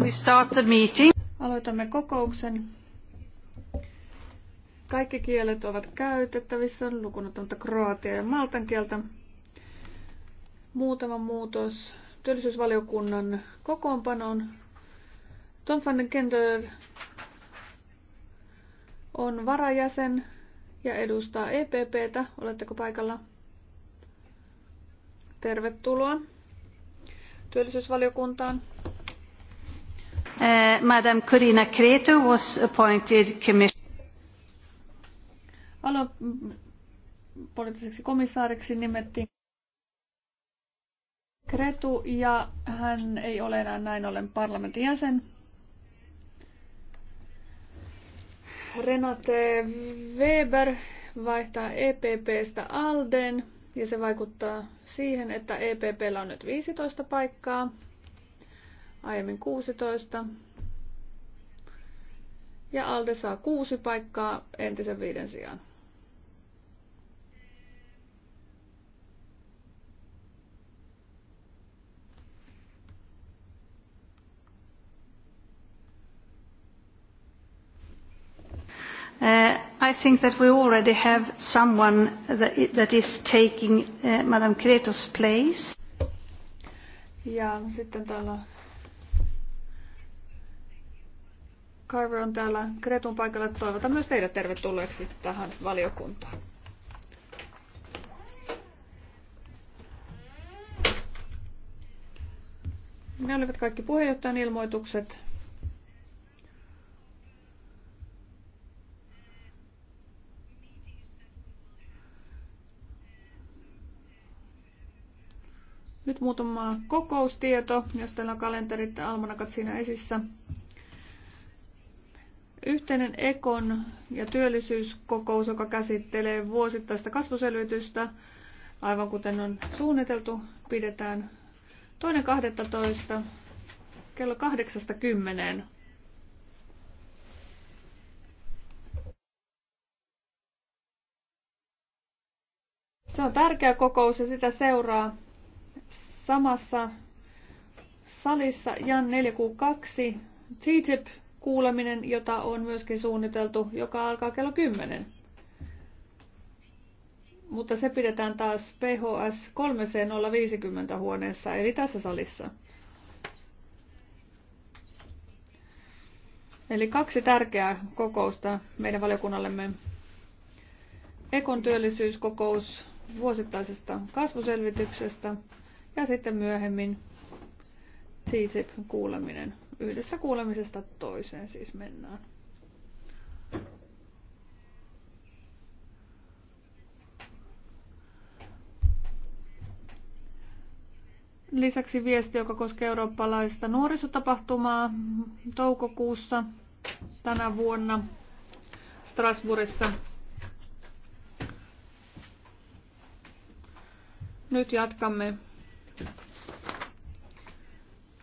We start the meeting. Aloitamme kokouksen. Kaikki kielet ovat käytettävissä, lukunottamatta kroatia ja maltan kieltä. Muutama muutos työllisyysvaliokunnan kokoonpanoon. Tom van den on varajäsen ja edustaa EPPtä. Oletteko paikalla? Tervetuloa työllisyysvaliokuntaan. Uh, Madam Corina Cretu was appointed commission. Aluepoliittiseksi komissaariksi nimettiin Kretu ja hän ei ole enää näin ollen parlamentin jäsen. Renate Weber vaihtaa EPPstä Alden. Ja se vaikuttaa siihen, että EPP on nyt 15 paikkaa, aiemmin 16. Ja Alde saa kuusi paikkaa entisen viiden sijaan. Uh, I think that we already have someone that, that is taking uh, Madame Kreto's place. Ja sitten täällä Carver on täällä Kretun paikalla. Toivotan myös teidät tervetulleeksi tähän valiokuntaan. Ne olivat kaikki puheenjohtajan ilmoitukset. Nyt muutama kokoustieto, jos teillä on kalenterit ja almanakat siinä esissä. Yhteinen ekon ja työllisyyskokous, joka käsittelee vuosittaista kasvuselvitystä, aivan kuten on suunniteltu, pidetään toinen 12 kello 8.10. Se on tärkeä kokous ja sitä seuraa samassa salissa Jan 4Q2 TTIP-kuuleminen, jota on myöskin suunniteltu, joka alkaa kello 10. Mutta se pidetään taas PHS 3C050 huoneessa, eli tässä salissa. Eli kaksi tärkeää kokousta meidän valiokunnallemme. Ekon työllisyyskokous vuosittaisesta kasvuselvityksestä ja sitten myöhemmin TTIPin kuuleminen. Yhdessä kuulemisesta toiseen siis mennään. Lisäksi viesti, joka koskee eurooppalaista nuorisotapahtumaa toukokuussa tänä vuonna Strasbourgissa. Nyt jatkamme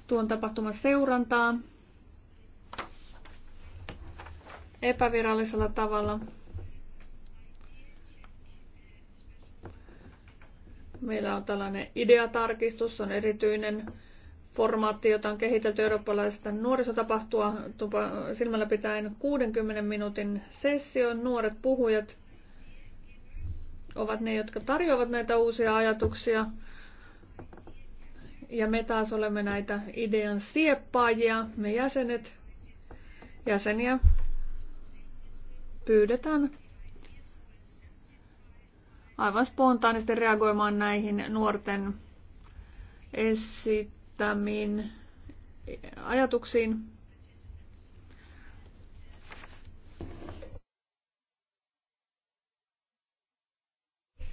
tuon tapahtuman seurantaa epävirallisella tavalla. Meillä on tällainen ideatarkistus, on erityinen formaatti, jota on kehitelty eurooppalaisesta nuorisotapahtua silmällä pitäen 60 minuutin sessio. Nuoret puhujat ovat ne, jotka tarjoavat näitä uusia ajatuksia ja me taas olemme näitä idean sieppaajia, me jäsenet, jäseniä pyydetään aivan spontaanisti reagoimaan näihin nuorten esittämiin ajatuksiin.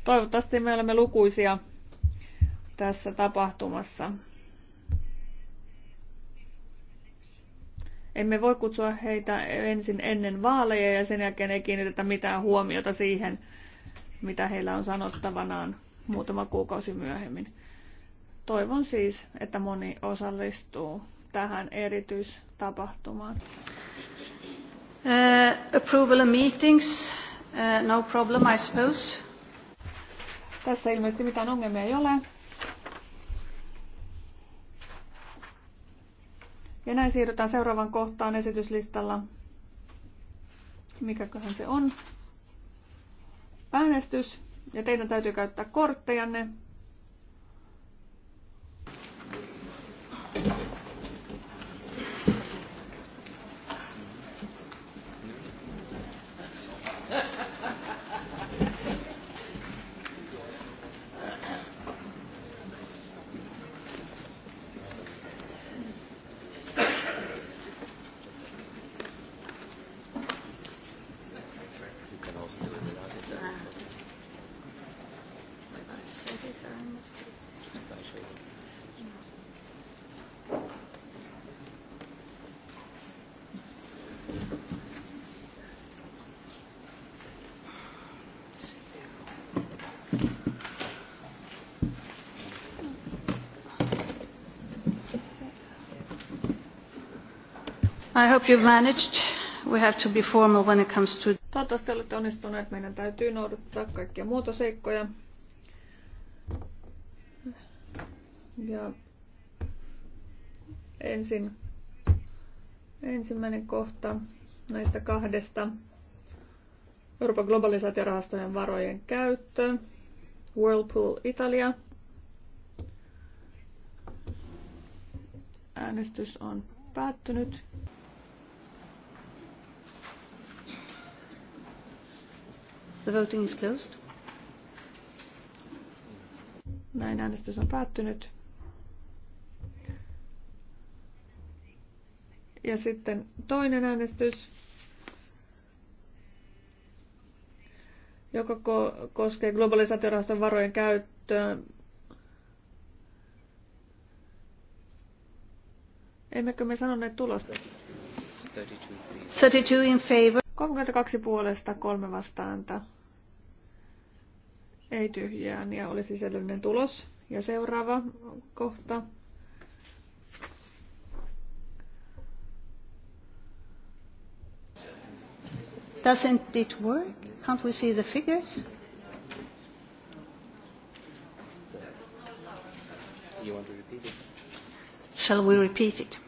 Toivottavasti me olemme lukuisia tässä tapahtumassa. Emme voi kutsua heitä ensin ennen vaaleja ja sen jälkeen ei kiinnitetä mitään huomiota siihen, mitä heillä on sanottavanaan muutama kuukausi myöhemmin. Toivon siis, että moni osallistuu tähän erityistapahtumaan. Uh, approval of meetings, uh, no problem I suppose. Tässä ilmeisesti mitään ongelmia ei ole. Ja näin siirrytään seuraavan kohtaan esityslistalla. Mikäköhän se on? Äänestys. Ja teidän täytyy käyttää korttejanne. I hope you've managed. We have to be formal when it comes to... Toivottavasti olette onnistuneet. Meidän täytyy noudattaa kaikkia muotoseikkoja. Ja ensin ensimmäinen kohta näistä kahdesta. Euroopan globalisaatiorahastojen varojen käyttö. Whirlpool Italia. Äänestys on päättynyt. The voting is closed. Näin äänestys on päättynyt. Ja sitten toinen äänestys, joka ko- koskee globalisaatiorahaston varojen käyttöä. Emmekö me sanoneet tulosta? 32 in favor. 32 puolesta, kolme vastaanta. Ei tyhjään ja olisi sisällöllinen tulos. Ja seuraava kohta. Doesn't it work? Can't we see the figures? You want to repeat it? Shall we repeat it?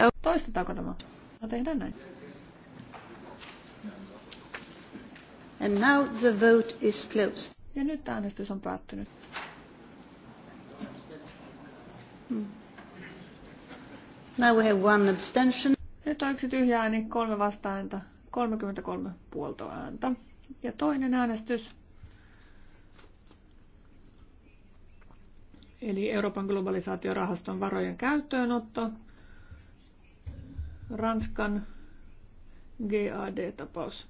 Oh. Toistetaanko tämä? No tehdään näin. And now the vote is closed. Ja nyt äänestys on päättynyt. Hmm. Now we have one abstention. Nyt on yksi tyhjä ääni, kolme vastaääntä, 33 puoltoääntä. Ja toinen äänestys. Eli Euroopan globalisaatiorahaston varojen käyttöönotto. Ranskan GAD-tapaus.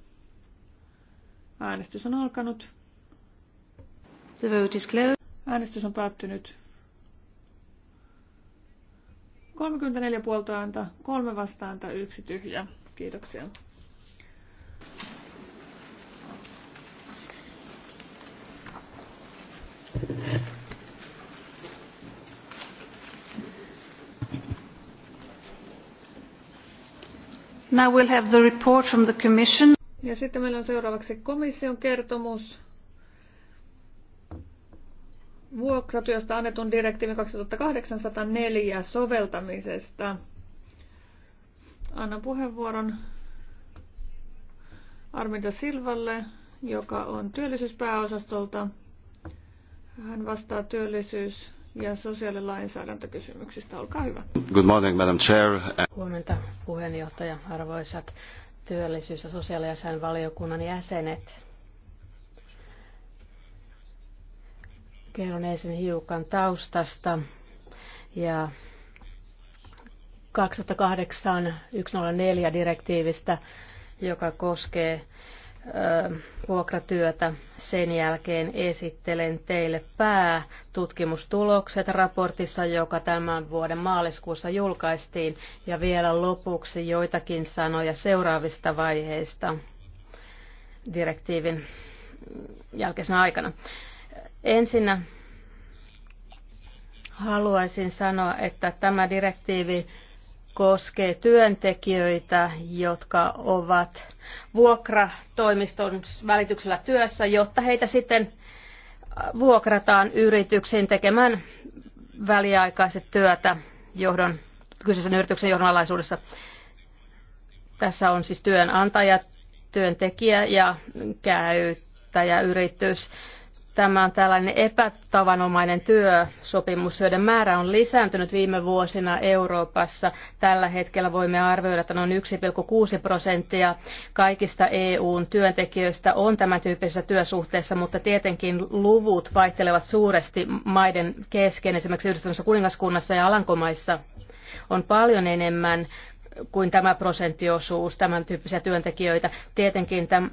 Äänestys on alkanut. The vote is closed. Äänestys on päättynyt. 34 puolta ääntä, 3 vastaanta, yksi tyhjä. Kiitoksia. Now we'll have the report from the commission. Ja sitten meillä on seuraavaksi komission kertomus vuokratyöstä annetun direktiivin 2804 soveltamisesta. Annan puheenvuoron Arminta Silvalle, joka on työllisyyspääosastolta. Hän vastaa työllisyys- ja sosiaalilainsäädäntökysymyksistä. Olkaa hyvä. Good morning, Madam Chair. Huomenta puheenjohtaja, arvoisat työllisyys- ja sosiaalisen valiokunnan jäsenet. Kerron ensin hiukan taustasta ja 2008 direktiivistä, joka koskee vuokratyötä. Sen jälkeen esittelen teille päätutkimustulokset raportissa, joka tämän vuoden maaliskuussa julkaistiin, ja vielä lopuksi joitakin sanoja seuraavista vaiheista direktiivin jälkeisenä aikana. Ensinnä haluaisin sanoa, että tämä direktiivi koskee työntekijöitä, jotka ovat vuokratoimiston välityksellä työssä, jotta heitä sitten äh, vuokrataan yrityksiin tekemään väliaikaiset työtä johdon, kyseisen yrityksen alaisuudessa. Tässä on siis työnantaja, työntekijä ja käyttäjäyritys. Tämä on tällainen epätavanomainen työsopimus, joiden määrä on lisääntynyt viime vuosina Euroopassa. Tällä hetkellä voimme arvioida, että noin 1,6 prosenttia kaikista EUn työntekijöistä on tämän tyyppisessä työsuhteessa, mutta tietenkin luvut vaihtelevat suuresti maiden kesken, esimerkiksi yhdistyneessä kuningaskunnassa ja Alankomaissa on paljon enemmän kuin tämä prosenttiosuus, tämän tyyppisiä työntekijöitä. Tietenkin tämä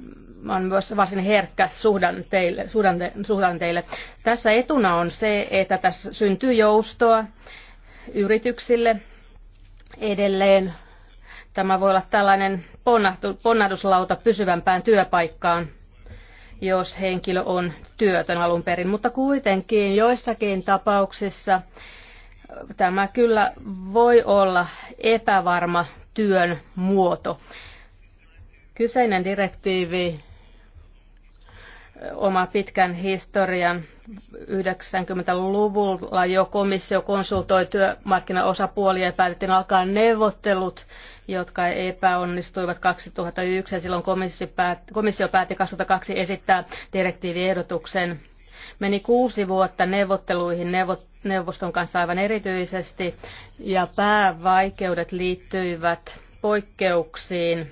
on myös varsin herkkä suhdanteille. Suhdante, suhdanteille. Tässä etuna on se, että tässä syntyy joustoa yrityksille edelleen. Tämä voi olla tällainen ponnahduslauta pysyvämpään työpaikkaan, jos henkilö on työtön alun perin, mutta kuitenkin joissakin tapauksissa – tämä kyllä voi olla epävarma työn muoto. Kyseinen direktiivi oma pitkän historian 90-luvulla jo komissio konsultoi työmarkkinaosapuolia ja päätettiin alkaa neuvottelut, jotka epäonnistuivat 2001 silloin komissio päätti, komissio päätti 2002 esittää direktiiviehdotuksen. Meni kuusi vuotta neuvotteluihin neuvot neuvoston kanssa aivan erityisesti, ja päävaikeudet liittyivät poikkeuksiin,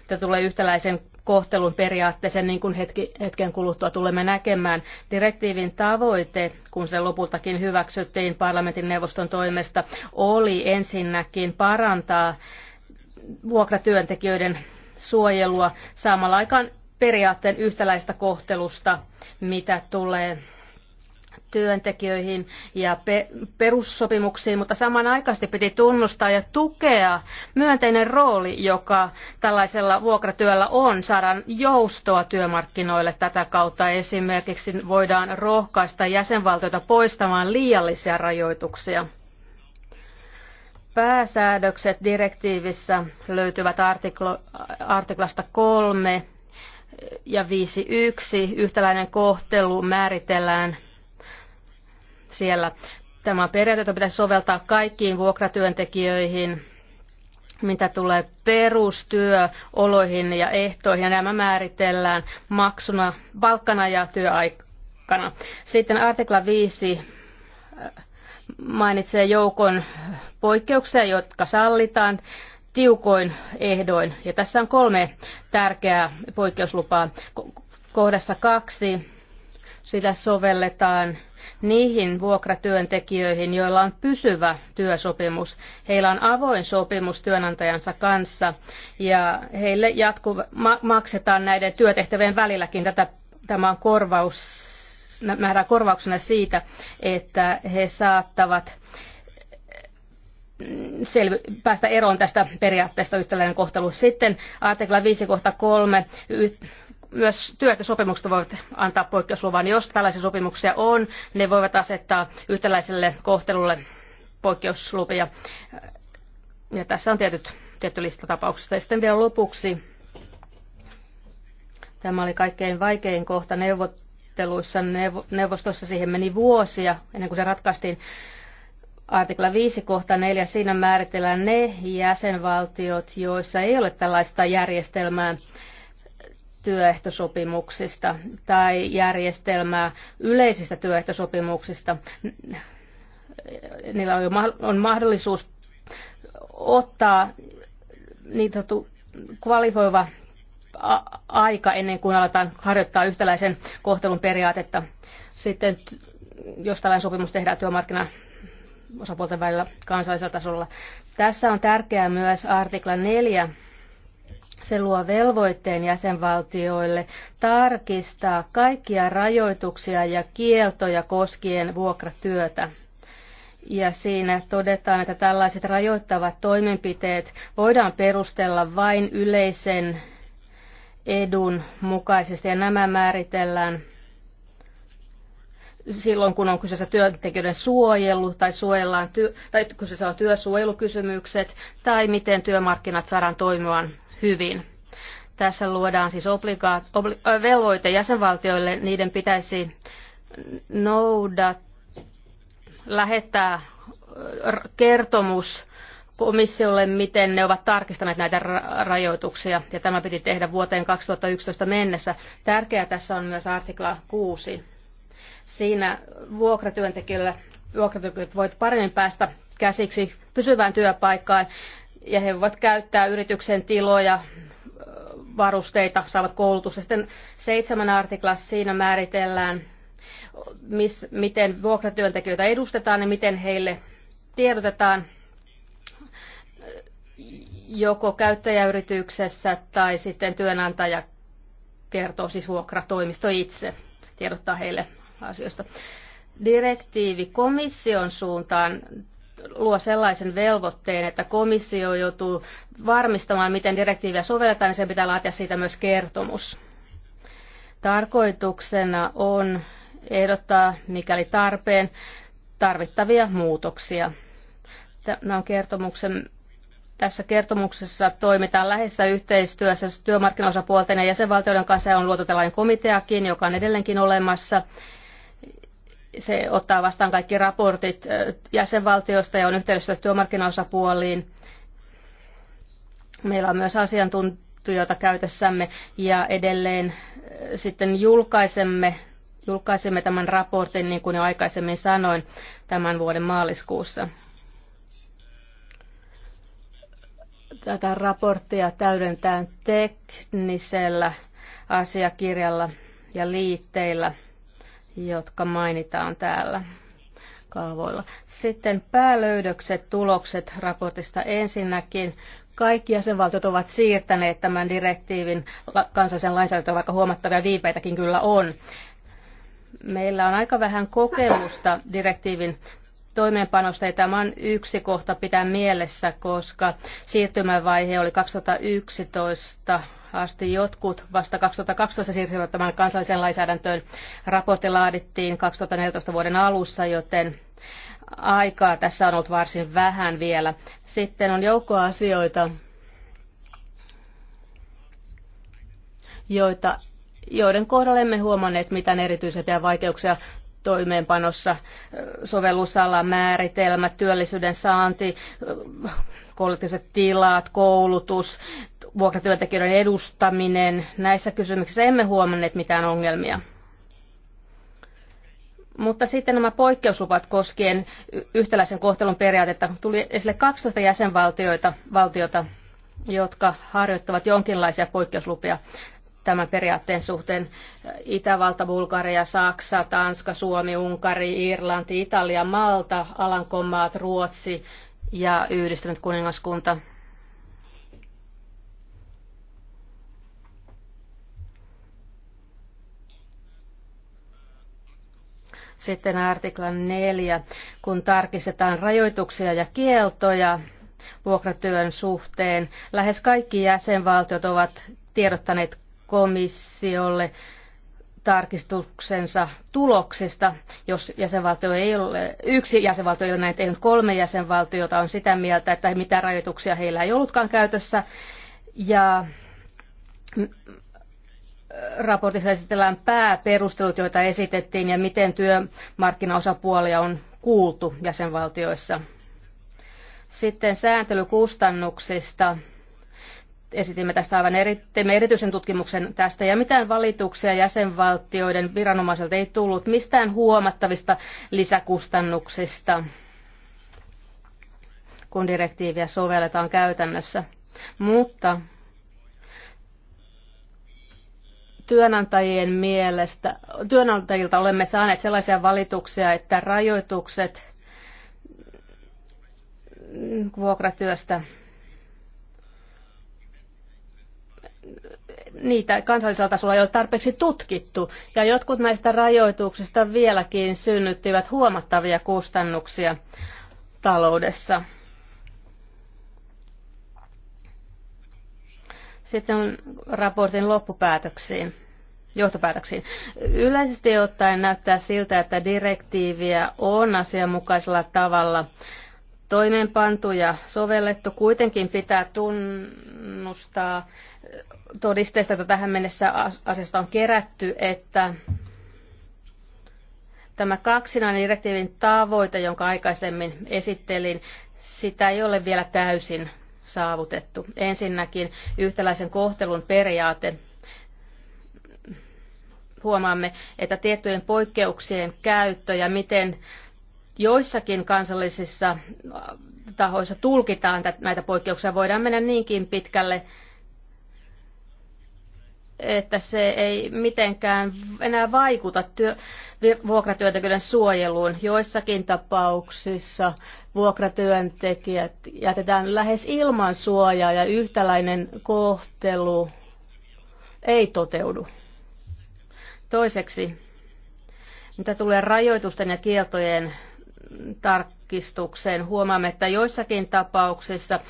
mitä tulee yhtäläisen kohtelun periaatteeseen, niin kuin hetki, hetken kuluttua tulemme näkemään. Direktiivin tavoite, kun se lopultakin hyväksyttiin parlamentin neuvoston toimesta, oli ensinnäkin parantaa vuokratyöntekijöiden suojelua saamalla aikaan periaatteen yhtäläistä kohtelusta, mitä tulee työntekijöihin ja pe- perussopimuksiin, mutta samanaikaisesti piti tunnustaa ja tukea myönteinen rooli, joka tällaisella vuokratyöllä on, saadaan joustoa työmarkkinoille tätä kautta. Esimerkiksi voidaan rohkaista jäsenvaltioita poistamaan liiallisia rajoituksia. Pääsäädökset direktiivissä löytyvät artiklo, artiklasta kolme ja viisi yksi Yhtäläinen kohtelu määritellään siellä. Tämä periaate pitäisi soveltaa kaikkiin vuokratyöntekijöihin, mitä tulee perustyöoloihin ja ehtoihin, ja nämä määritellään maksuna, palkkana ja työaikana. Sitten artikla 5 äh, mainitsee joukon poikkeuksia, jotka sallitaan tiukoin ehdoin. Ja tässä on kolme tärkeää poikkeuslupaa. Kohdassa kaksi sitä sovelletaan niihin vuokratyöntekijöihin, joilla on pysyvä työsopimus. Heillä on avoin sopimus työnantajansa kanssa ja heille jatku, ma- maksetaan näiden työtehtävien välilläkin tätä, tämä on korvaus, määrää korvauksena siitä, että he saattavat mm, selvi- päästä eroon tästä periaatteesta yhtäläinen kohtelu. Sitten artikla 5.3 myös työehtosopimukset voivat antaa poikkeusluvan. Jos tällaisia sopimuksia on, ne voivat asettaa yhtäläiselle kohtelulle poikkeuslupia. Ja tässä on tietyt, tietty lista tapauksista. Ja sitten vielä lopuksi. Tämä oli kaikkein vaikein kohta neuvotteluissa. Neuvostossa siihen meni vuosia ennen kuin se ratkaistiin. Artikla 5 kohta 4, siinä määritellään ne jäsenvaltiot, joissa ei ole tällaista järjestelmää työehtosopimuksista tai järjestelmää yleisistä työehtosopimuksista. Niillä on mahdollisuus ottaa niitä kvalifoiva aika ennen kuin aletaan harjoittaa yhtäläisen kohtelun periaatetta. Sitten jos tällainen sopimus tehdään työmarkkina osapuolten välillä kansallisella tasolla. Tässä on tärkeää myös artikla 4 se luo velvoitteen jäsenvaltioille tarkistaa kaikkia rajoituksia ja kieltoja koskien vuokratyötä. Ja siinä todetaan, että tällaiset rajoittavat toimenpiteet voidaan perustella vain yleisen edun mukaisesti, ja nämä määritellään silloin, kun on kyseessä työntekijöiden suojelu tai, suojellaan ty- tai kyseessä on työsuojelukysymykset tai miten työmarkkinat saadaan toimimaan hyvin. Tässä luodaan siis obligaat, obli, velvoite jäsenvaltioille, niiden pitäisi noudat, lähettää kertomus komissiolle, miten ne ovat tarkistaneet näitä rajoituksia, ja tämä piti tehdä vuoteen 2011 mennessä. Tärkeää tässä on myös artikla 6. Siinä vuokratyöntekijöille vuokratyöntekijät voivat paremmin päästä käsiksi pysyvään työpaikkaan ja he voivat käyttää yrityksen tiloja, varusteita, saavat koulutusta. Sitten seitsemän artiklassa siinä määritellään, miss, miten vuokratyöntekijöitä edustetaan ja miten heille tiedotetaan joko käyttäjäyrityksessä tai sitten työnantaja kertoo siis vuokratoimisto itse, tiedottaa heille asioista. Direktiivi komission suuntaan luo sellaisen velvoitteen, että komissio joutuu varmistamaan, miten direktiiviä sovelletaan, niin sen pitää laatia siitä myös kertomus. Tarkoituksena on ehdottaa, mikäli tarpeen, tarvittavia muutoksia. Tämä on kertomuksen tässä kertomuksessa toimitaan läheisessä yhteistyössä työmarkkinaosapuolten ja jäsenvaltioiden kanssa on luotu tällainen komiteakin, joka on edelleenkin olemassa. Se ottaa vastaan kaikki raportit jäsenvaltioista ja on yhteydessä työmarkkinaosapuoliin. Meillä on myös asiantuntijoita käytössämme ja edelleen sitten julkaisemme, julkaisemme tämän raportin, niin kuin jo aikaisemmin sanoin, tämän vuoden maaliskuussa. Tätä raporttia täydentää teknisellä asiakirjalla ja liitteillä – jotka mainitaan täällä kaavoilla. Sitten päälöydökset, tulokset raportista ensinnäkin. Kaikki jäsenvaltiot ovat siirtäneet tämän direktiivin kansallisen lainsäädäntöön, vaikka huomattavia viipeitäkin kyllä on. Meillä on aika vähän kokemusta direktiivin toimeenpanosta ja tämä on yksi kohta pitää mielessä, koska siirtymävaihe oli 2011 asti jotkut vasta 2012 siirsivät tämän kansalliseen lainsäädäntöön. Raportti laadittiin 2014 vuoden alussa, joten aikaa tässä on ollut varsin vähän vielä. Sitten on joukko asioita, joita, joiden kohdalla emme huomanneet mitään erityisempiä vaikeuksia toimeenpanossa, sovellusala, määritelmät, työllisyyden saanti, kollektiiviset tilat, koulutus, vuokratyöntekijöiden edustaminen. Näissä kysymyksissä emme huomanneet mitään ongelmia. Mutta sitten nämä poikkeusluvat koskien yhtäläisen kohtelun periaatetta tuli esille 12 jäsenvaltioita, valtiota, jotka harjoittavat jonkinlaisia poikkeuslupia tämän periaatteen suhteen. Itävalta, Bulgaria, Saksa, Tanska, Suomi, Unkari, Irlanti, Italia, Malta, Alankomaat, Ruotsi ja yhdistynyt kuningaskunta – Sitten artiklan 4, kun tarkistetaan rajoituksia ja kieltoja vuokratyön suhteen. Lähes kaikki jäsenvaltiot ovat tiedottaneet komissiolle tarkistuksensa tuloksista, jos jäsenvaltio ei ole, yksi jäsenvaltio ei ole näin tehnyt, kolme jäsenvaltiota on sitä mieltä, että mitä rajoituksia heillä ei ollutkaan käytössä. Ja raportissa esitellään pääperustelut, joita esitettiin ja miten työmarkkinaosapuolia on kuultu jäsenvaltioissa. Sitten sääntelykustannuksista. Esitimme tästä aivan eri, teimme erityisen tutkimuksen tästä ja mitään valituksia jäsenvaltioiden viranomaisilta ei tullut mistään huomattavista lisäkustannuksista, kun direktiiviä sovelletaan käytännössä. Mutta työnantajien mielestä, työnantajilta olemme saaneet sellaisia valituksia, että rajoitukset vuokratyöstä niitä kansallisella tasolla ei ole tarpeeksi tutkittu, ja jotkut näistä rajoituksista vieläkin synnyttivät huomattavia kustannuksia taloudessa. Sitten on raportin loppupäätöksiin, johtopäätöksiin. Yleisesti ottaen näyttää siltä, että direktiiviä on asianmukaisella tavalla toimeenpantu ja sovellettu. Kuitenkin pitää tunnustaa todisteista, että tähän mennessä asiasta on kerätty, että tämä kaksinainen direktiivin tavoite, jonka aikaisemmin esittelin, sitä ei ole vielä täysin saavutettu. Ensinnäkin yhtäläisen kohtelun periaate. Huomaamme, että tiettyjen poikkeuksien käyttö ja miten joissakin kansallisissa tahoissa tulkitaan näitä poikkeuksia, voidaan mennä niinkin pitkälle, että se ei mitenkään enää vaikuta työ, vuokratyöntekijöiden suojeluun. Joissakin tapauksissa vuokratyöntekijät jätetään lähes ilman suojaa ja yhtäläinen kohtelu ei toteudu. Toiseksi, mitä tulee rajoitusten ja kieltojen tarkkaan, tarkistukseen. Huomaamme, että joissakin tapauksissa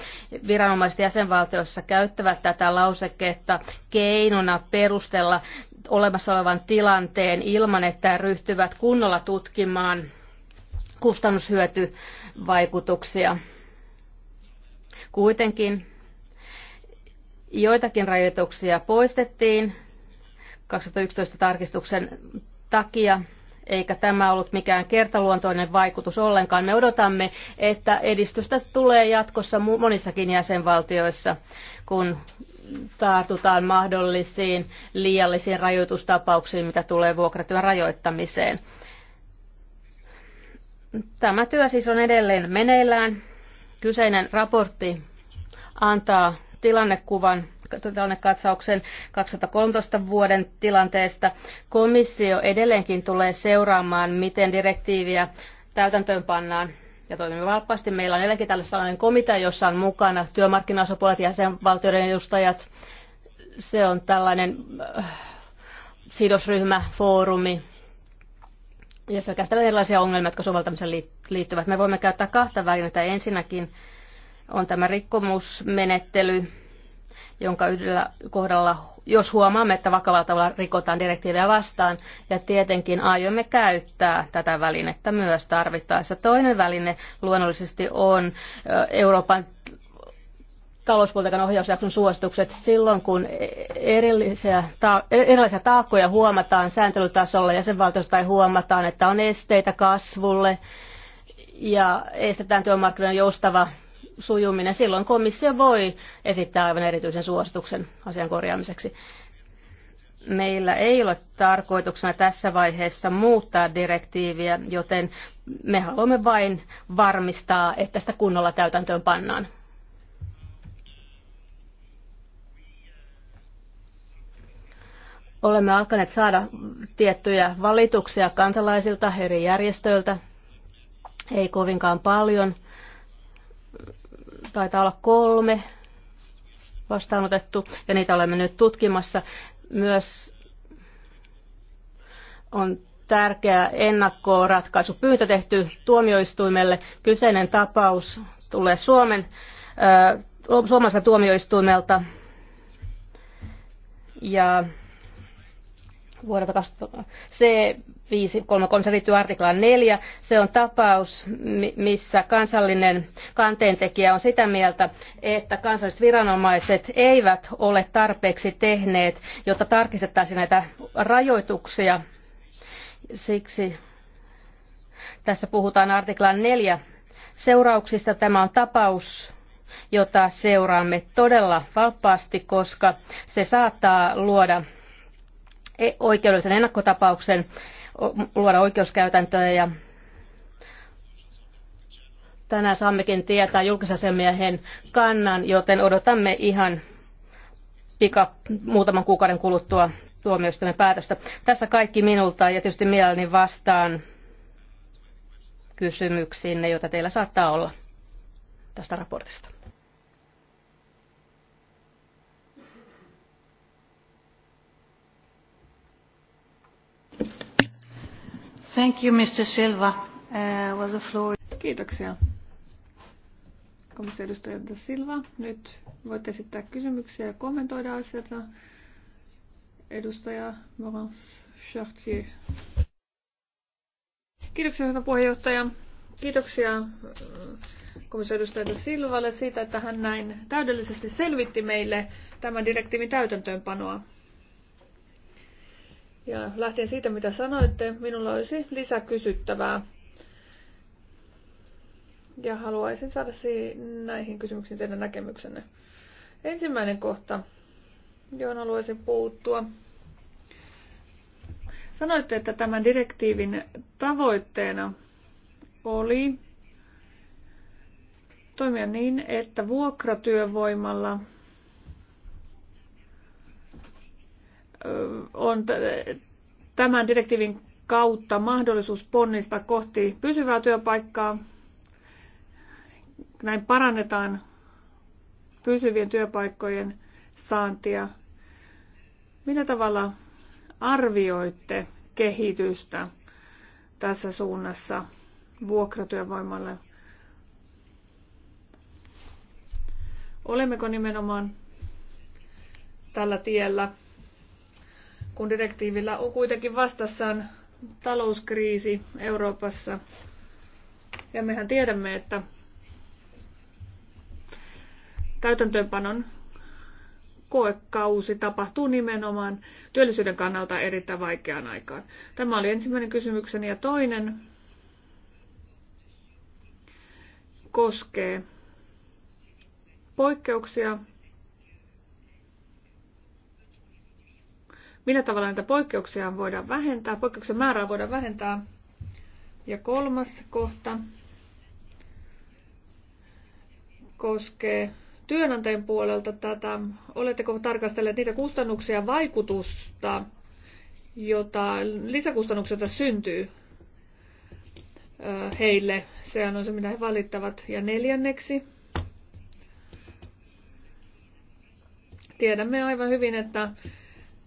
viranomaiset jäsenvaltioissa käyttävät tätä lauseketta keinona perustella olemassa olevan tilanteen ilman, että ryhtyvät kunnolla tutkimaan kustannushyötyvaikutuksia. Kuitenkin joitakin rajoituksia poistettiin 2011 tarkistuksen takia eikä tämä ollut mikään kertaluontoinen vaikutus ollenkaan. Me odotamme, että edistystä tulee jatkossa monissakin jäsenvaltioissa, kun tartutaan mahdollisiin liiallisiin rajoitustapauksiin, mitä tulee vuokratyön rajoittamiseen. Tämä työ siis on edelleen meneillään. Kyseinen raportti antaa tilannekuvan tilannekatsauksen 2013 vuoden tilanteesta. Komissio edelleenkin tulee seuraamaan, miten direktiiviä täytäntöön pannaan ja toimimme valppaasti. Meillä on edelleenkin tällainen sellainen komitea, jossa on mukana työmarkkinaosapuolet ja jäsenvaltioiden edustajat. Se on tällainen äh, sidosryhmä, foorumi, ja se käsitellään erilaisia ongelmia, jotka soveltamiseen liittyvät. Me voimme käyttää kahta välinettä. Ensinnäkin on tämä rikkomusmenettely, jonka yhdellä kohdalla, jos huomaamme, että vakavalla tavalla rikotaan direktiivejä vastaan, ja tietenkin aiomme käyttää tätä välinettä myös tarvittaessa. Toinen väline luonnollisesti on Euroopan talouspolitiikan ohjausjakson suositukset silloin, kun erillisiä, ta- erilaisia taakkoja huomataan sääntelytasolla jäsenvaltiosta tai huomataan, että on esteitä kasvulle ja estetään työmarkkinoiden joustava sujuminen. Silloin komissio voi esittää aivan erityisen suosituksen asian korjaamiseksi. Meillä ei ole tarkoituksena tässä vaiheessa muuttaa direktiiviä, joten me haluamme vain varmistaa, että sitä kunnolla täytäntöön pannaan. Olemme alkaneet saada tiettyjä valituksia kansalaisilta, eri järjestöiltä, ei kovinkaan paljon – taitaa olla kolme vastaanotettu ja niitä olemme nyt tutkimassa. Myös on tärkeä pyyntö tehty tuomioistuimelle. Kyseinen tapaus tulee Suomen, äh, Suomessa tuomioistuimelta. Ja vuodelta 2000, C533, se liittyy artiklaan 4. Se on tapaus, missä kansallinen kanteentekijä on sitä mieltä, että kansalliset viranomaiset eivät ole tarpeeksi tehneet, jotta tarkistettaisiin näitä rajoituksia. Siksi tässä puhutaan artiklan 4 seurauksista. Tämä on tapaus, jota seuraamme todella valppaasti, koska se saattaa luoda E, oikeudellisen ennakkotapauksen, luoda oikeuskäytäntöä ja tänään saammekin tietää julkisasiamiehen kannan, joten odotamme ihan pika muutaman kuukauden kuluttua tuomioistuimen päätöstä. Tässä kaikki minulta ja tietysti mielelläni vastaan kysymyksiinne, joita teillä saattaa olla tästä raportista. Thank you, Mr. Silva. Uh, well, the floor. Kiitoksia. Komission edustaja Silva, nyt voitte esittää kysymyksiä ja kommentoida asioita. Edustaja Moran Chartier. Kiitoksia, hyvä puheenjohtaja. Kiitoksia mm, komissioedustaja Silvalle siitä, että hän näin täydellisesti selvitti meille tämän direktiivin täytäntöönpanoa. Ja lähtien siitä, mitä sanoitte, minulla olisi lisäkysyttävää. Ja haluaisin saada näihin kysymyksiin teidän näkemyksenne. Ensimmäinen kohta, johon haluaisin puuttua. Sanoitte, että tämän direktiivin tavoitteena oli toimia niin, että vuokratyövoimalla on tämän direktiivin kautta mahdollisuus ponnistaa kohti pysyvää työpaikkaa. Näin parannetaan pysyvien työpaikkojen saantia. Millä tavalla arvioitte kehitystä tässä suunnassa vuokratyövoimalle? Olemmeko nimenomaan tällä tiellä? kun direktiivillä on kuitenkin vastassaan talouskriisi Euroopassa. Ja mehän tiedämme, että täytäntöönpanon koekausi tapahtuu nimenomaan työllisyyden kannalta erittäin vaikeaan aikaan. Tämä oli ensimmäinen kysymykseni ja toinen koskee poikkeuksia millä tavalla näitä poikkeuksia voidaan vähentää, poikkeuksen määrää voidaan vähentää. Ja kolmas kohta koskee työnantajien puolelta tätä. Oletteko tarkastelleet niitä kustannuksia vaikutusta, jota lisäkustannuksia syntyy heille? Sehän on se, mitä he valittavat. Ja neljänneksi, tiedämme aivan hyvin, että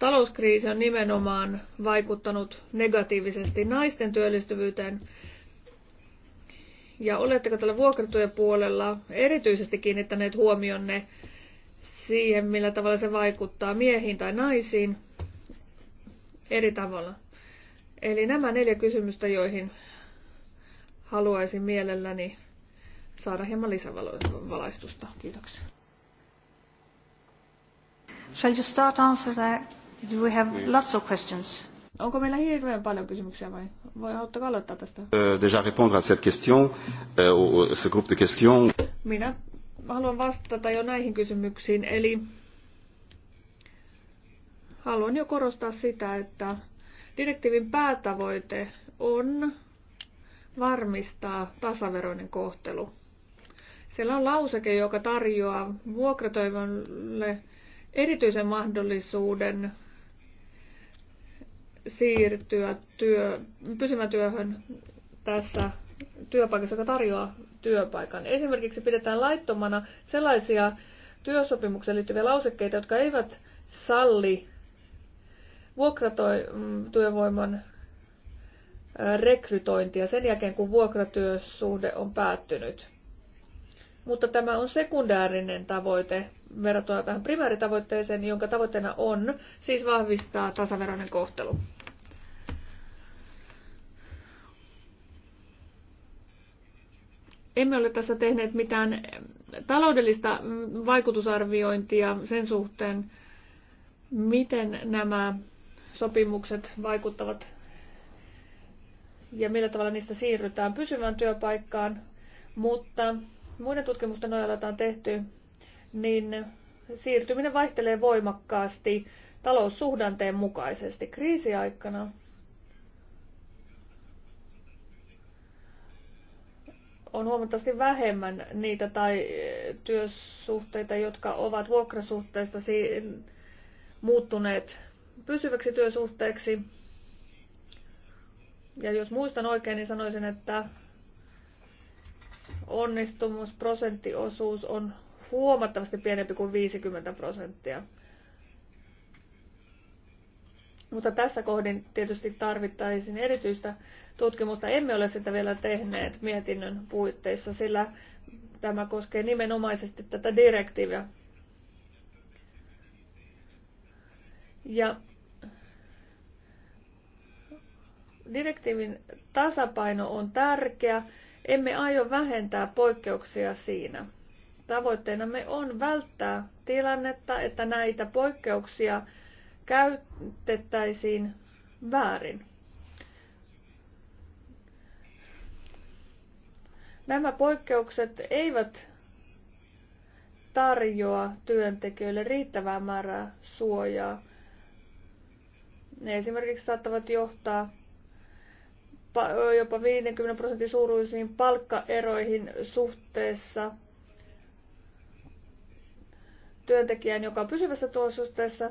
talouskriisi on nimenomaan vaikuttanut negatiivisesti naisten työllistyvyyteen. Ja oletteko tällä vuokratyön puolella erityisesti kiinnittäneet huomionne siihen, millä tavalla se vaikuttaa miehiin tai naisiin eri tavalla? Eli nämä neljä kysymystä, joihin haluaisin mielelläni saada hieman lisävalaistusta. Kiitoksia. Shall you start answer that? Do we have oui. Niin. lots of questions? Onko meillä hirveän paljon kysymyksiä vai voi auttakaa aloittaa tästä? Uh, Déjà répondre à cette question, uh, ce groupe de questions. Minä haluan vastata jo näihin kysymyksiin, eli haluan jo korostaa sitä, että direktiivin päätavoite on varmistaa tasaveroinen kohtelu. Siellä on lauseke, joka tarjoaa vuokratoivolle erityisen mahdollisuuden siirtyä työ, pysymään työhön tässä työpaikassa, joka tarjoaa työpaikan. Esimerkiksi pidetään laittomana sellaisia työsopimukseen liittyviä lausekkeita, jotka eivät salli vuokratyövoiman rekrytointia sen jälkeen, kun vuokratyösuhde on päättynyt. Mutta tämä on sekundäärinen tavoite verrattuna tähän primääritavoitteeseen, jonka tavoitteena on siis vahvistaa tasaveroinen kohtelu. emme ole tässä tehneet mitään taloudellista vaikutusarviointia sen suhteen, miten nämä sopimukset vaikuttavat ja millä tavalla niistä siirrytään pysyvään työpaikkaan, mutta muiden tutkimusten nojalla, joita on tehty, niin siirtyminen vaihtelee voimakkaasti taloussuhdanteen mukaisesti kriisiaikana. on huomattavasti vähemmän niitä tai e, työsuhteita, jotka ovat vuokrasuhteista muuttuneet pysyväksi työsuhteeksi. Ja jos muistan oikein, niin sanoisin, että onnistumusprosenttiosuus on huomattavasti pienempi kuin 50 prosenttia. Mutta tässä kohdin tietysti tarvittaisiin erityistä tutkimusta. Emme ole sitä vielä tehneet mietinnön puitteissa, sillä tämä koskee nimenomaisesti tätä direktiiviä. Ja direktiivin tasapaino on tärkeä. Emme aio vähentää poikkeuksia siinä. Tavoitteenamme on välttää tilannetta, että näitä poikkeuksia käytettäisiin väärin. Nämä poikkeukset eivät tarjoa työntekijöille riittävää määrää suojaa. Ne esimerkiksi saattavat johtaa jopa 50 prosentin suuruisiin palkkaeroihin suhteessa työntekijään, joka on pysyvässä suhteessa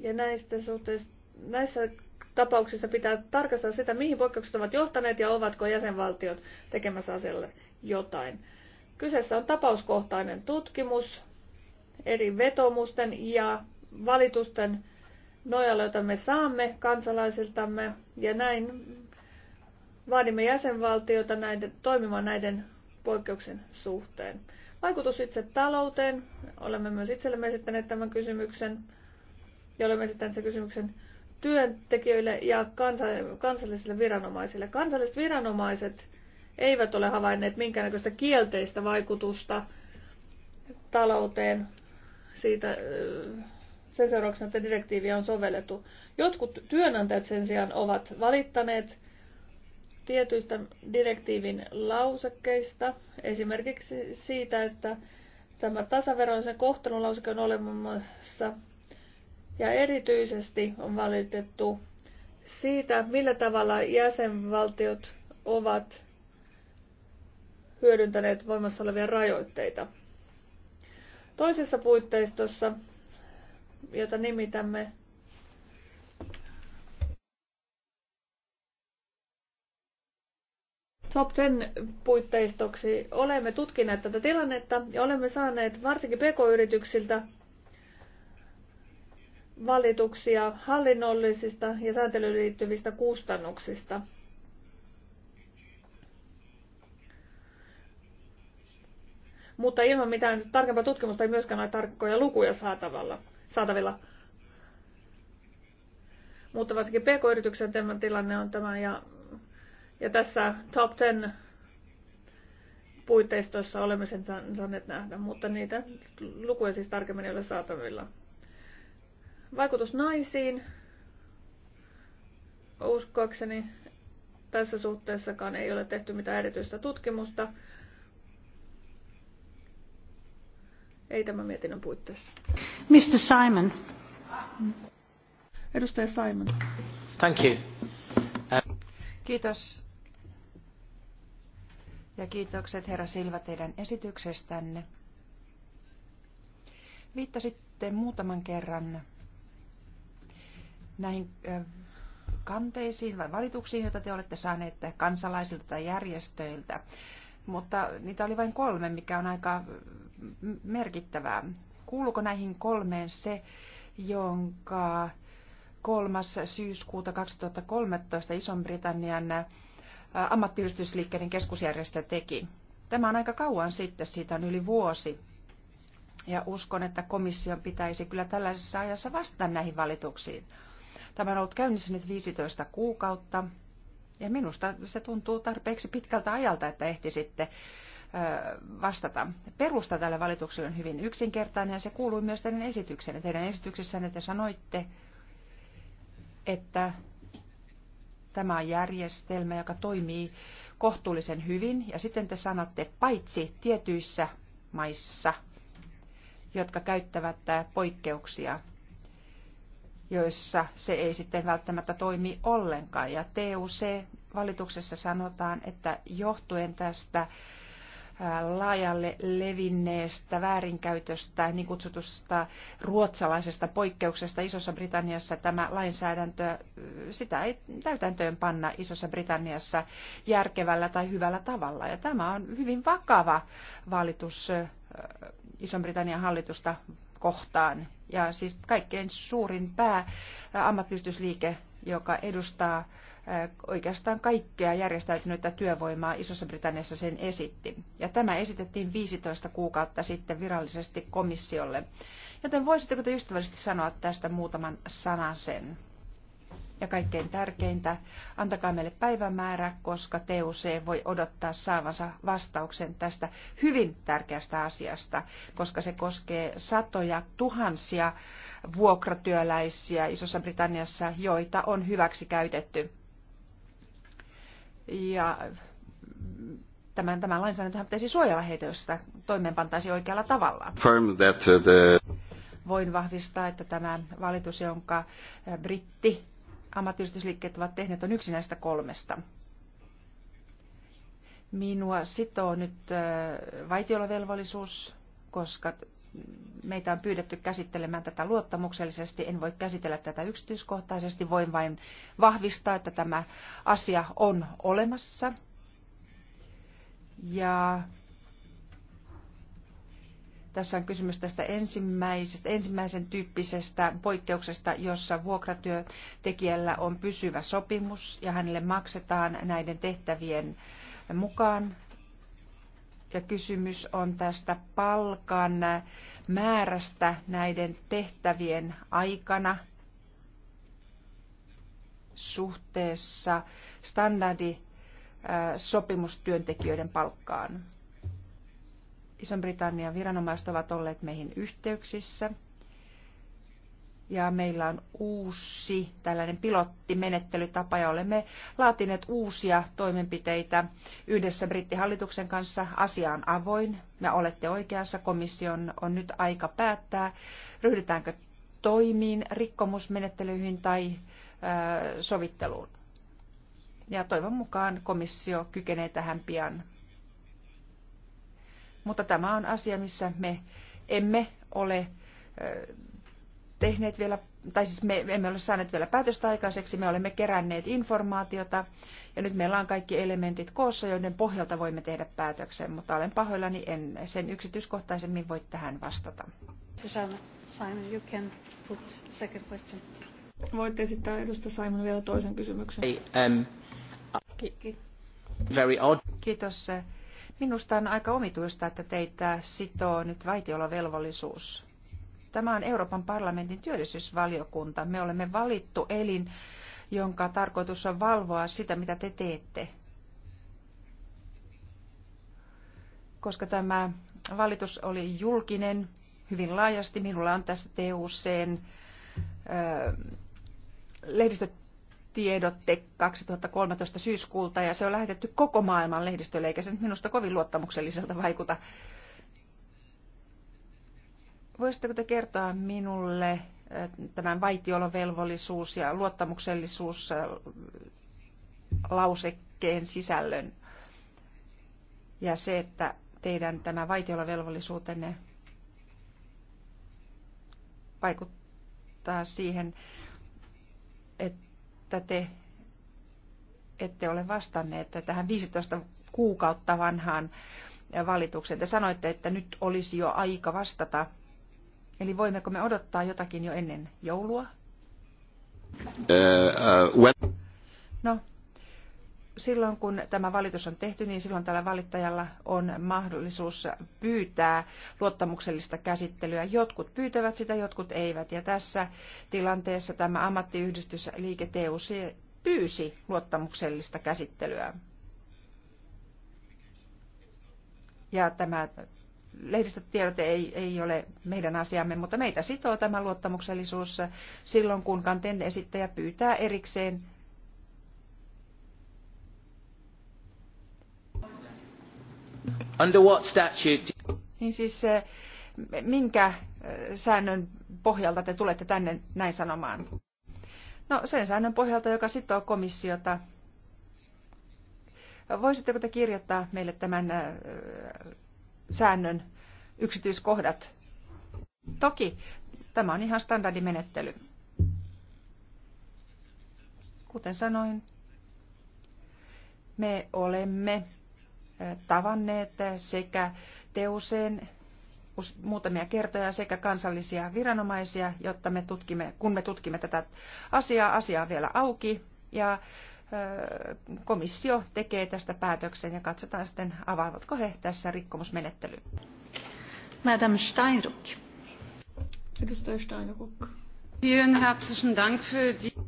ja näistä suhteista, näissä tapauksissa pitää tarkastaa sitä, mihin poikkeukset ovat johtaneet ja ovatko jäsenvaltiot tekemässä asialle jotain. Kyseessä on tapauskohtainen tutkimus eri vetomusten ja valitusten nojalla, joita me saamme kansalaisiltamme, ja näin vaadimme jäsenvaltiota näiden, toimimaan näiden poikkeuksen suhteen. Vaikutus itse talouteen. Olemme myös itsellemme esittäneet tämän kysymyksen jolloin me esitän sen kysymyksen työntekijöille ja kansallisille viranomaisille. Kansalliset viranomaiset eivät ole havainneet minkäännäköistä kielteistä vaikutusta talouteen siitä, sen seurauksena, että direktiiviä on sovellettu. Jotkut työnantajat sen sijaan ovat valittaneet tietyistä direktiivin lausekkeista, esimerkiksi siitä, että tämä tasaveroisen kohtelun lauseke on olemassa ja erityisesti on valitettu siitä, millä tavalla jäsenvaltiot ovat hyödyntäneet voimassa olevia rajoitteita. Toisessa puitteistossa, jota nimitämme Top 10 puitteistoksi olemme tutkineet tätä tilannetta ja olemme saaneet varsinkin pk-yrityksiltä valituksia hallinnollisista ja sääntelyyn liittyvistä kustannuksista. Mutta ilman mitään tarkempaa tutkimusta ei myöskään ole tarkkoja lukuja saatavilla. saatavilla. Mutta varsinkin pk-yrityksen tilanne on tämä ja, ja tässä top 10 puitteistossa olemme sen saaneet nähdä, mutta niitä lukuja siis tarkemmin ei ole saatavilla. Vaikutus naisiin, uskoakseni tässä suhteessakaan ei ole tehty mitään erityistä tutkimusta. Ei tämä mietinnön puitteissa. Mr. Simon. Edustaja Simon. Thank you. Uh, Kiitos. Ja kiitokset herra Silva teidän esityksestänne. Viittasitte muutaman kerran näihin kanteisiin vai valituksiin, joita te olette saaneet kansalaisilta tai järjestöiltä. Mutta niitä oli vain kolme, mikä on aika merkittävää. Kuuluuko näihin kolmeen se, jonka 3. syyskuuta 2013 Ison-Britannian ammattiyhdistysliikkeiden keskusjärjestö teki? Tämä on aika kauan sitten, siitä on yli vuosi. Ja uskon, että komission pitäisi kyllä tällaisessa ajassa vastata näihin valituksiin. Tämä on ollut käynnissä nyt 15 kuukautta ja minusta se tuntuu tarpeeksi pitkältä ajalta, että ehti sitten vastata. Perusta tälle valitukselle on hyvin yksinkertainen ja se kuului myös teidän esityksenne. Teidän esityksessänne te sanoitte, että tämä on järjestelmä, joka toimii kohtuullisen hyvin. Ja sitten te sanotte, paitsi tietyissä maissa, jotka käyttävät poikkeuksia joissa se ei sitten välttämättä toimi ollenkaan. Ja TUC-valituksessa sanotaan, että johtuen tästä laajalle levinneestä väärinkäytöstä, niin kutsutusta ruotsalaisesta poikkeuksesta Isossa Britanniassa tämä lainsäädäntö, sitä ei täytäntöön panna Isossa Britanniassa järkevällä tai hyvällä tavalla. Ja tämä on hyvin vakava valitus Ison Britannian hallitusta kohtaan. Ja siis kaikkein suurin pää ammattiyhdistysliike, joka edustaa oikeastaan kaikkea järjestäytynyttä työvoimaa Isossa Britanniassa sen esitti. Ja tämä esitettiin 15 kuukautta sitten virallisesti komissiolle. Joten voisitteko te ystävällisesti sanoa tästä muutaman sanan sen? Ja kaikkein tärkeintä, antakaa meille päivämäärä, koska TUC voi odottaa saavansa vastauksen tästä hyvin tärkeästä asiasta, koska se koskee satoja tuhansia vuokratyöläisiä Isossa Britanniassa, joita on hyväksi käytetty. Ja tämän, tämän lainsäädäntöhän pitäisi suojella heitä, jos sitä toimeenpantaisi oikealla tavalla. Uh, Voin vahvistaa, että tämä valitus, jonka britti ammattiyhdistysliikkeet ovat tehneet, on yksi näistä kolmesta. Minua sitoo nyt vaitiolovelvollisuus, koska meitä on pyydetty käsittelemään tätä luottamuksellisesti. En voi käsitellä tätä yksityiskohtaisesti, voin vain vahvistaa, että tämä asia on olemassa. Ja tässä on kysymys tästä ensimmäisestä, ensimmäisen tyyppisestä poikkeuksesta, jossa vuokratyötekijällä on pysyvä sopimus ja hänelle maksetaan näiden tehtävien mukaan. Ja kysymys on tästä palkan määrästä näiden tehtävien aikana suhteessa standardi sopimustyöntekijöiden palkkaan iso britannian viranomaiset ovat olleet meihin yhteyksissä. Ja meillä on uusi tällainen pilottimenettelytapa ja olemme laatineet uusia toimenpiteitä yhdessä brittihallituksen kanssa. Asia on avoin Me olette oikeassa. Komission on nyt aika päättää, ryhdytäänkö toimiin, rikkomusmenettelyihin tai sovitteluun. Ja toivon mukaan komissio kykenee tähän pian mutta tämä on asia, missä me emme ole tehneet vielä, tai siis me emme ole saaneet vielä päätöstä aikaiseksi, me olemme keränneet informaatiota ja nyt meillä on kaikki elementit koossa, joiden pohjalta voimme tehdä päätöksen, mutta olen pahoillani, en sen yksityiskohtaisemmin voi tähän vastata. Simon, you can put second question. Voitte esittää edusta Simon vielä toisen kysymyksen. Hey, um, Very odd. Kiitos. Minusta on aika omituista, että teitä sitoo nyt vaitiolovelvollisuus. Tämä on Euroopan parlamentin työllisyysvaliokunta. Me olemme valittu elin, jonka tarkoitus on valvoa sitä, mitä te teette. Koska tämä valitus oli julkinen hyvin laajasti, minulla on tässä TUCn lehdistöt tiedotte 2013 syyskuulta ja se on lähetetty koko maailman lehdistölle, eikä se nyt minusta kovin luottamukselliselta vaikuta. Voisitteko te kertoa minulle äh, tämän vaitiolovelvollisuus ja luottamuksellisuus äh, lausekkeen sisällön ja se, että teidän tämä vaitiolovelvollisuutenne vaikuttaa siihen, että että te ette ole vastanneet tähän 15 kuukautta vanhaan valitukseen. Te sanoitte, että nyt olisi jo aika vastata. Eli voimmeko me odottaa jotakin jo ennen joulua? No, silloin kun tämä valitus on tehty, niin silloin tällä valittajalla on mahdollisuus pyytää luottamuksellista käsittelyä. Jotkut pyytävät sitä, jotkut eivät. Ja tässä tilanteessa tämä ammattiyhdistys Liike TUC pyysi luottamuksellista käsittelyä. Ja tämä lehdistötiedote ei, ei ole meidän asiamme, mutta meitä sitoo tämä luottamuksellisuus silloin, kun kanteen esittäjä pyytää erikseen Under what statute? Niin siis eh, minkä eh, säännön pohjalta te tulette tänne näin sanomaan? No sen säännön pohjalta, joka sitoo komissiota. Voisitteko te kirjoittaa meille tämän eh, säännön yksityiskohdat? Toki, tämä on ihan standardimenettely. Kuten sanoin, me olemme tavanneet sekä teuseen muutamia kertoja sekä kansallisia viranomaisia, jotta me tutkimme, kun me tutkimme tätä asiaa, asia on vielä auki ja komissio tekee tästä päätöksen ja katsotaan sitten avaavatko he tässä rikkomusmenettely. Madame Steinruck. Edustaja Steinruck. Vielen herzlichen Dank für die...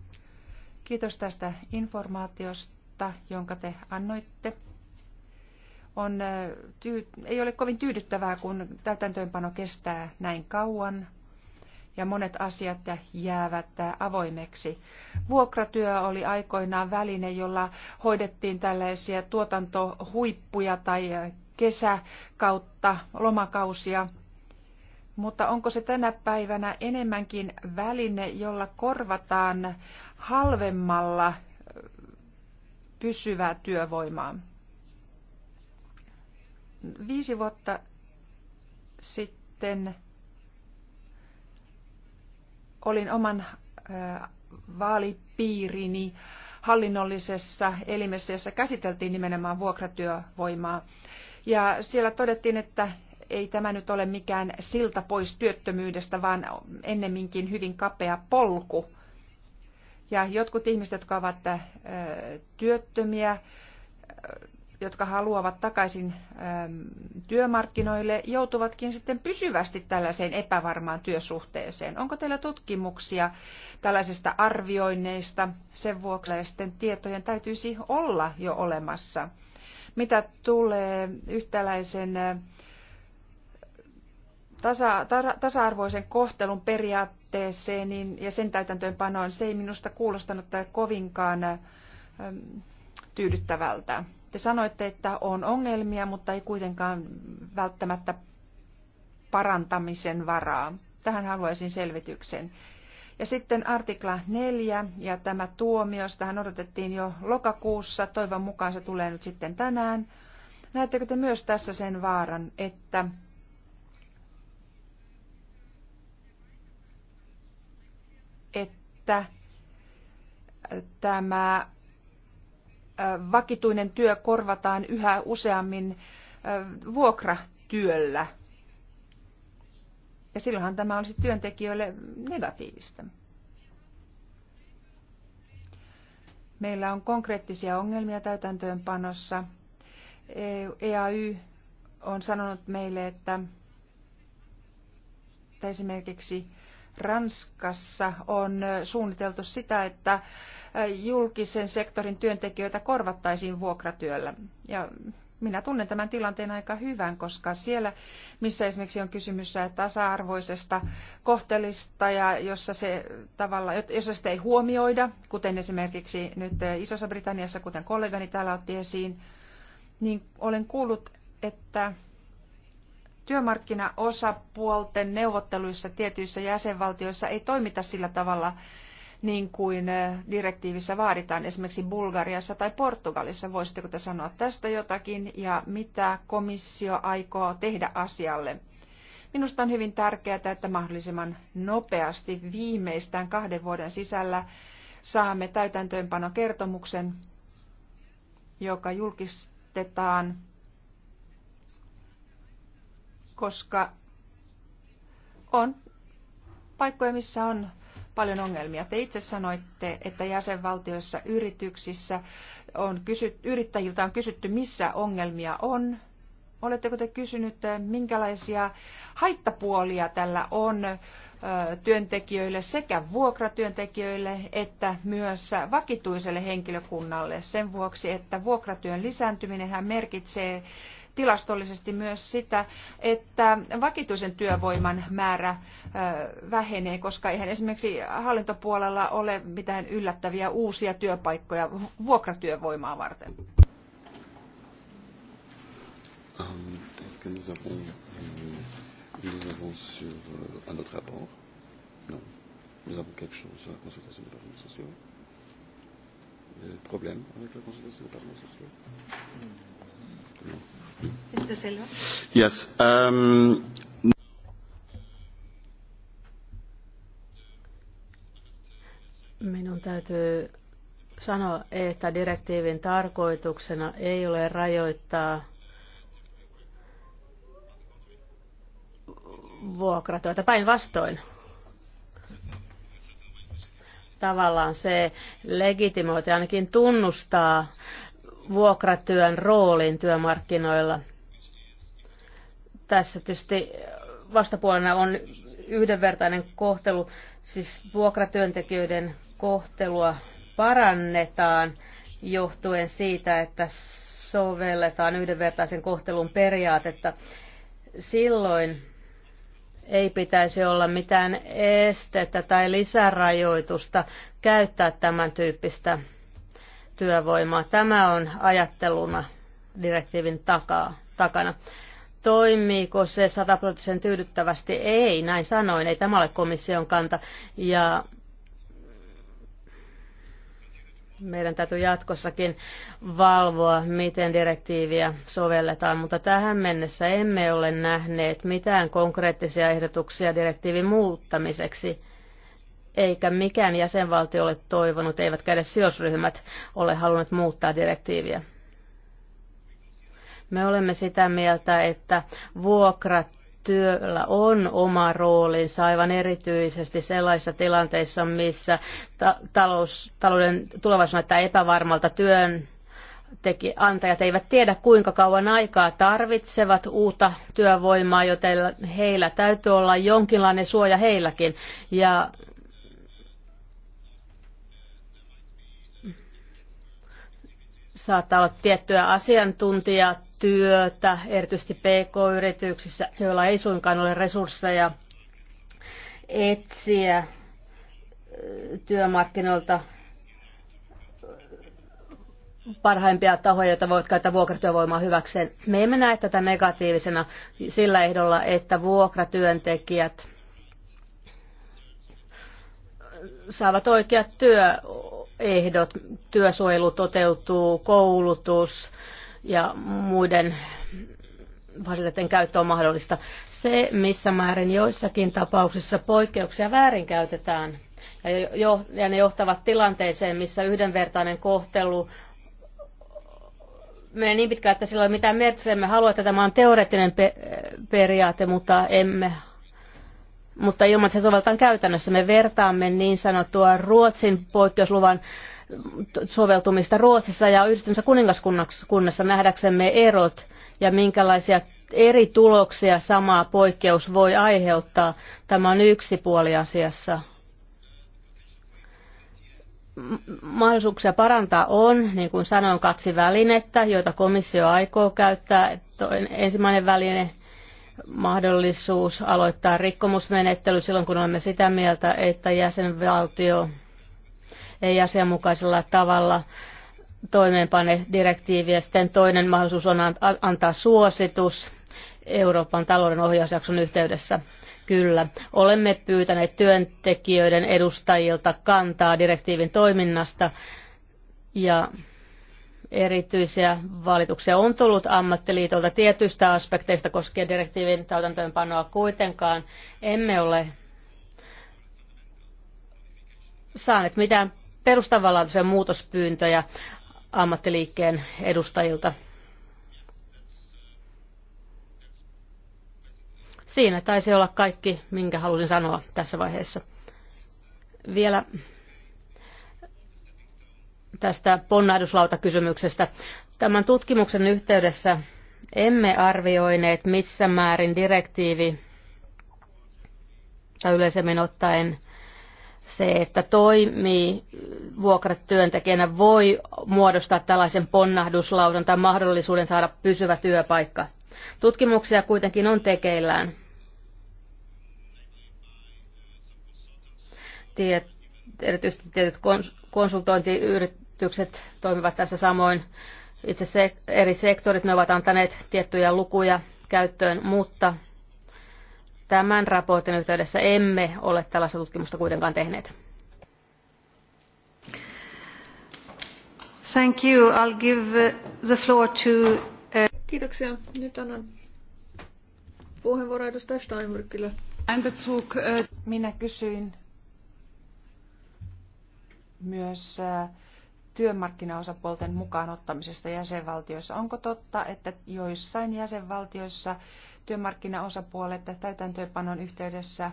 Kiitos tästä informaatiosta, jonka te annoitte on, tyy, ei ole kovin tyydyttävää, kun täytäntöönpano kestää näin kauan ja monet asiat jäävät avoimeksi. Vuokratyö oli aikoinaan väline, jolla hoidettiin tällaisia tuotantohuippuja tai kesäkautta, lomakausia. Mutta onko se tänä päivänä enemmänkin väline, jolla korvataan halvemmalla pysyvää työvoimaa? Viisi vuotta sitten olin oman vaalipiirini hallinnollisessa elimessä, jossa käsiteltiin nimenomaan vuokratyövoimaa. Ja siellä todettiin, että ei tämä nyt ole mikään silta pois työttömyydestä, vaan ennemminkin hyvin kapea polku. Ja jotkut ihmiset, jotka ovat työttömiä, jotka haluavat takaisin ähm, työmarkkinoille, joutuvatkin sitten pysyvästi tällaiseen epävarmaan työsuhteeseen. Onko teillä tutkimuksia tällaisista arvioinneista sen vuoksi, että sitten tietojen täytyisi olla jo olemassa? Mitä tulee yhtäläisen äh, tasa, tasa-arvoisen kohtelun periaatteeseen niin, ja sen täytäntöönpanoon, se ei minusta kuulostanut äh, kovinkaan äh, tyydyttävältä. Te sanoitte, että on ongelmia, mutta ei kuitenkaan välttämättä parantamisen varaa. Tähän haluaisin selvityksen. Ja sitten artikla 4 ja tämä tuomio, tähän odotettiin jo lokakuussa, toivon mukaan se tulee nyt sitten tänään. Näettekö te myös tässä sen vaaran, että että tämä vakituinen työ korvataan yhä useammin vuokratyöllä. Ja silloinhan tämä olisi työntekijöille negatiivista. Meillä on konkreettisia ongelmia täytäntöönpanossa. EAY e on sanonut meille, että esimerkiksi Ranskassa on suunniteltu sitä, että julkisen sektorin työntekijöitä korvattaisiin vuokratyöllä. Ja minä tunnen tämän tilanteen aika hyvän, koska siellä, missä esimerkiksi on kysymys tasa-arvoisesta kohtelista ja jossa se tavalla, jossa sitä ei huomioida, kuten esimerkiksi nyt Isossa Britanniassa, kuten kollegani täällä otti esiin, niin olen kuullut, että työmarkkinaosapuolten neuvotteluissa tietyissä jäsenvaltioissa ei toimita sillä tavalla niin kuin eh, direktiivissä vaaditaan esimerkiksi Bulgariassa tai Portugalissa. Voisitteko te sanoa tästä jotakin ja mitä komissio aikoo tehdä asialle? Minusta on hyvin tärkeää, että mahdollisimman nopeasti viimeistään kahden vuoden sisällä saamme täytäntöönpanokertomuksen, joka julkistetaan koska on paikkoja, missä on paljon ongelmia. Te itse sanoitte, että jäsenvaltioissa yrityksissä on kysyt, yrittäjiltä on kysytty, missä ongelmia on. Oletteko te kysynyt, eh, minkälaisia haittapuolia tällä on eh, työntekijöille sekä vuokratyöntekijöille että myös vakituiselle henkilökunnalle sen vuoksi, että vuokratyön lisääntyminen merkitsee tilastollisesti myös sitä, että vakituisen työvoiman määrä vähenee, koska eihän esimerkiksi hallintopuolella ole mitään yllättäviä uusia työpaikkoja vuokratyövoimaa varten. Um, euh, nous avons, quelque chose sur la consultation des partenaires sociaux euh, avec la consultation des partenaires sociaux Non. Mr. Silva? Yes. Um... Minun täytyy sanoa, että direktiivin tarkoituksena ei ole rajoittaa vuokratyötä. Päinvastoin tavallaan se legitimoi ainakin tunnustaa vuokratyön roolin työmarkkinoilla. Tässä tietysti vastapuolena on yhdenvertainen kohtelu, siis vuokratyöntekijöiden kohtelua parannetaan johtuen siitä, että sovelletaan yhdenvertaisen kohtelun periaatetta. Silloin ei pitäisi olla mitään estettä tai lisärajoitusta käyttää tämän tyyppistä työvoimaa. Tämä on ajatteluna direktiivin takaa, takana. Toimiiko se sataprosenttisen tyydyttävästi? Ei, näin sanoin. Ei tämä ole komission kanta. Ja meidän täytyy jatkossakin valvoa, miten direktiiviä sovelletaan, mutta tähän mennessä emme ole nähneet mitään konkreettisia ehdotuksia direktiivin muuttamiseksi eikä mikään jäsenvaltio ole toivonut, eivätkä edes sidosryhmät ole halunneet muuttaa direktiiviä. Me olemme sitä mieltä, että vuokrat työllä on oma roolinsa aivan erityisesti sellaisissa tilanteissa, missä ta- talous, talouden tulevaisuus näyttää epävarmalta työn teki, antajat eivät tiedä, kuinka kauan aikaa tarvitsevat uutta työvoimaa, joten heillä täytyy olla jonkinlainen suoja heilläkin. Ja saattaa olla tiettyä asiantuntijatyötä, erityisesti PK-yrityksissä, joilla ei suinkaan ole resursseja etsiä työmarkkinoilta parhaimpia tahoja, joita voit käyttää vuokratyövoimaa hyväkseen. Me emme näe tätä negatiivisena sillä ehdolla, että vuokratyöntekijät saavat oikeat työ ehdot, työsuojelu toteutuu, koulutus ja muiden vasiteiden käyttö on mahdollista. Se, missä määrin joissakin tapauksissa poikkeuksia väärinkäytetään ja, jo, ja ne johtavat tilanteeseen, missä yhdenvertainen kohtelu menee niin pitkään, että sillä ei ole mitään merkitystä. Emme halua, että tämä on teoreettinen pe- periaate, mutta emme mutta ilman että se soveltaa käytännössä. Me vertaamme niin sanottua Ruotsin poikkeusluvan soveltumista Ruotsissa ja yhdistymisessä kuningaskunnassa nähdäksemme erot ja minkälaisia eri tuloksia sama poikkeus voi aiheuttaa. Tämä on yksi puoli asiassa. Mahdollisuuksia parantaa on, niin kuin sanoin, kaksi välinettä, joita komissio aikoo käyttää. Toinen Ensimmäinen väline mahdollisuus aloittaa rikkomusmenettely silloin, kun olemme sitä mieltä, että jäsenvaltio ei asianmukaisella tavalla toimeenpane direktiiviä. Sitten toinen mahdollisuus on antaa suositus Euroopan talouden ohjausjakson yhteydessä. Kyllä. Olemme pyytäneet työntekijöiden edustajilta kantaa direktiivin toiminnasta ja Erityisiä valituksia on tullut ammattiliitolta tietyistä aspekteista koskien direktiivin täytäntöönpanoa kuitenkaan. Emme ole saaneet mitään perustavanlaatuisia muutospyyntöjä ammattiliikkeen edustajilta. Siinä taisi olla kaikki, minkä halusin sanoa tässä vaiheessa. Vielä tästä ponnahduslautakysymyksestä. Tämän tutkimuksen yhteydessä emme arvioineet missä määrin direktiivi tai yleisemmin ottaen se, että toimii vuokratyöntekijänä, voi muodostaa tällaisen ponnahduslaudan tai mahdollisuuden saada pysyvä työpaikka. Tutkimuksia kuitenkin on tekeillään. Tiet, erityisesti tietyt konsultointiyritykset yritykset toimivat tässä samoin. Itse se, eri sektorit, ne ovat antaneet tiettyjä lukuja käyttöön, mutta tämän raportin yhteydessä emme ole tällaista tutkimusta kuitenkaan tehneet. Thank you. I'll give the floor to... Uh, Kiitoksia. Nyt annan puheenvuoron edustaja Steinbrückille. Äh, Minä kysyin myös äh, työmarkkinaosapuolten mukaan ottamisesta jäsenvaltioissa. Onko totta, että joissain jäsenvaltioissa työmarkkinaosapuolet täytäntöönpanon yhteydessä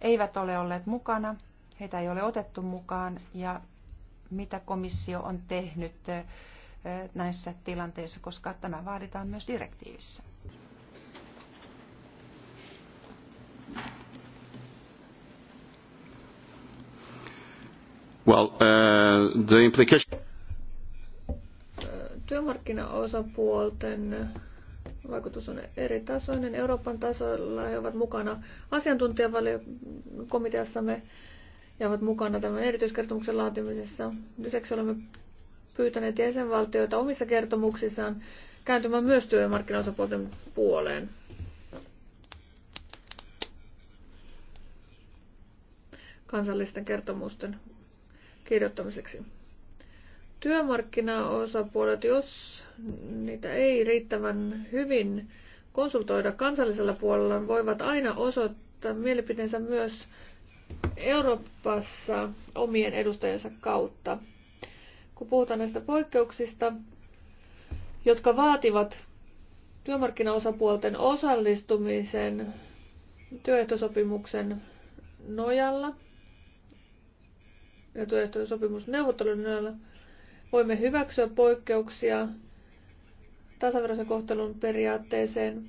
eivät ole olleet mukana, heitä ei ole otettu mukaan ja mitä komissio on tehnyt eh, näissä tilanteissa, koska tämä vaaditaan myös direktiivissä? Well, uh, the implication... Työmarkkinaosapuolten vaikutus on eri tasoinen. Euroopan tasolla he ovat mukana asiantuntijavaliokomiteassamme ja ovat mukana tämän erityiskertomuksen laatimisessa. Lisäksi olemme pyytäneet jäsenvaltioita omissa kertomuksissaan kääntymään myös työmarkkinaosapuolten puoleen. kansallisten kertomusten kirjoittamiseksi. Työmarkkinaosapuolet, jos niitä ei riittävän hyvin konsultoida kansallisella puolella, voivat aina osoittaa mielipiteensä myös Euroopassa omien edustajansa kautta. Kun puhutaan näistä poikkeuksista, jotka vaativat työmarkkinaosapuolten osallistumisen työehtosopimuksen nojalla – ja työehtojen sopimusneuvottelujen yöllä voimme hyväksyä poikkeuksia tasaveroisen kohtelun periaatteeseen,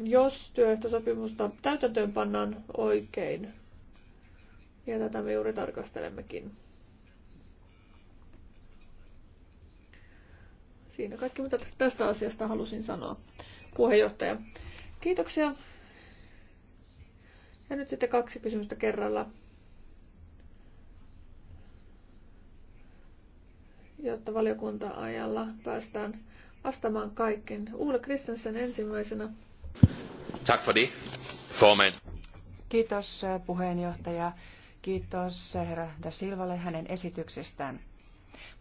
jos työehtosopimusta täytäntöön pannaan oikein. Ja tätä me juuri tarkastelemmekin. Siinä kaikki, mitä tästä asiasta halusin sanoa. Puheenjohtaja, kiitoksia. Ja nyt sitten kaksi kysymystä kerralla. jotta valiokunta-ajalla päästään vastaamaan kaikkiin. Ulle Kristensen ensimmäisenä. Tack för det, formen. Kiitos eh, puheenjohtaja. Kiitos eh, herra Da Silvalle hänen esityksestään.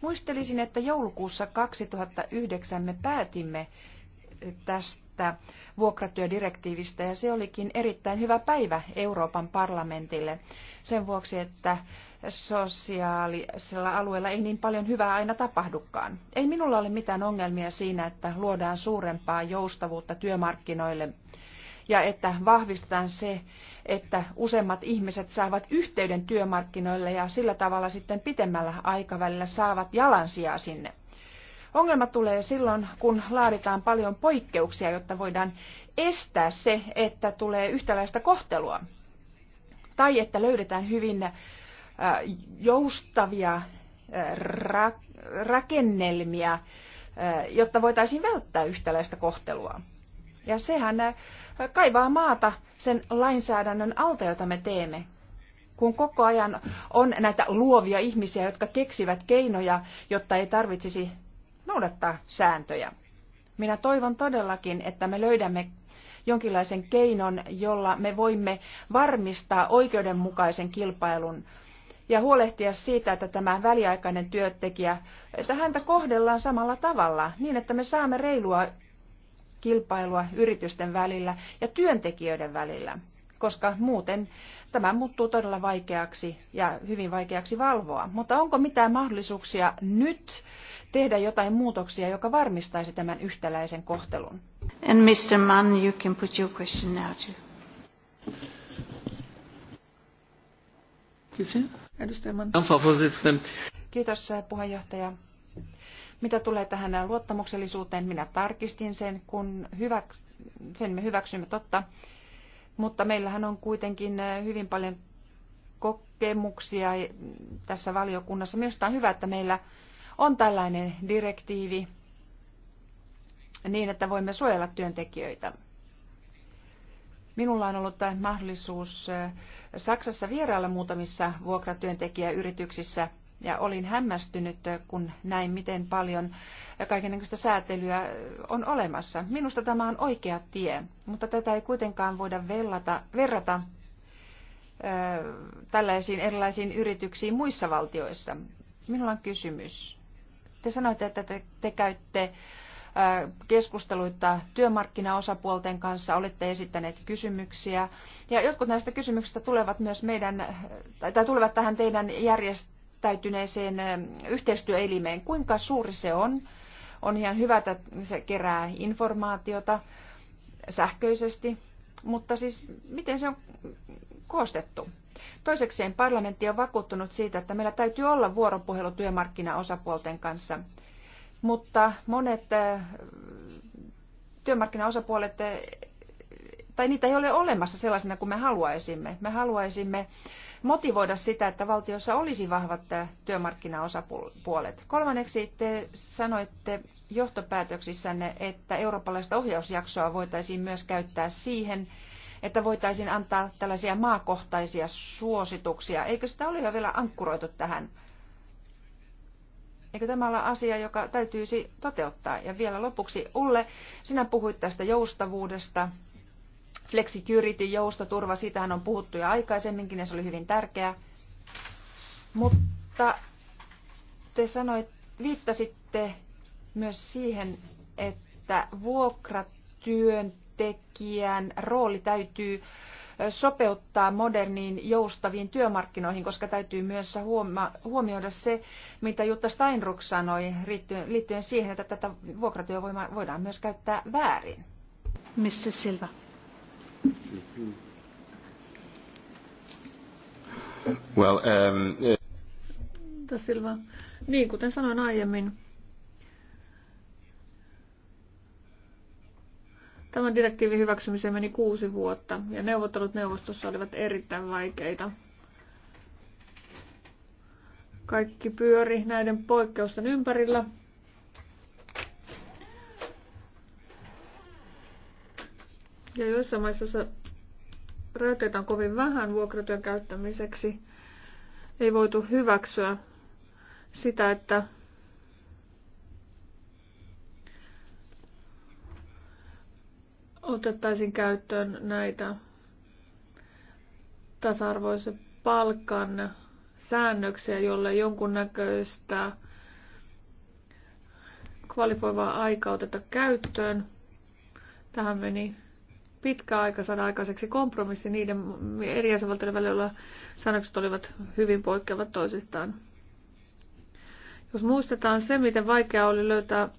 Muistelisin, että joulukuussa 2009 me päätimme eh, tästä vuokratyödirektiivistä ja se olikin erittäin hyvä päivä Euroopan parlamentille sen vuoksi, että sosiaalisella alueella ei niin paljon hyvää aina tapahdukaan. Ei minulla ole mitään ongelmia siinä, että luodaan suurempaa joustavuutta työmarkkinoille ja että vahvistetaan se, että useimmat ihmiset saavat yhteyden työmarkkinoille ja sillä tavalla sitten pitemmällä aikavälillä saavat jalansijaa sinne. Ongelma tulee silloin, kun laaditaan paljon poikkeuksia, jotta voidaan estää se, että tulee yhtäläistä kohtelua. Tai että löydetään hyvin joustavia rakennelmia, jotta voitaisiin välttää yhtäläistä kohtelua. Ja sehän kaivaa maata sen lainsäädännön alta, jota me teemme. Kun koko ajan on näitä luovia ihmisiä, jotka keksivät keinoja, jotta ei tarvitsisi noudattaa sääntöjä. Minä toivon todellakin, että me löydämme jonkinlaisen keinon, jolla me voimme varmistaa oikeudenmukaisen kilpailun ja huolehtia siitä, että tämä väliaikainen työntekijä, että häntä kohdellaan samalla tavalla niin, että me saamme reilua kilpailua yritysten välillä ja työntekijöiden välillä, koska muuten tämä muuttuu todella vaikeaksi ja hyvin vaikeaksi valvoa. Mutta onko mitään mahdollisuuksia nyt tehdä jotain muutoksia, joka varmistaisi tämän yhtäläisen kohtelun? And Mr. Mann, you can put your question now too. Kiitos äh, puheenjohtaja. Mitä tulee tähän äh, luottamuksellisuuteen, minä tarkistin sen, kun sen me hyväksymme totta. Mutta meillähän on kuitenkin äh, hyvin paljon kokemuksia e, tässä valiokunnassa. Minusta on hyvä, että meillä on tällainen direktiivi niin, että voimme suojella työntekijöitä. Minulla on ollut äh, mahdollisuus äh, Saksassa vierailla muutamissa vuokratyöntekijäyrityksissä ja olin hämmästynyt, äh, kun näin, miten paljon kaikenlaista säätelyä on olemassa. Minusta tämä on oikea tie, mutta tätä ei kuitenkaan voida vellata, verrata tällaisiin erilaisiin yrityksiin muissa valtioissa. Minulla on kysymys. Te sanoitte, että te, te käytte keskusteluita työmarkkinaosapuolten kanssa, olette esittäneet kysymyksiä. Ja jotkut näistä kysymyksistä tulevat myös meidän, tai tulevat tähän teidän järjestäytyneeseen yhteistyöelimeen. Kuinka suuri se on? On ihan hyvä, että se kerää informaatiota sähköisesti, mutta siis miten se on koostettu? Toisekseen parlamentti on vakuuttunut siitä, että meillä täytyy olla vuoropuhelu työmarkkinaosapuolten kanssa mutta monet eh, työmarkkinaosapuolet, eh, tai niitä ei ole olemassa sellaisena kuin me haluaisimme. Me haluaisimme motivoida sitä, että valtiossa olisi vahvat eh, työmarkkinaosapuolet. Kolmanneksi te sanoitte johtopäätöksissänne, että eurooppalaista ohjausjaksoa voitaisiin myös käyttää siihen, että voitaisiin antaa tällaisia maakohtaisia suosituksia. Eikö sitä ole jo vielä ankkuroitu tähän Eikö tämä ole asia, joka täytyisi toteuttaa? Ja vielä lopuksi, Ulle, sinä puhuit tästä joustavuudesta, flexicurity, joustoturva, siitähän on puhuttu jo aikaisemminkin ja se oli hyvin tärkeää. Mutta te sanoit, viittasitte myös siihen, että vuokratyöntekijän rooli täytyy sopeuttaa moderniin joustaviin työmarkkinoihin, koska täytyy myös huomioida se, mitä Jutta Steinruck sanoi liittyen siihen, että tätä vuokratyövoimaa voidaan myös käyttää väärin. Missä Silva. Well, um, Silva. Niin, kuten sanoin aiemmin, Tämän direktiivin hyväksymiseen meni kuusi vuotta ja neuvottelut neuvostossa olivat erittäin vaikeita. Kaikki pyöri näiden poikkeusten ympärillä. Ja joissain maissa on kovin vähän vuokratyön käyttämiseksi. Ei voitu hyväksyä sitä, että otettaisiin käyttöön näitä tasa-arvoisen palkan säännöksiä, jolle jonkunnäköistä kvalifoivaa aikaa oteta käyttöön. Tähän meni pitkä aika saada aikaiseksi kompromissi. Niiden eri jäsenvaltioiden välillä säännökset olivat hyvin poikkeavat toisistaan. Jos muistetaan se, miten vaikea oli löytää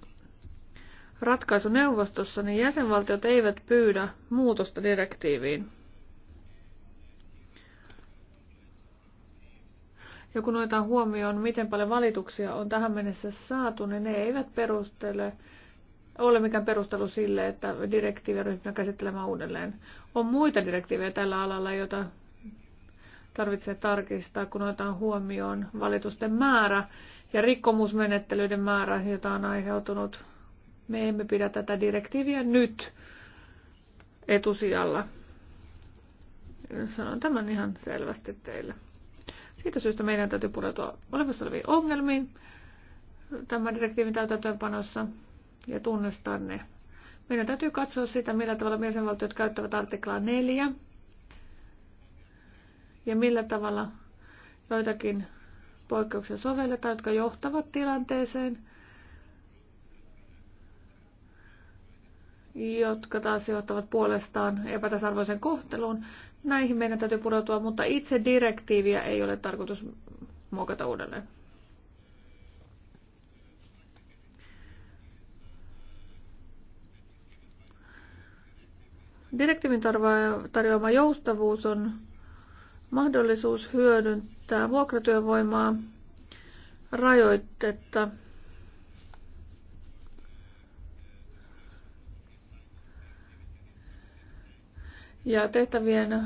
ratkaisuneuvostossa, niin jäsenvaltiot eivät pyydä muutosta direktiiviin. Ja kun otetaan huomioon, miten paljon valituksia on tähän mennessä saatu, niin ne eivät perustele, ole mikään perustelu sille, että direktiiviä ryhdytään käsittelemään uudelleen. On muita direktiivejä tällä alalla, joita tarvitsee tarkistaa, kun otetaan huomioon valitusten määrä ja rikkomusmenettelyiden määrä, jota on aiheutunut me emme pidä tätä direktiiviä nyt etusijalla. Sanon tämän ihan selvästi teille. Siitä syystä meidän täytyy pureutua olemassa oleviin ongelmiin tämän direktiivin täytäntöönpanossa ja tunnistaa ne. Meidän täytyy katsoa sitä, millä tavalla jäsenvaltiot käyttävät artiklaa 4 ja millä tavalla joitakin poikkeuksia sovelletaan, jotka johtavat tilanteeseen – jotka taas johtavat puolestaan epätasarvoisen kohteluun. Näihin meidän täytyy pureutua, mutta itse direktiiviä ei ole tarkoitus muokata uudelleen. Direktiivin tarjoama joustavuus on mahdollisuus hyödyntää vuokratyövoimaa rajoitetta Ja tehtävien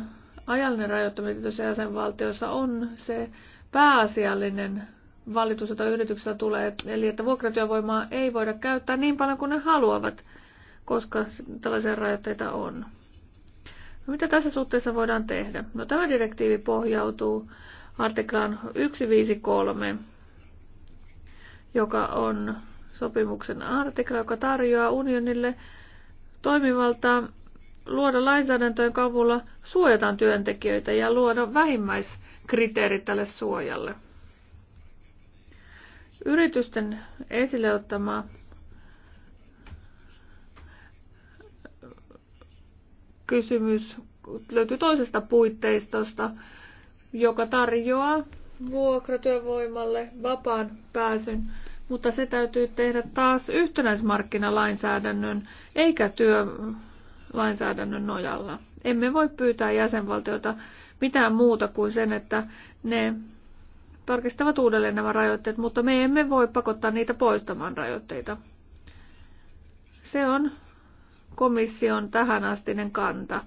ajallinen rajoittaminen tietyissä jäsenvaltioissa on se pääasiallinen valitus, jota yrityksellä tulee. Eli että vuokratyövoimaa ei voida käyttää niin paljon kuin ne haluavat, koska tällaisia rajoitteita on. No, mitä tässä suhteessa voidaan tehdä? No, tämä direktiivi pohjautuu artiklaan 153, joka on sopimuksen artikla, joka tarjoaa unionille toimivaltaa luoda lainsäädäntöjen kavulla suojataan työntekijöitä ja luoda vähimmäiskriteerit tälle suojalle. Yritysten esille ottama kysymys löytyy toisesta puitteistosta, joka tarjoaa vuokratyövoimalle vapaan pääsyn, mutta se täytyy tehdä taas yhtenäismarkkinalainsäädännön eikä työ lainsäädännön nojalla. Emme voi pyytää jäsenvaltiota mitään muuta kuin sen, että ne tarkistavat uudelleen nämä rajoitteet, mutta me emme voi pakottaa niitä poistamaan rajoitteita. Se on komission tähänastinen kanta.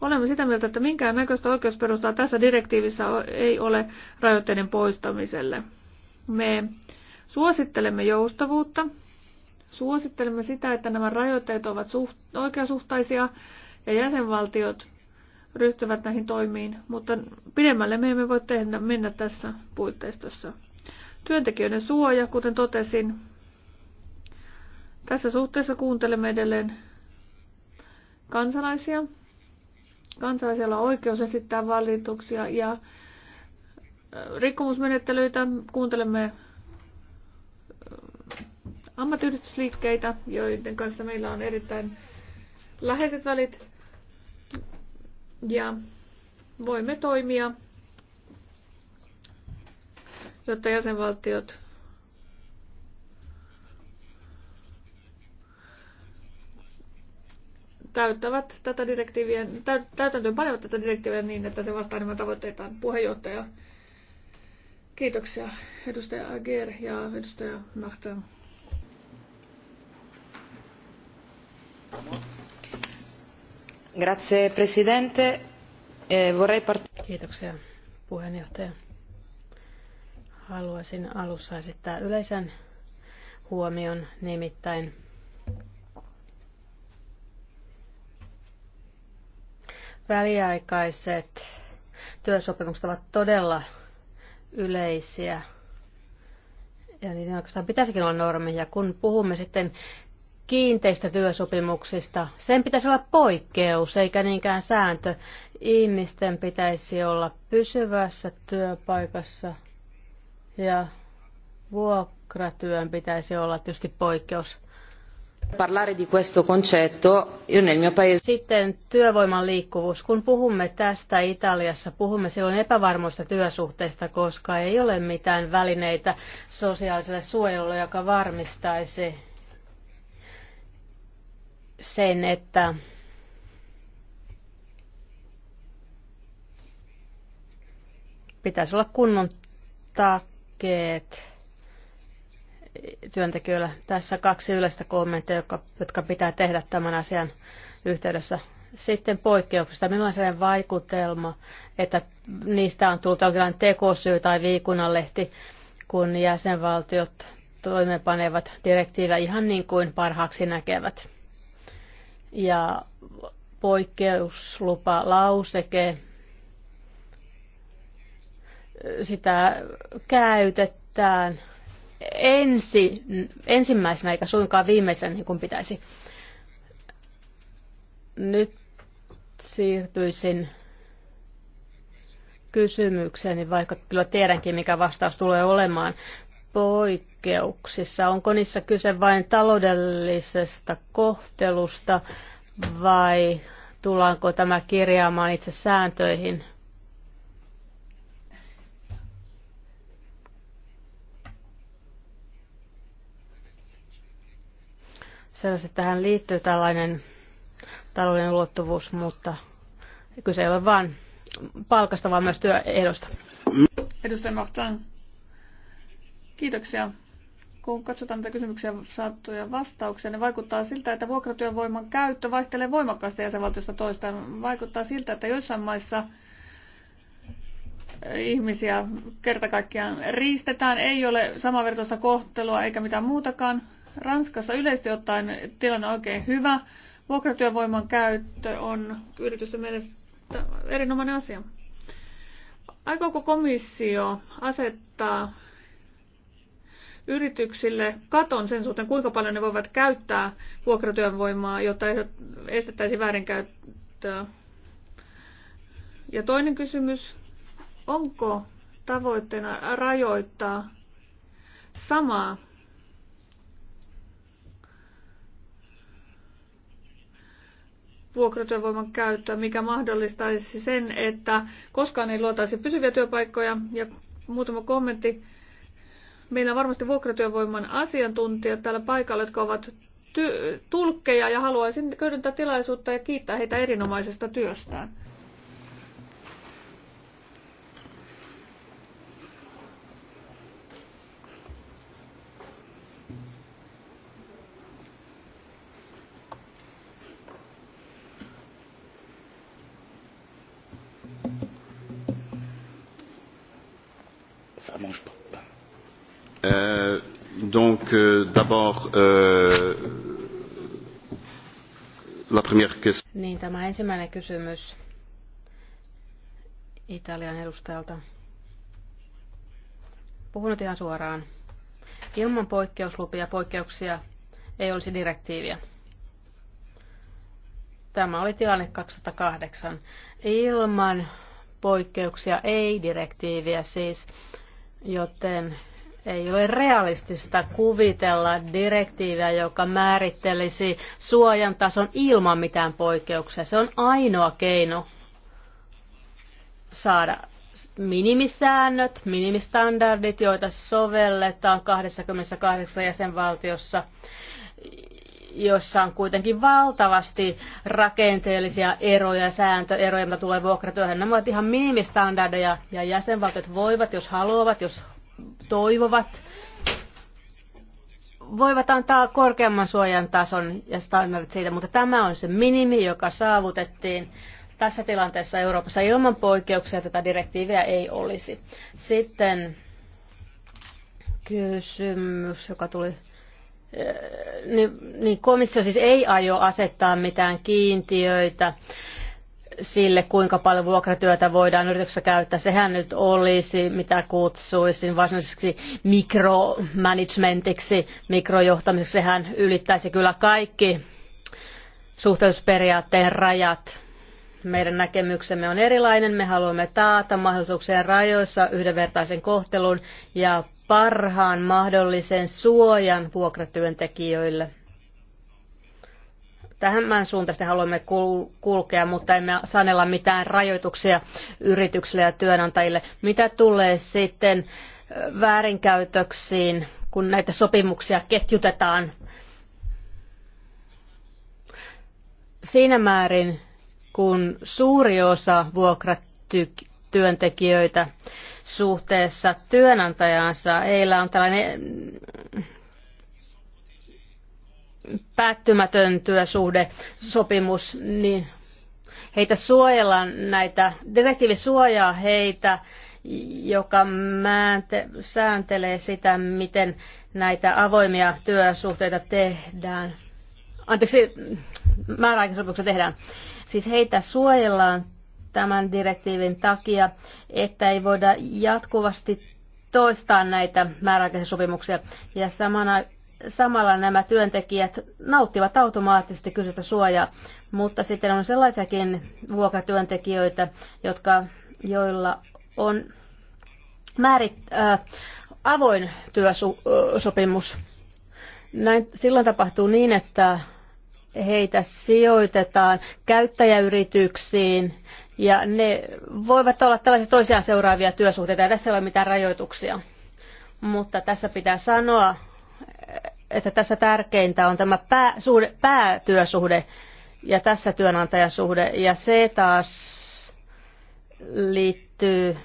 Olemme sitä mieltä, että minkään näköistä oikeusperustaa tässä direktiivissä ei ole rajoitteiden poistamiselle. Me suosittelemme joustavuutta, Suosittelemme sitä, että nämä rajoitteet ovat suht, oikeasuhtaisia ja jäsenvaltiot ryhtyvät näihin toimiin, mutta pidemmälle me emme voi tehdä, mennä tässä puitteistossa. Työntekijöiden suoja, kuten totesin, tässä suhteessa kuuntelemme edelleen kansalaisia. Kansalaisilla on oikeus esittää valituksia ja rikkomusmenettelyitä kuuntelemme ammattiyhdistysliikkeitä, joiden kanssa meillä on erittäin läheiset välit. Ja voimme toimia, jotta jäsenvaltiot täyttävät tätä direktiiviä, täytäntöön paljon tätä direktiiviä niin, että se vastaa enemmän tavoitteitaan puheenjohtaja. Kiitoksia edustaja Ager ja edustaja Nahtan. arvoisa puhemies eh, Vorrei Kiitoksia puheenjohtaja. Haluaisin alussa esittää yleisen huomion, nimittäin väliaikaiset työsopimukset ovat todella yleisiä. Ja niiden oikeastaan pitäisikin olla normi. Ja kun puhumme sitten kiinteistä työsopimuksista. Sen pitäisi olla poikkeus eikä niinkään sääntö. Ihmisten pitäisi olla pysyvässä työpaikassa ja vuokratyön pitäisi olla tietysti poikkeus. Parlare di questo concetto, io nel mio paese... Sitten työvoiman liikkuvuus. Kun puhumme tästä Italiassa, puhumme silloin epävarmoista työsuhteista, koska ei ole mitään välineitä sosiaaliselle suojelulle, joka varmistaisi sen, että pitäisi olla kunnon takeet työntekijöillä. Tässä kaksi yleistä kommenttia, jotka, jotka pitää tehdä tämän asian yhteydessä. Sitten poikkeuksista. Minulla on sellainen vaikutelma, että niistä on tullut jonkinlainen tekosyy tai viikunnanlehti, kun jäsenvaltiot toimeenpanevat direktiivejä ihan niin kuin parhaaksi näkevät ja poikkeuslupa lauseke, sitä käytetään ensi, ensimmäisenä eikä suinkaan viimeisenä niin kuin pitäisi. Nyt siirtyisin kysymykseeni, niin vaikka kyllä tiedänkin, mikä vastaus tulee olemaan. Poik- vaikeuksissa? Onko niissä kyse vain taloudellisesta kohtelusta vai tullaanko tämä kirjaamaan itse sääntöihin? Sellaiset tähän liittyy tällainen talouden luottuvuus, mutta kyse ei ole vain palkasta, vaan myös työehdosta. Edustaja Mahtaan. Kiitoksia kun katsotaan mitä kysymyksiä saattuja vastauksia, niin vaikuttaa siltä, että vuokratyövoiman käyttö vaihtelee voimakkaasti jäsenvaltiosta toista. Vaikuttaa siltä, että joissain maissa ihmisiä kertakaikkiaan riistetään, ei ole samanvertaista kohtelua eikä mitään muutakaan. Ranskassa yleisesti ottaen tilanne on oikein hyvä. Vuokratyövoiman käyttö on yritysten mielestä erinomainen asia. Aikooko komissio asettaa yrityksille katon sen suhteen, kuinka paljon ne voivat käyttää vuokratyövoimaa, jotta estettäisiin väärinkäyttöä. Ja toinen kysymys, onko tavoitteena rajoittaa samaa vuokratyövoiman käyttöä, mikä mahdollistaisi sen, että koskaan ei luotaisi pysyviä työpaikkoja. Ja muutama kommentti Meillä on varmasti vuokratyövoiman asiantuntijat täällä paikalla, jotka ovat ty- tulkkeja ja haluaisin hyödyntää tilaisuutta ja kiittää heitä erinomaisesta työstään. Ça mange pas. Euh, donc, euh, d'abord, euh, la première question. Niin, tämä ensimmäinen kysymys Italian edustajalta. Puhun nyt ihan suoraan. Ilman poikkeuslupia poikkeuksia ei olisi direktiiviä. Tämä oli tilanne 2008. Ilman poikkeuksia ei direktiiviä siis, joten ei ole realistista kuvitella direktiiviä, joka määrittelisi suojan tason ilman mitään poikkeuksia. Se on ainoa keino saada minimisäännöt, minimistandardit, joita sovelletaan 28 jäsenvaltiossa, jossa on kuitenkin valtavasti rakenteellisia eroja sääntöeroja, mitä tulee vuokratyöhön. Nämä ovat ihan minimistandardeja ja jäsenvaltiot voivat, jos haluavat, jos toivovat, voivat antaa korkeamman suojan tason ja standardit siitä, mutta tämä on se minimi, joka saavutettiin tässä tilanteessa Euroopassa ilman poikkeuksia tätä direktiiviä ei olisi. Sitten kysymys, joka tuli eh, niin, niin komissio siis ei aio asettaa mitään kiintiöitä sille, kuinka paljon vuokratyötä voidaan yrityksessä käyttää. Sehän nyt olisi, mitä kutsuisin varsinaiseksi mikromanagementiksi, mikrojohtamiseksi. Sehän ylittäisi kyllä kaikki suhteellisuusperiaatteen rajat. Meidän näkemyksemme on erilainen. Me haluamme taata mahdollisuuksien rajoissa yhdenvertaisen kohtelun ja parhaan mahdollisen suojan vuokratyöntekijöille tähän suuntaan haluamme kulkea, mutta emme sanella mitään rajoituksia yrityksille ja työnantajille. Mitä tulee sitten väärinkäytöksiin, kun näitä sopimuksia ketjutetaan siinä määrin, kun suuri osa vuokratyöntekijöitä suhteessa työnantajansa? heillä on tällainen päättymätön työsuhde, sopimus, niin heitä suojellaan näitä, direktiivi suojaa heitä, joka määnte, sääntelee sitä, miten näitä avoimia työsuhteita tehdään. Anteeksi, määräaikaisopimuksia tehdään. Siis heitä suojellaan tämän direktiivin takia, että ei voida jatkuvasti toistaa näitä määräaikaisia sopimuksia. Ja samana samalla nämä työntekijät nauttivat automaattisesti kyseistä suojaa, mutta sitten on sellaisiakin vuokratyöntekijöitä, jotka, joilla on määrit, äh, avoin työsopimus. Näin, silloin tapahtuu niin, että heitä sijoitetaan käyttäjäyrityksiin ja ne voivat olla tällaisia toisiaan seuraavia työsuhteita ja tässä ei ole mitään rajoituksia. Mutta tässä pitää sanoa, että tässä tärkeintä on tämä pää, suhde, päätyösuhde ja tässä työnantajasuhde. Ja se taas liittyy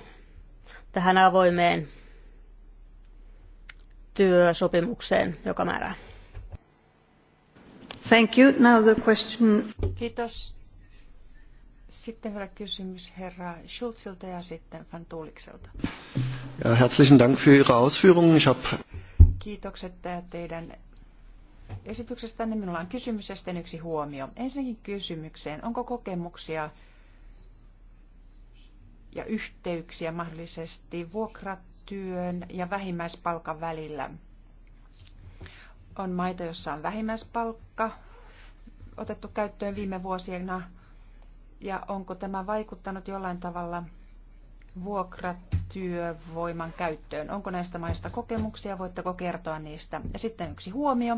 tähän avoimeen työsopimukseen, joka määrää. Thank you. Now the question. Kiitos. Sitten vielä kysymys herra Schulzilta ja sitten Van Tuulikselta. Ja, herzlichen Dank für Ihre Ausführungen. Ich habe kiitokset teidän esityksestänne. Minulla on kysymys ja sitten yksi huomio. Ensinnäkin kysymykseen, onko kokemuksia ja yhteyksiä mahdollisesti vuokratyön ja vähimmäispalkan välillä? On maita, joissa on vähimmäispalkka otettu käyttöön viime vuosina, ja onko tämä vaikuttanut jollain tavalla vuokratyön työvoiman käyttöön. Onko näistä maista kokemuksia? Voitteko kertoa niistä? Ja sitten yksi huomio.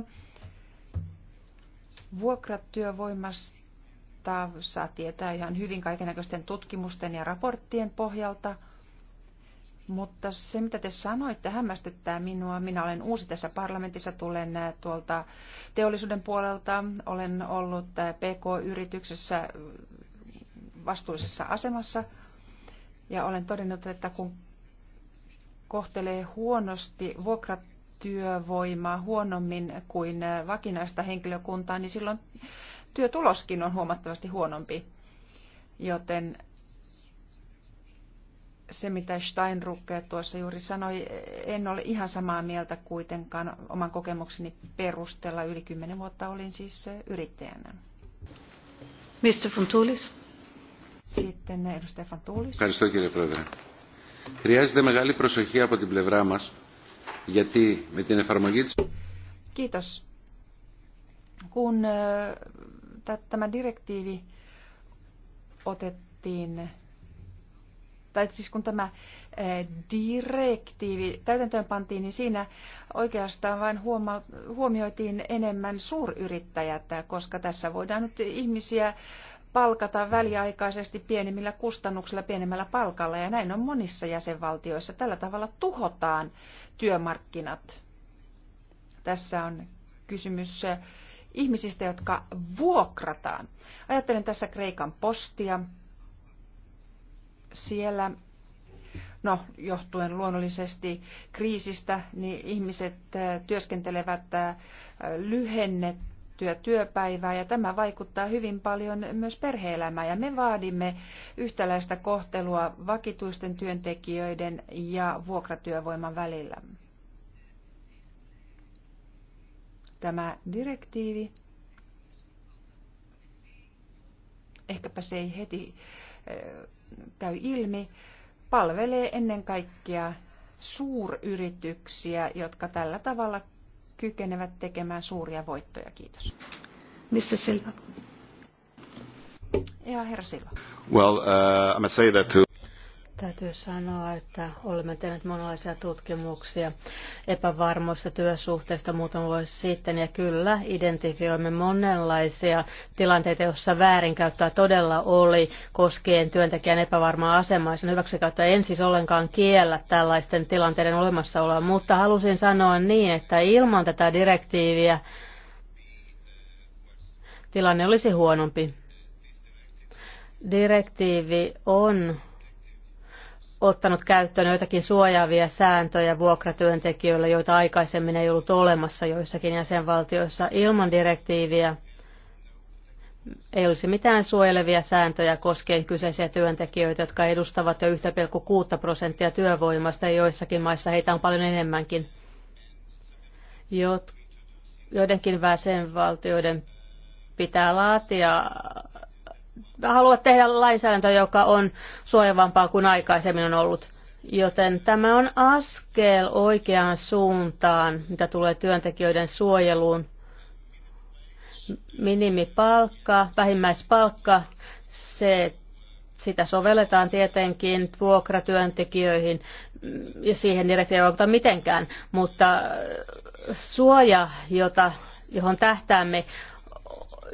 Vuokratyövoimasta saa tietää ihan hyvin kaikenlaisten tutkimusten ja raporttien pohjalta. Mutta se, mitä te sanoitte, hämmästyttää minua. Minä olen uusi tässä parlamentissa, tulen tuolta teollisuuden puolelta. Olen ollut PK-yrityksessä vastuullisessa asemassa – ja olen todennut, että kun kohtelee huonosti vuokratyövoimaa huonommin kuin äh, vakinaista henkilökuntaa, niin silloin työtuloskin on huomattavasti huonompi. Joten se, mitä Steinruck tuossa juuri sanoi, en ole ihan samaa mieltä kuitenkaan oman kokemukseni perusteella. Yli kymmenen vuotta olin siis äh, yrittäjänä. Mr. Funtulis. Sitten edustaja Fantoulis. Ευχαριστώ κύριε Πρόεδρε. Χρειάζεται μεγάλη προσοχή από την πλευρά μας, γιατί με την εφαρμογή της... Kiitos. Kun tämä direktiivi otettiin tai siis kun tämä direktiivi täytäntöön pantiin, niin siinä oikeastaan vain huoma- huomioitiin enemmän suuryrittäjät, koska tässä voidaan nyt ihmisiä palkata väliaikaisesti pienemmillä kustannuksilla, pienemmällä palkalla, ja näin on monissa jäsenvaltioissa. Tällä tavalla tuhotaan työmarkkinat. Tässä on kysymys eh, ihmisistä, jotka vuokrataan. Ajattelen tässä Kreikan postia. Siellä, no johtuen luonnollisesti kriisistä, niin ihmiset eh, työskentelevät eh, lyhennettä pidennettyä työpäivää ja tämä vaikuttaa hyvin paljon myös perhe-elämään ja me vaadimme yhtäläistä kohtelua vakituisten työntekijöiden ja vuokratyövoiman välillä. Tämä direktiivi, ehkäpä se ei heti käy ilmi, palvelee ennen kaikkea suuryrityksiä, jotka tällä tavalla kykenevät tekemään suuria voittoja. Kiitos. Mr. Silva. Ja herra Silva. Well, uh, I must say that to... Täytyy sanoa, että olemme tehneet monenlaisia tutkimuksia epävarmoista työsuhteista muutama vuosi sitten, ja kyllä identifioimme monenlaisia tilanteita, joissa väärinkäyttöä todella oli koskien työntekijän epävarmaa asemaa. Sen hyväksikäyttöä en siis ollenkaan kiellä tällaisten tilanteiden olemassaoloa, mutta halusin sanoa niin, että ilman tätä direktiiviä tilanne olisi huonompi. Direktiivi on ottanut käyttöön joitakin suojaavia sääntöjä vuokratyöntekijöille, joita aikaisemmin ei ollut olemassa joissakin jäsenvaltioissa. Ilman direktiiviä ei olisi mitään suojelevia sääntöjä koskien kyseisiä työntekijöitä, jotka edustavat jo 1,6 prosenttia työvoimasta ja joissakin maissa heitä on paljon enemmänkin. Jot, joidenkin väsenvaltioiden pitää laatia haluavat tehdä lainsäädäntöä, joka on suojavampaa kuin aikaisemmin on ollut. Joten tämä on askel oikeaan suuntaan, mitä tulee työntekijöiden suojeluun. Minimipalkka, vähimmäispalkka, se, sitä sovelletaan tietenkin vuokratyöntekijöihin ja siihen vaikuta mitenkään, mutta suoja, jota, johon tähtäämme,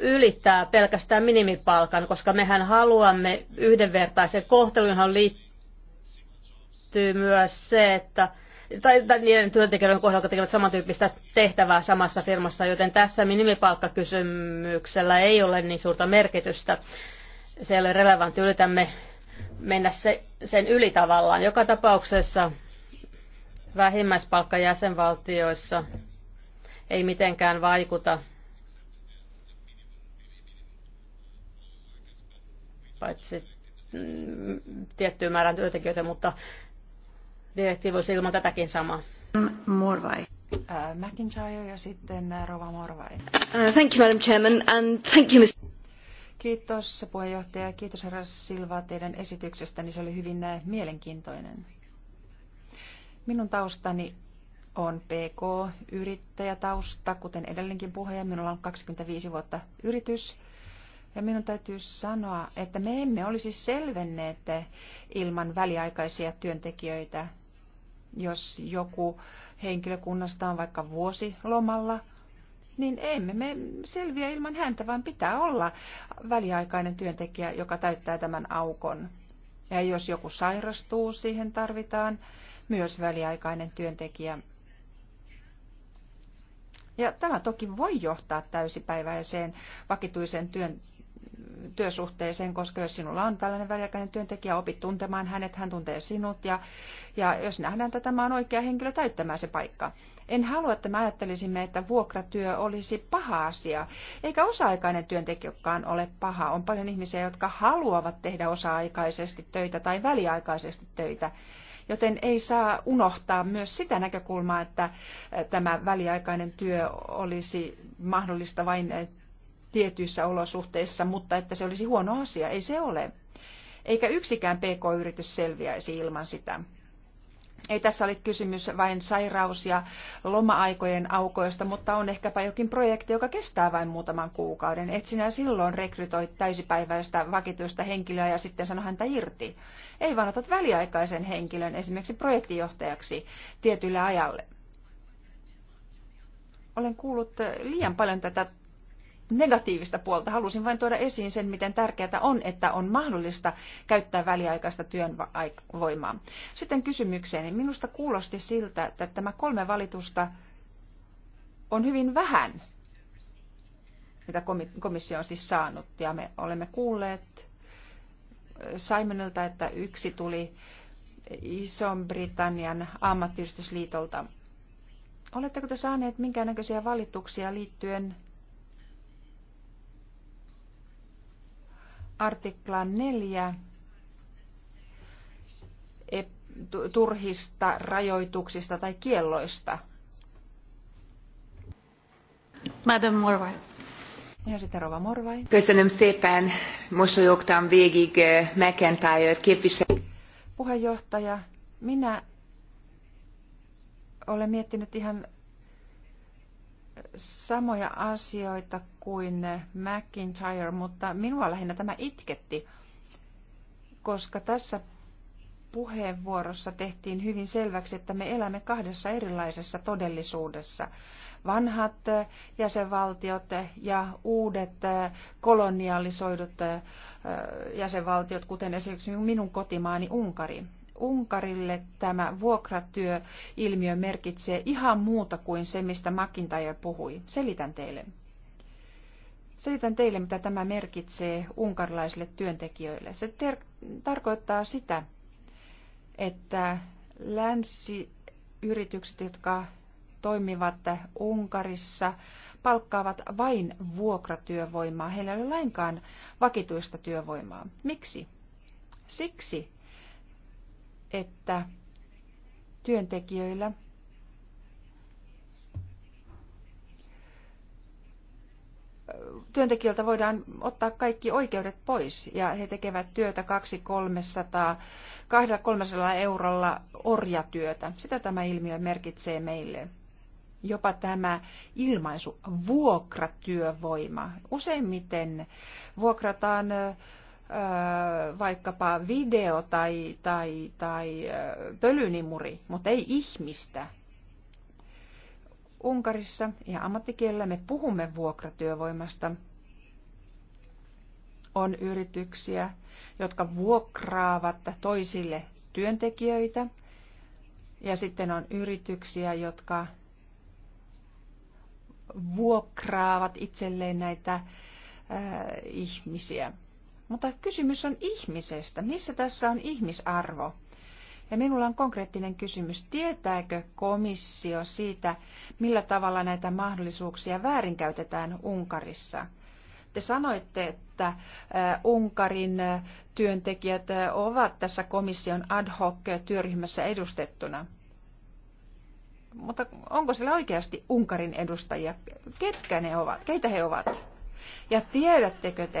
ylittää pelkästään minimipalkan, koska mehän haluamme yhdenvertaisen kohtelun, johon liittyy myös se, että tai, tai niiden työntekijöiden kohdalla, tekevät samantyyppistä tehtävää samassa firmassa, joten tässä minimipalkkakysymyksellä ei ole niin suurta merkitystä. Se ei ole relevantti, yritämme mennä se, sen yli tavallaan. Joka tapauksessa vähimmäispalkka jäsenvaltioissa ei mitenkään vaikuta paitsi mm, tiettyyn määrän työntekijöitä, mutta direktiivi olisi ilman tätäkin sama. Morvai. Uh, McIntyre ja sitten äh, Rova Morvai. Uh, thank you, Madam Chairman, and thank you, Mr. Kiitos puheenjohtaja. Kiitos herra Silva teidän esityksestäni. Niin se oli hyvin mielenkiintoinen. Minun taustani on PK-yrittäjätausta, kuten edellinenkin puheen. Minulla on 25 vuotta yritys ja minun täytyy sanoa, että me emme olisi selvenneet ilman väliaikaisia työntekijöitä, jos joku henkilökunnasta on vaikka vuosi lomalla, niin emme me selviä ilman häntä, vaan pitää olla väliaikainen työntekijä, joka täyttää tämän aukon. Ja jos joku sairastuu, siihen tarvitaan myös väliaikainen työntekijä. Ja tämä toki voi johtaa täysipäiväiseen vakituiseen työn työsuhteeseen, koska jos sinulla on tällainen väliaikainen työntekijä, opit tuntemaan hänet, hän tuntee sinut ja, ja jos nähdään, että tämä on oikea henkilö täyttämään se paikka. En halua, että me ajattelisimme, että vuokratyö olisi paha asia, eikä osa-aikainen työntekijäkään ole paha. On paljon ihmisiä, jotka haluavat tehdä osa-aikaisesti töitä tai väliaikaisesti töitä. Joten ei saa unohtaa myös sitä näkökulmaa, että tämä väliaikainen työ olisi mahdollista vain tietyissä olosuhteissa, mutta että se olisi huono asia, ei se ole. Eikä yksikään pk-yritys selviäisi ilman sitä. Ei tässä ole kysymys vain sairaus- ja loma-aikojen aukoista, mutta on ehkäpä jokin projekti, joka kestää vain muutaman kuukauden. Et sinä silloin rekrytoi täysipäiväistä vakituista henkilöä ja sitten sano häntä irti. Ei vaan otat väliaikaisen henkilön esimerkiksi projektijohtajaksi tietylle ajalle. Olen kuullut liian paljon tätä negatiivista puolta. Halusin vain tuoda esiin sen, miten tärkeää on, että on mahdollista käyttää väliaikaista työvoimaa. Sitten kysymykseen. Minusta kuulosti siltä, että tämä kolme valitusta on hyvin vähän, mitä komissio on siis saanut. Ja me olemme kuulleet äh, Simonilta, että yksi tuli iso britannian ammattiyhdistysliitolta. Oletteko te saaneet minkäännäköisiä valituksia liittyen artiklaan 4 e- turhista rajoituksista tai kielloista. Madam Morvai. Ja sitten Rova Morvai. Köszönöm szépen, mosolyogtam végig eh, McIntyre képviselő. Puheenjohtaja, minä olen miettinyt ihan samoja asioita kuin McIntyre, mutta minua lähinnä tämä itketti, koska tässä puheenvuorossa tehtiin hyvin selväksi, että me elämme kahdessa erilaisessa todellisuudessa. Vanhat eh, jäsenvaltiot ja uudet eh, kolonialisoidut eh, jäsenvaltiot, kuten esimerkiksi minun kotimaani Unkari. Unkarille tämä vuokratyöilmiö merkitsee ihan muuta kuin se, mistä McIntyre puhui. Selitän teille. Selitän teille, mitä tämä merkitsee unkarilaisille työntekijöille. Se tarkoittaa sitä, että länsiyritykset, jotka toimivat Unkarissa, palkkaavat vain vuokratyövoimaa. Heillä ei ole lainkaan vakituista työvoimaa. Miksi? Siksi, että työntekijöillä työntekijöiltä voidaan ottaa kaikki oikeudet pois ja he tekevät työtä 200-300 eurolla orjatyötä. Sitä tämä ilmiö merkitsee meille. Jopa tämä ilmaisu vuokratyövoima. Useimmiten vuokrataan vaikkapa video tai, tai, tai pölynimuri, mutta ei ihmistä. Unkarissa ja ammattikielellä me puhumme vuokratyövoimasta. On yrityksiä, jotka vuokraavat toisille työntekijöitä. Ja sitten on yrityksiä, jotka vuokraavat itselleen näitä äh, ihmisiä. Mutta kysymys on ihmisestä. Missä tässä on ihmisarvo? Ja minulla on konkreettinen kysymys. Tietääkö komissio siitä, millä tavalla näitä mahdollisuuksia väärinkäytetään Unkarissa? Te sanoitte, että Unkarin työntekijät ovat tässä komission ad hoc työryhmässä edustettuna. Mutta onko siellä oikeasti Unkarin edustajia? Ketkä ne ovat? Keitä he ovat? Ja tiedättekö te,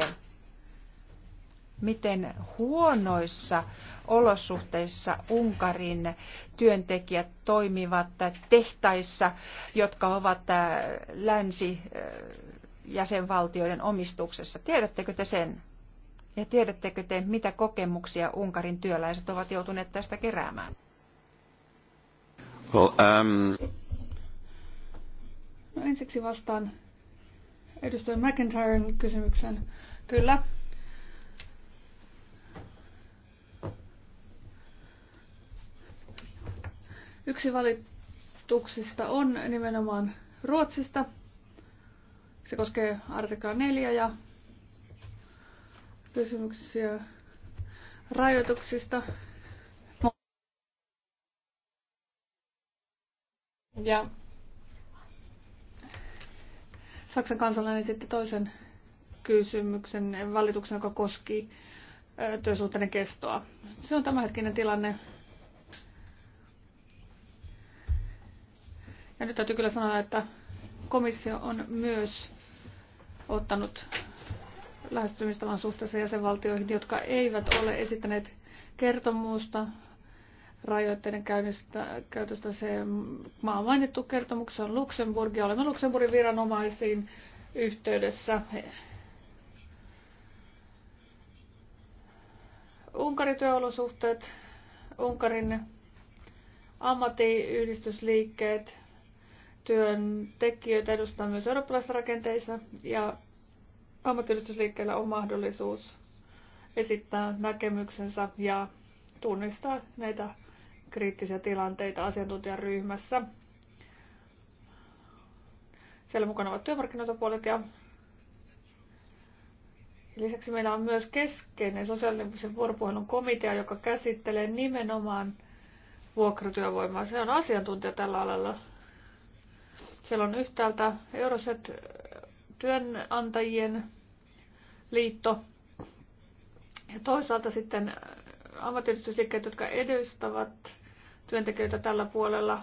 miten huonoissa olosuhteissa Unkarin työntekijät toimivat tehtaissa, jotka ovat äh, länsi-jäsenvaltioiden äh, omistuksessa. Tiedättekö te sen? Ja tiedättekö te, mitä kokemuksia Unkarin työläiset ovat joutuneet tästä keräämään? Well, um... no, ensiksi vastaan edustaja McIntyren kysymyksen. Kyllä, Yksi valituksista on nimenomaan Ruotsista. Se koskee artiklaa 4 ja kysymyksiä rajoituksista. Ja Saksan kansalainen sitten toisen kysymyksen, valituksen, joka koski työsuhteiden kestoa. Se on tämänhetkinen tilanne. Ja nyt täytyy kyllä sanoa, että komissio on myös ottanut lähestymistavan suhteessa jäsenvaltioihin, jotka eivät ole esittäneet kertomusta rajoitteiden käynnistä, käytöstä. Se maa on mainittu kertomuksessa on Luxemburg ja olemme Luxemburgin viranomaisiin yhteydessä. Unkarin työolosuhteet, Unkarin ammattiyhdistysliikkeet, työntekijöitä edustaa myös eurooppalaisissa rakenteissa ja ammattiyhdistysliikkeellä on mahdollisuus esittää näkemyksensä ja tunnistaa näitä kriittisiä tilanteita asiantuntijaryhmässä. Siellä mukana ovat työmarkkinoitapuolet ja lisäksi meillä on myös keskeinen sosiaalisen vuoropuhelun komitea, joka käsittelee nimenomaan vuokratyövoimaa. Se on asiantuntija tällä alalla. Siellä on yhtäältä Euroset työnantajien liitto ja toisaalta sitten ammattiyhdistysliikkeet, jotka edustavat työntekijöitä tällä puolella.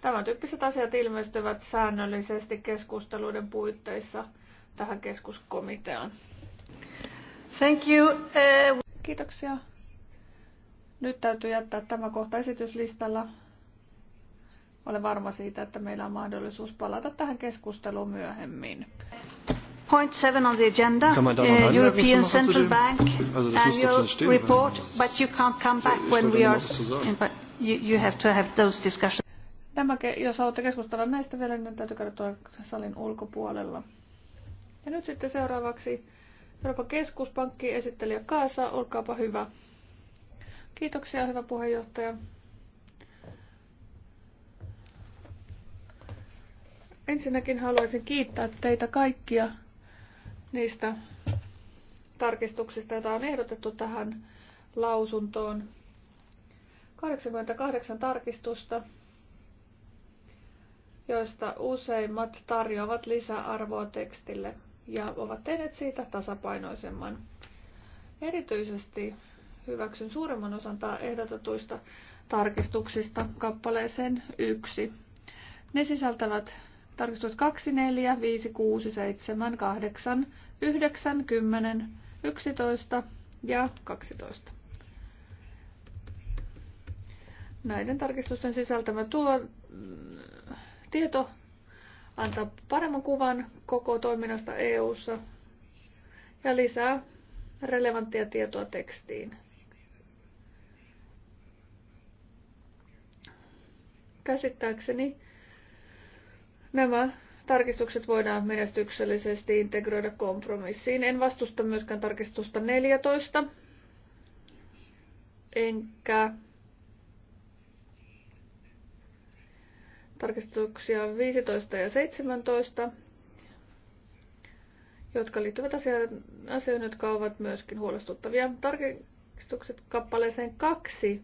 Tämän tyyppiset asiat ilmestyvät säännöllisesti keskusteluiden puitteissa tähän keskuskomiteaan. Thank you. Eh, Kiitoksia. Nyt täytyy jättää tämä kohta esityslistalla. Olen varma siitä, että meillä on mahdollisuus palata tähän keskusteluun myöhemmin. Point seven on the agenda, uh, European Central Bank annual report, but you can't come back when we are... In, but you, you have to have those discussions. Tämä, jos haluatte keskustella näistä vielä, niin täytyy kertoa, salin ulkopuolella. Ja nyt sitten seuraavaksi Euroopan keskuspankki esittelijä Kaasa, olkaapa hyvä. Kiitoksia, hyvä puheenjohtaja. Ensinnäkin haluaisin kiittää teitä kaikkia niistä tarkistuksista, joita on ehdotettu tähän lausuntoon. 88 tarkistusta, joista useimmat tarjoavat lisäarvoa tekstille ja ovat tehneet siitä tasapainoisemman. Erityisesti hyväksyn suuremman osan ehdotetuista tarkistuksista kappaleeseen 1. Ne sisältävät Tarkistus 2, 4, 5, 6, 7, 8, 9, 10, 11 ja 12. Näiden tarkistusten sisältämä tuo mm, tieto antaa paremman kuvan koko toiminnasta EU:ssa ja lisää relevanttia tietoa tekstiin. Käsittääkseni Nämä tarkistukset voidaan menestyksellisesti integroida kompromissiin. En vastusta myöskään tarkistusta 14, enkä tarkistuksia 15 ja 17, jotka liittyvät asioihin, jotka ovat myöskin huolestuttavia. Tarkistukset kappaleeseen 2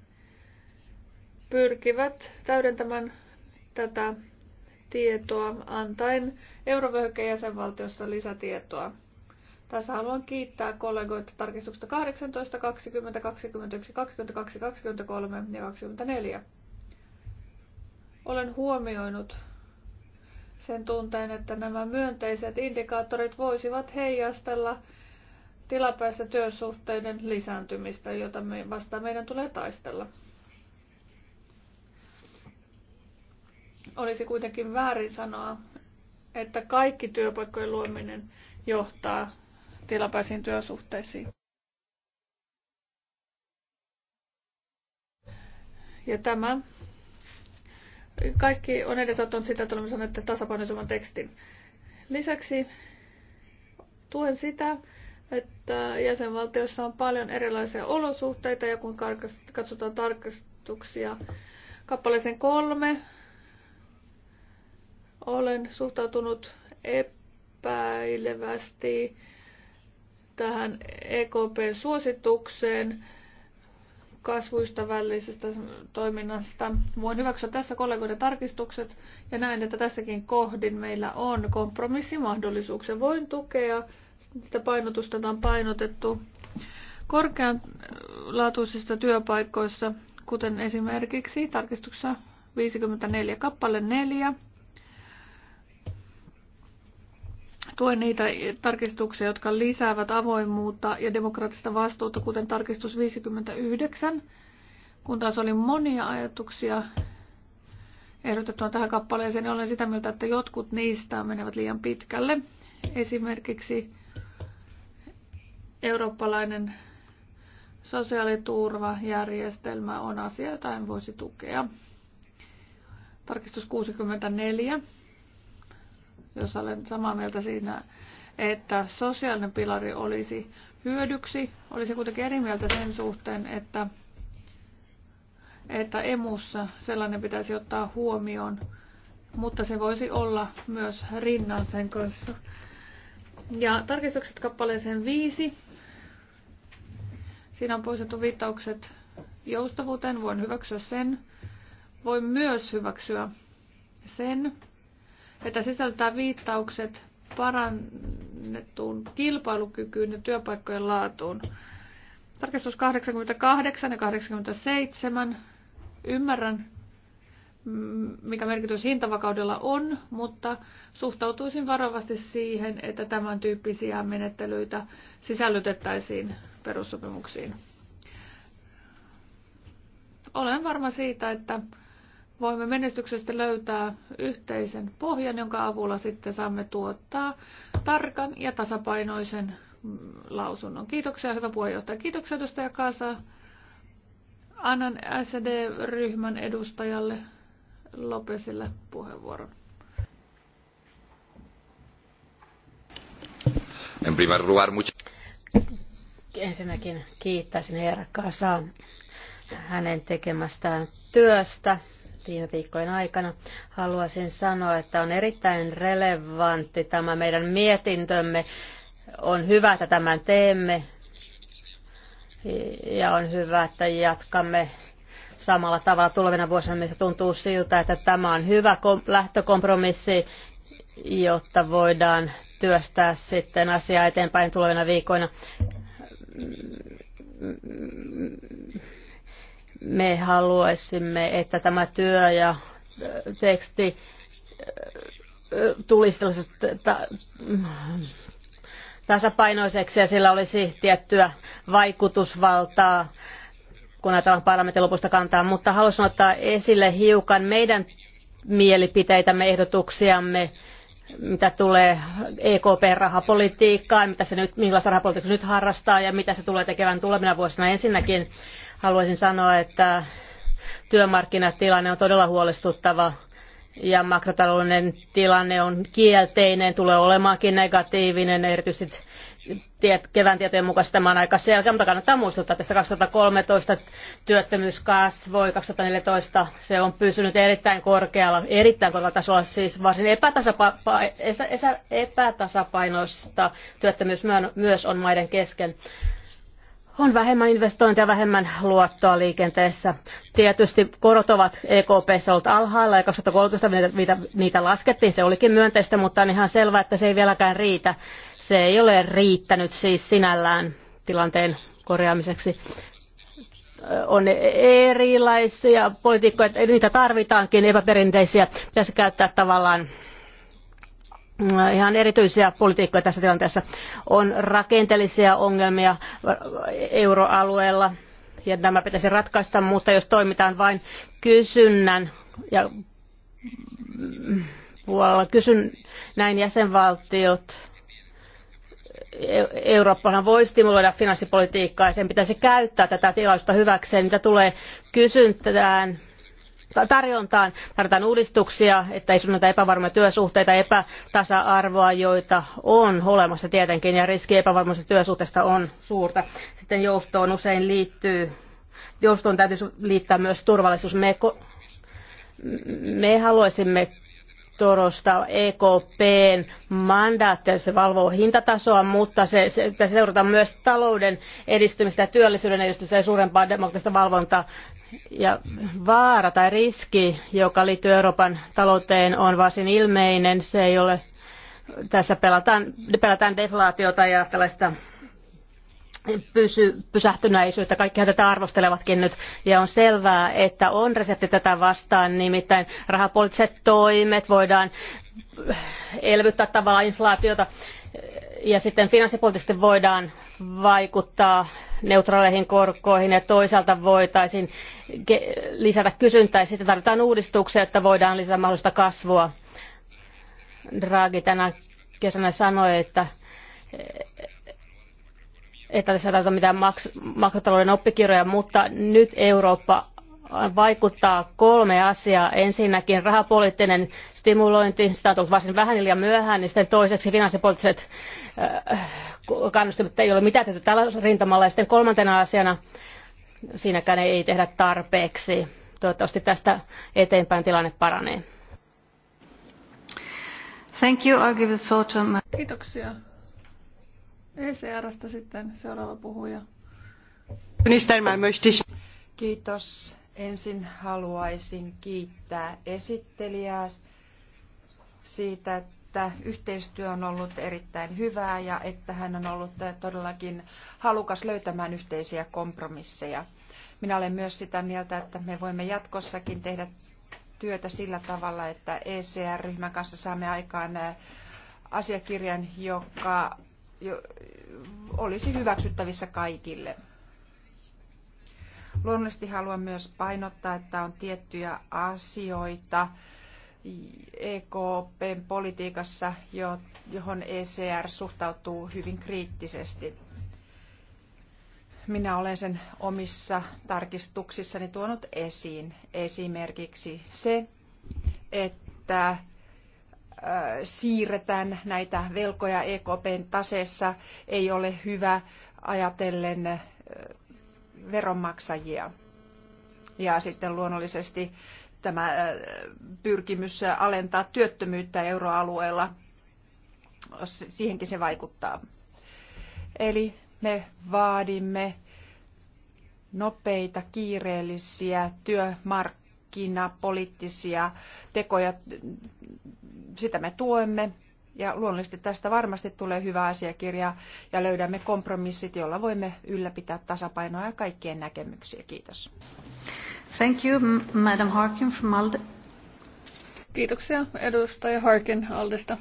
pyrkivät täydentämään tätä tietoa, antaen eurovyöhykkeen jäsenvaltiosta lisätietoa. Tässä haluan kiittää kollegoita tarkistuksesta 18, 20, 21, 22, 23 ja 24. Olen huomioinut sen tunteen, että nämä myönteiset indikaattorit voisivat heijastella tilapäistä työsuhteiden lisääntymistä, jota me, vastaan meidän tulee taistella. Olisi kuitenkin väärin sanoa, että kaikki työpaikkojen luominen johtaa tilapäisiin työsuhteisiin. Ja tämä kaikki on edesauttanut sitä, että olemme sanoneet että tasapainoisemman tekstin. Lisäksi tuen sitä, että jäsenvaltioissa on paljon erilaisia olosuhteita ja kun katsotaan tarkastuksia kappaleeseen kolme, olen suhtautunut epäilevästi tähän EKPn suositukseen kasvuista välisestä toiminnasta. Voin hyväksyä tässä kollegoiden tarkistukset ja näen, että tässäkin kohdin meillä on kompromissimahdollisuuksia. Voin tukea sitä painotusta, jota on painotettu korkeanlaatuisissa työpaikoissa, kuten esimerkiksi tarkistuksessa 54 kappale 4, Tuen niitä tarkistuksia, jotka lisäävät avoimuutta ja demokraattista vastuuta, kuten tarkistus 59, kun taas oli monia ajatuksia ehdotettuna tähän kappaleeseen, niin olen sitä mieltä, että jotkut niistä menevät liian pitkälle. Esimerkiksi eurooppalainen sosiaaliturvajärjestelmä on asia, jota en voisi tukea. Tarkistus 64 jos olen samaa mieltä siinä, että sosiaalinen pilari olisi hyödyksi. Olisi kuitenkin eri mieltä sen suhteen, että, että emussa sellainen pitäisi ottaa huomioon, mutta se voisi olla myös rinnan sen kanssa. Ja tarkistukset kappaleeseen viisi. Siinä on poistettu viittaukset joustavuuteen. Voin hyväksyä sen. Voin myös hyväksyä sen, että sisältää viittaukset parannettuun kilpailukykyyn ja työpaikkojen laatuun. Tarkistus 88 ja 87. Ymmärrän, mikä merkitys hintavakaudella on, mutta suhtautuisin varovasti siihen, että tämän tyyppisiä menettelyitä sisällytettäisiin perussopimuksiin. Olen varma siitä, että voimme menestyksestä löytää yhteisen pohjan, jonka avulla sitten saamme tuottaa tarkan ja tasapainoisen lausunnon. Kiitoksia, hyvä puheenjohtaja. Kiitoksia edustaja Kasa. Annan SD-ryhmän edustajalle Lopesille puheenvuoron. En primer lugar, much... Ensinnäkin kiittäisin Eera Kasaa hänen tekemästään työstä viime viikkojen aikana. Haluaisin sanoa, että on erittäin relevantti tämä meidän mietintömme. On hyvä, että tämän teemme ja on hyvä, että jatkamme samalla tavalla tulevina vuosina, missä tuntuu siltä, että tämä on hyvä lähtökompromissi, jotta voidaan työstää sitten asiaa eteenpäin tulevina viikoina me haluaisimme, että tämä työ ja teksti tulisi tasapainoiseksi ja sillä olisi tiettyä vaikutusvaltaa, kun ajatellaan parlamentin lopusta kantaa. Mutta haluaisin ottaa esille hiukan meidän mielipiteitämme, ehdotuksiamme, mitä tulee EKP-rahapolitiikkaan, mitä se nyt, millaista rahapolitiikkaa se nyt harrastaa ja mitä se tulee tekemään tulevina vuosina. Ensinnäkin Haluaisin sanoa, että työmarkkinatilanne on todella huolestuttava ja makrotalouden tilanne on kielteinen, tulee olemaankin negatiivinen, erityisesti tiet, kevään tietojen mukaan tämä on aika selkeä, mutta kannattaa muistuttaa tästä 2013 työttömyys kasvoi, 2014 se on pysynyt erittäin korkealla, erittäin korkealla tasolla, siis varsin epätasapainoista työttömyys myös on maiden kesken on vähemmän investointeja, vähemmän luottoa liikenteessä. Tietysti korot ovat EKPssä ollut alhaalla ja 2013 niitä, niitä laskettiin, se olikin myönteistä, mutta on ihan selvää, että se ei vieläkään riitä. Se ei ole riittänyt siis sinällään tilanteen korjaamiseksi. On erilaisia politiikkoja, niitä tarvitaankin, epäperinteisiä. Pitäisi käyttää tavallaan Mm, ihan erityisiä politiikkoja tässä tilanteessa. On rakenteellisia ongelmia euroalueella ja nämä pitäisi ratkaista, mutta jos toimitaan vain kysynnän ja mm, puolella, kysyn näin jäsenvaltiot, e, Eurooppahan voi stimuloida finanssipolitiikkaa ja sen pitäisi käyttää tätä tilausta hyväkseen, mitä tulee kysyntään tarjontaan. Tarvitaan uudistuksia, että ei synnytä epävarmoja työsuhteita, epätasa-arvoa, joita on olemassa tietenkin, ja riski epävarmoista työsuhteesta on suurta. Sitten joustoon usein liittyy, joustoon täytyy liittää myös turvallisuus. Me, me haluaisimme korostaa EKPn mandaattia, se valvoo hintatasoa, mutta se, se, se seurata myös talouden edistymistä ja työllisyyden edistymistä ja suurempaa demokraattista valvontaa ja vaara tai riski, joka liittyy Euroopan talouteen, on varsin ilmeinen. Se ei ole, tässä pelataan, pelataan deflaatiota ja tällaista pysy, pysähtyneisyyttä. Kaikkihan tätä arvostelevatkin nyt. Ja on selvää, että on resepti tätä vastaan, nimittäin rahapoliittiset toimet voidaan elvyttää tavallaan inflaatiota. Ja sitten finanssipoliittisesti voidaan vaikuttaa neutraaleihin korkoihin ja toisaalta voitaisiin lisätä kysyntää ja sitten tarvitaan uudistuksia, että voidaan lisätä mahdollista kasvua. Draghi tänä kesänä sanoi, että että tässä ei tarvita mitään makrotalouden oppikirjoja, mutta nyt Eurooppa vaikuttaa kolme asiaa. Ensinnäkin rahapoliittinen stimulointi, sitä on tullut varsin vähän liian myöhään, niin sitten toiseksi finanssipoliittiset äh, kannustimet ei ole mitään tehty tällä rintamalla. Ja sitten kolmantena asiana siinäkään ei tehdä tarpeeksi. Toivottavasti tästä eteenpäin tilanne paranee. Thank you. I'll give the floor to my... Kiitoksia. ECRstä sitten seuraava puhuja. Ministeri, Kiitos. Ensin haluaisin kiittää esittelijää siitä, että yhteistyö on ollut erittäin hyvää ja että hän on ollut todellakin halukas löytämään yhteisiä kompromisseja. Minä olen myös sitä mieltä, että me voimme jatkossakin tehdä työtä sillä tavalla, että ECR-ryhmän kanssa saamme aikaan äh, asiakirjan, joka olisi hyväksyttävissä kaikille. Luonnollisesti haluan myös painottaa, että on tiettyjä asioita EKPn politiikassa, johon ECR suhtautuu hyvin kriittisesti. Minä olen sen omissa tarkistuksissani tuonut esiin esimerkiksi se, että äh, siirretään näitä velkoja EKPn taseessa ei ole hyvä ajatellen äh, veronmaksajia. Ja sitten luonnollisesti tämä äh, pyrkimys alentaa työttömyyttä euroalueella, siihenkin se vaikuttaa. Eli me vaadimme nopeita, kiireellisiä työmarkkinapoliittisia tekoja, sitä me tuemme. Ja luonnollisesti tästä varmasti tulee hyvä asiakirja ja löydämme kompromissit, jolla voimme ylläpitää tasapainoa ja kaikkien näkemyksiä. Kiitos. Thank you, Madam Harkin from ALDE. Kiitoksia, edustaja Harkin ALDEsta.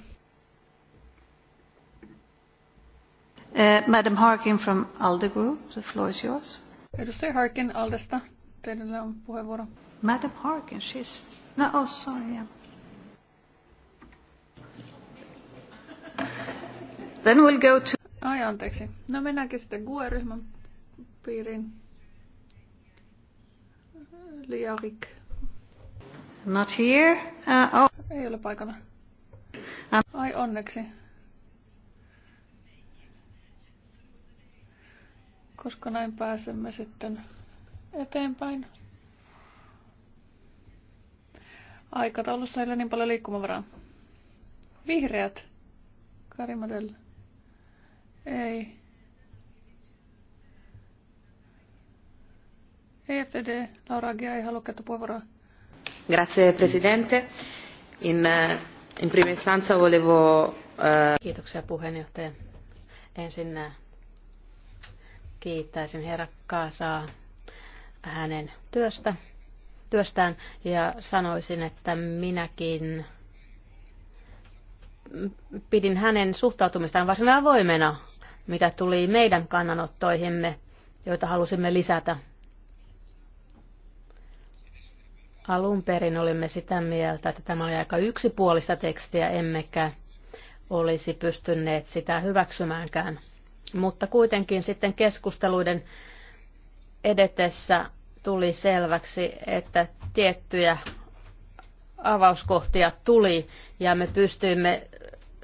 Uh, Madam Harkin from ALDE Group, the floor is yours. Edustaja Harkin ALDEsta, teillä on puheenvuoro. Madam Harkin, she's... No, oh, sorry, yeah. Then we'll go to... Ai anteeksi. No mennäänkin sitten GUE-ryhmän piiriin. Liarik. Not here. Uh, oh. Ei ole paikalla. Uh. Ai onneksi. Koska näin pääsemme sitten eteenpäin. Aikataulussa ei ole niin paljon liikkumavaraa. Vihreät. Karimatel. Ei. EFD, Laura Agia, ei halua käyttää puheenvuoroa. Grazie, Presidente. In, eh, in prima istanza volevo... Uh... Kiitoksia puheenjohtaja. Ensin eh, kiittäisin herra Kaasaa hänen työstä, työstään ja sanoisin, että minäkin pidin hänen suhtautumistaan varsin avoimena mitä tuli meidän kannanottoihimme, joita halusimme lisätä. Alun perin olimme sitä mieltä, että tämä oli aika yksipuolista tekstiä, emmekä olisi pystyneet sitä hyväksymäänkään. Mutta kuitenkin sitten keskusteluiden edetessä tuli selväksi, että tiettyjä avauskohtia tuli ja me pystyimme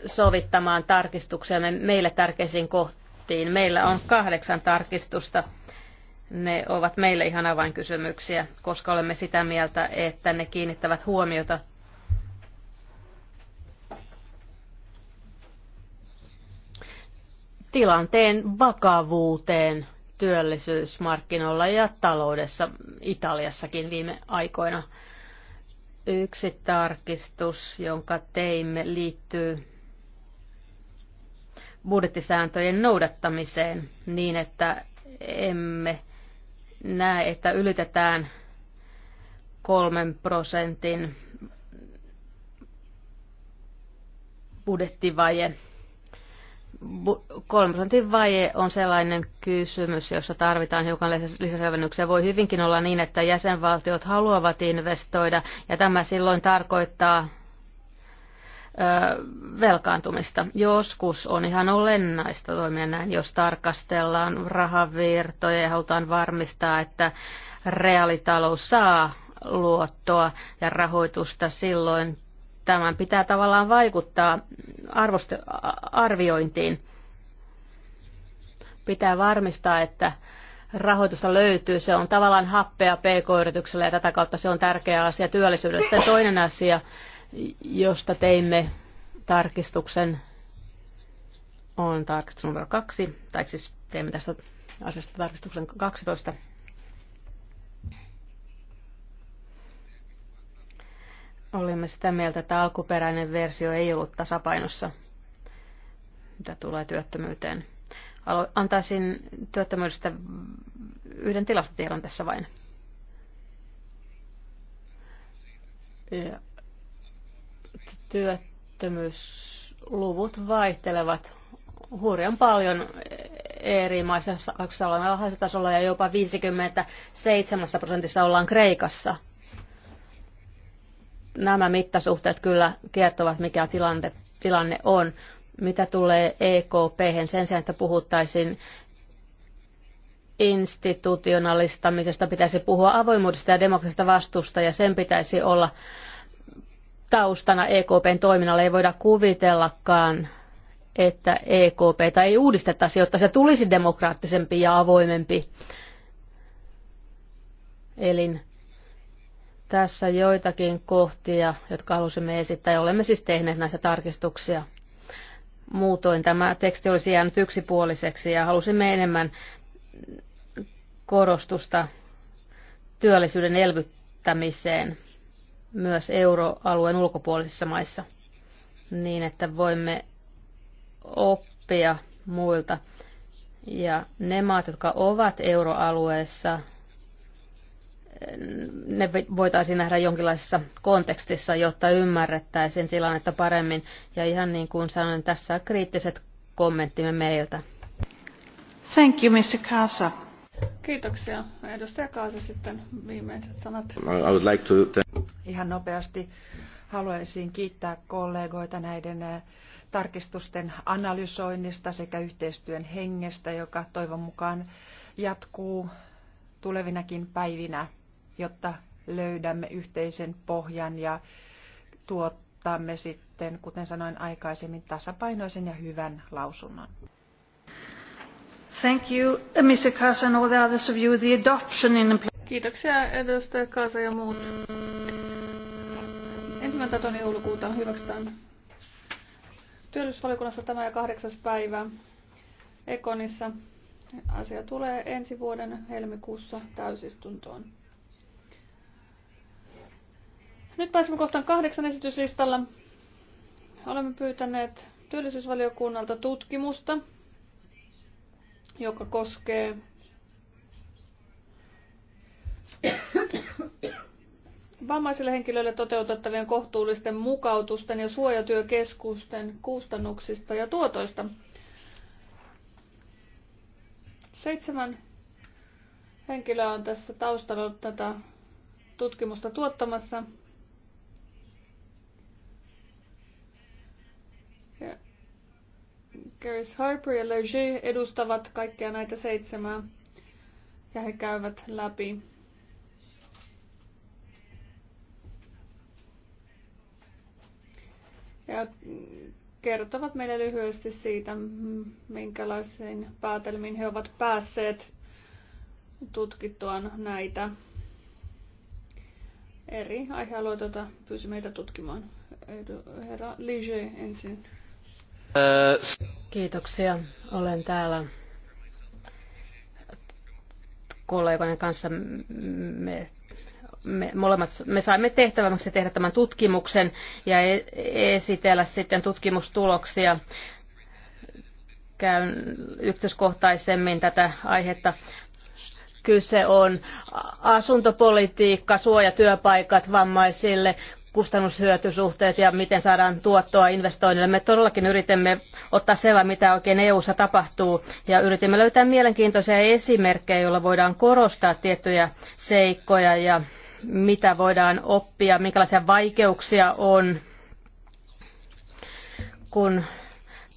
sovittamaan tarkistuksia meille tärkeisiin kohtiin. Meillä on kahdeksan tarkistusta. Ne ovat meille ihan avainkysymyksiä, koska olemme sitä mieltä, että ne kiinnittävät huomiota tilanteen vakavuuteen työllisyysmarkkinoilla ja taloudessa Italiassakin viime aikoina. Yksi tarkistus, jonka teimme, liittyy budjettisääntöjen noudattamiseen niin, että emme näe, että ylitetään kolmen prosentin budjettivaje. Kolmen prosentin vaje on sellainen kysymys, jossa tarvitaan hiukan lisäselvennyksiä. Voi hyvinkin olla niin, että jäsenvaltiot haluavat investoida, ja tämä silloin tarkoittaa velkaantumista. Joskus on ihan olennaista toimia näin, jos tarkastellaan rahavirtoja ja halutaan varmistaa, että reaalitalous saa luottoa ja rahoitusta silloin. Tämän pitää tavallaan vaikuttaa arviointiin. Pitää varmistaa, että rahoitusta löytyy. Se on tavallaan happea pk-yritykselle ja tätä kautta se on tärkeä asia työllisyydestä toinen asia, josta teimme tarkistuksen, on tarkistus numero kaksi, tai siis teemme tästä asiasta tarkistuksen 12. Olimme sitä mieltä, että alkuperäinen versio ei ollut tasapainossa, mitä tulee työttömyyteen. Antaisin työttömyydestä yhden tilastotiedon tässä vain. Ja työttömyysluvut vaihtelevat hurjan paljon eri maissa. Saksalla on alhaisella tasolla ja jopa 57 prosentissa ollaan Kreikassa. Nämä mittasuhteet kyllä kertovat, mikä tilanne, tilanne on. Mitä tulee EKP, hen sen sijaan, että puhuttaisiin institutionalistamisesta, pitäisi puhua avoimuudesta ja demokraattisesta vastuusta, ja sen pitäisi olla taustana EKPn toiminnalle ei voida kuvitellakaan, että EKPtä ei uudistettaisi, jotta se tulisi demokraattisempi ja avoimempi elin. Tässä joitakin kohtia, jotka halusimme esittää, ja olemme siis tehneet näissä tarkistuksia. Muutoin tämä teksti olisi jäänyt yksipuoliseksi ja halusimme enemmän korostusta työllisyyden elvyttämiseen – myös euroalueen ulkopuolisissa maissa niin, että voimme oppia muilta. Ja ne maat, jotka ovat euroalueessa, ne voitaisiin nähdä jonkinlaisessa kontekstissa, jotta ymmärrettäisiin tilannetta paremmin. Ja ihan niin kuin sanoin, tässä on kriittiset kommenttimme meiltä. Thank you, Mr. kasa. Kiitoksia. Edustaja Kaasa sitten viimeiset sanat. I would like to... Ihan nopeasti haluaisin kiittää kollegoita näiden eh, tarkistusten analysoinnista sekä yhteistyön hengestä, joka toivon mukaan jatkuu tulevinakin päivinä, jotta löydämme yhteisen pohjan ja tuottamme sitten, kuten sanoin aikaisemmin, tasapainoisen ja hyvän lausunnon. Thank you, uh, Mr. Kasa and all the others of you. The adoption in... Kiitoksia edustaja Kaasa ja muut. Ensimmäinen toinen joulukuuta hyväksytään työllisyysvaliokunnassa tämä ja kahdeksas päivä Ekonissa. Asia tulee ensi vuoden helmikuussa täysistuntoon. Nyt pääsemme kohtaan kahdeksan esityslistalla. Olemme pyytäneet työllisyysvaliokunnalta tutkimusta joka koskee vammaisille henkilöille toteutettavien kohtuullisten mukautusten ja suojatyökeskusten kustannuksista ja tuotoista. Seitsemän henkilöä on tässä taustalla tätä tutkimusta tuottamassa. Keris Harper ja Leger edustavat kaikkia näitä seitsemää ja he käyvät läpi ja kertovat meille lyhyesti siitä, minkälaisiin päätelmiin he ovat päässeet tutkittuaan näitä eri aihealueita, joita pyysi meitä tutkimaan. Herra Lige ensin. Kiitoksia. Olen täällä kollegojen kanssa. Me, me, molemmat, me saimme tehtäväksi tehdä tämän tutkimuksen ja e, esitellä sitten tutkimustuloksia. Käyn yksityiskohtaisemmin tätä aihetta kyse on asuntopolitiikka, suojatyöpaikat vammaisille, kustannushyötysuhteet ja miten saadaan tuottoa investoinnille. Me todellakin yritimme ottaa selvää, mitä oikein EU-ssa tapahtuu ja yritimme löytää mielenkiintoisia esimerkkejä, joilla voidaan korostaa tiettyjä seikkoja ja mitä voidaan oppia, minkälaisia vaikeuksia on, kun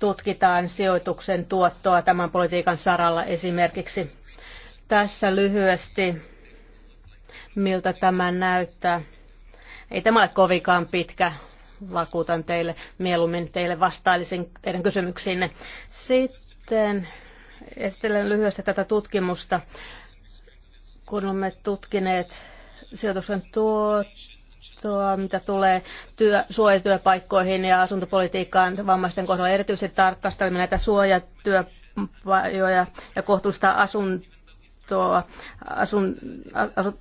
tutkitaan sijoituksen tuottoa tämän politiikan saralla esimerkiksi. Tässä lyhyesti, miltä tämä näyttää. Ei tämä ole kovinkaan pitkä, vakuutan teille. Mieluummin teille vastailisin teidän kysymyksiinne. Sitten esittelen lyhyesti tätä tutkimusta. Kun olemme tutkineet sijoituksen tuottoa, mitä tulee työ, suojatyöpaikkoihin ja asuntopolitiikkaan vammaisten kohdalla, erityisesti tarkastelemme näitä suojatyöpajoja ja kohtuullista asuntoa, asun, asu,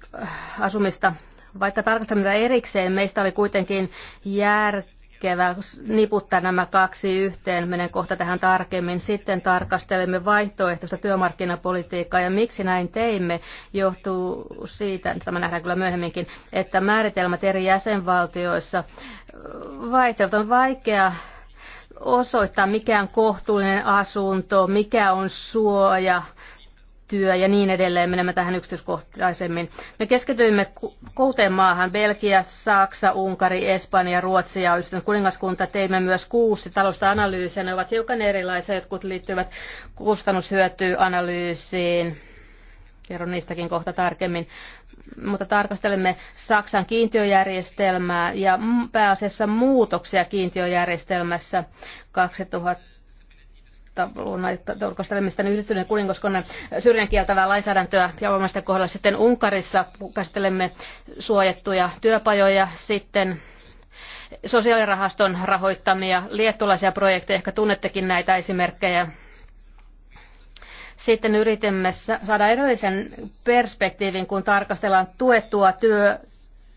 asumista vaikka tarkastamme tätä erikseen, meistä oli kuitenkin järkevä niputtaa nämä kaksi yhteen. Menen kohta tähän tarkemmin. Sitten tarkastelemme vaihtoehtoista työmarkkinapolitiikkaa ja miksi näin teimme johtuu siitä, tämä nähdään kyllä myöhemminkin, että määritelmät eri jäsenvaltioissa äh, vaihtelut On vaikea osoittaa, mikä on kohtuullinen asunto, mikä on suoja työ ja niin edelleen. Menemme tähän yksityiskohtaisemmin. Me keskityimme kuuteen maahan, Belgia, Saksa, Unkari, Espanja, Ruotsi ja yhdistynyt kuningaskunta. Teimme myös kuusi talousta analyysiä. Ne ovat hiukan erilaisia, jotkut liittyvät kustannushyötyanalyysiin. Kerron niistäkin kohta tarkemmin. Mutta tarkastelemme Saksan kiintiöjärjestelmää ja pääasiassa muutoksia kiintiöjärjestelmässä 2000 sitä niin yhdistyneen kuningoskunnan syrjän kieltävää lainsäädäntöä ja vammaisten kohdalla. Sitten Unkarissa käsittelemme suojattuja työpajoja, sitten sosiaalirahaston rahoittamia liettulaisia projekteja, ehkä tunnettekin näitä esimerkkejä. Sitten yritimme saada erillisen perspektiivin, kun tarkastellaan tuettua työ,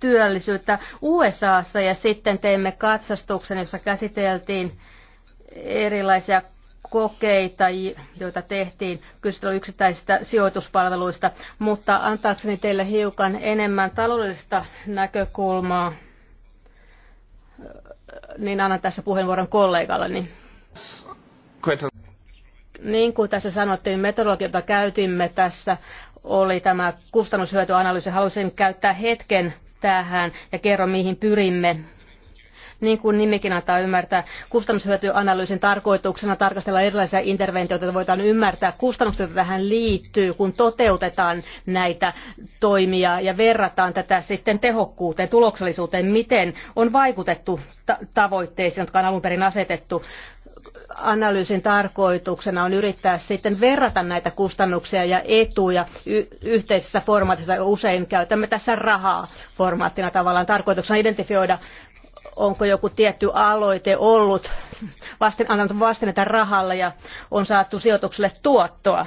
työllisyyttä USAssa ja sitten teimme katsastuksen, jossa käsiteltiin erilaisia kokeita, joita tehtiin. Kyse oli yksittäisistä sijoituspalveluista, mutta antaakseni teille hiukan enemmän taloudellista näkökulmaa, niin annan tässä puheenvuoron kollegalleni. Niin kuin tässä sanottiin, metodologia, jota käytimme tässä, oli tämä kustannushyötyanalyysi. Haluaisin käyttää hetken tähän ja kerron, mihin pyrimme niin kuin nimikin antaa ymmärtää, kustannushyötyanalyysin tarkoituksena tarkastella erilaisia interventioita, joita voidaan ymmärtää kustannukset, joita tähän liittyy, kun toteutetaan näitä toimia ja verrataan tätä sitten tehokkuuteen, tuloksellisuuteen, miten on vaikutettu tavoitteisiin, jotka on alun perin asetettu analyysin tarkoituksena on yrittää sitten verrata näitä kustannuksia ja etuja y- yhteisessä formaatissa. Usein käytämme tässä rahaa formaattina tavallaan tarkoituksena identifioida onko joku tietty aloite ollut vasten, antanut vastennetta rahalle ja on saatu sijoitukselle tuottoa.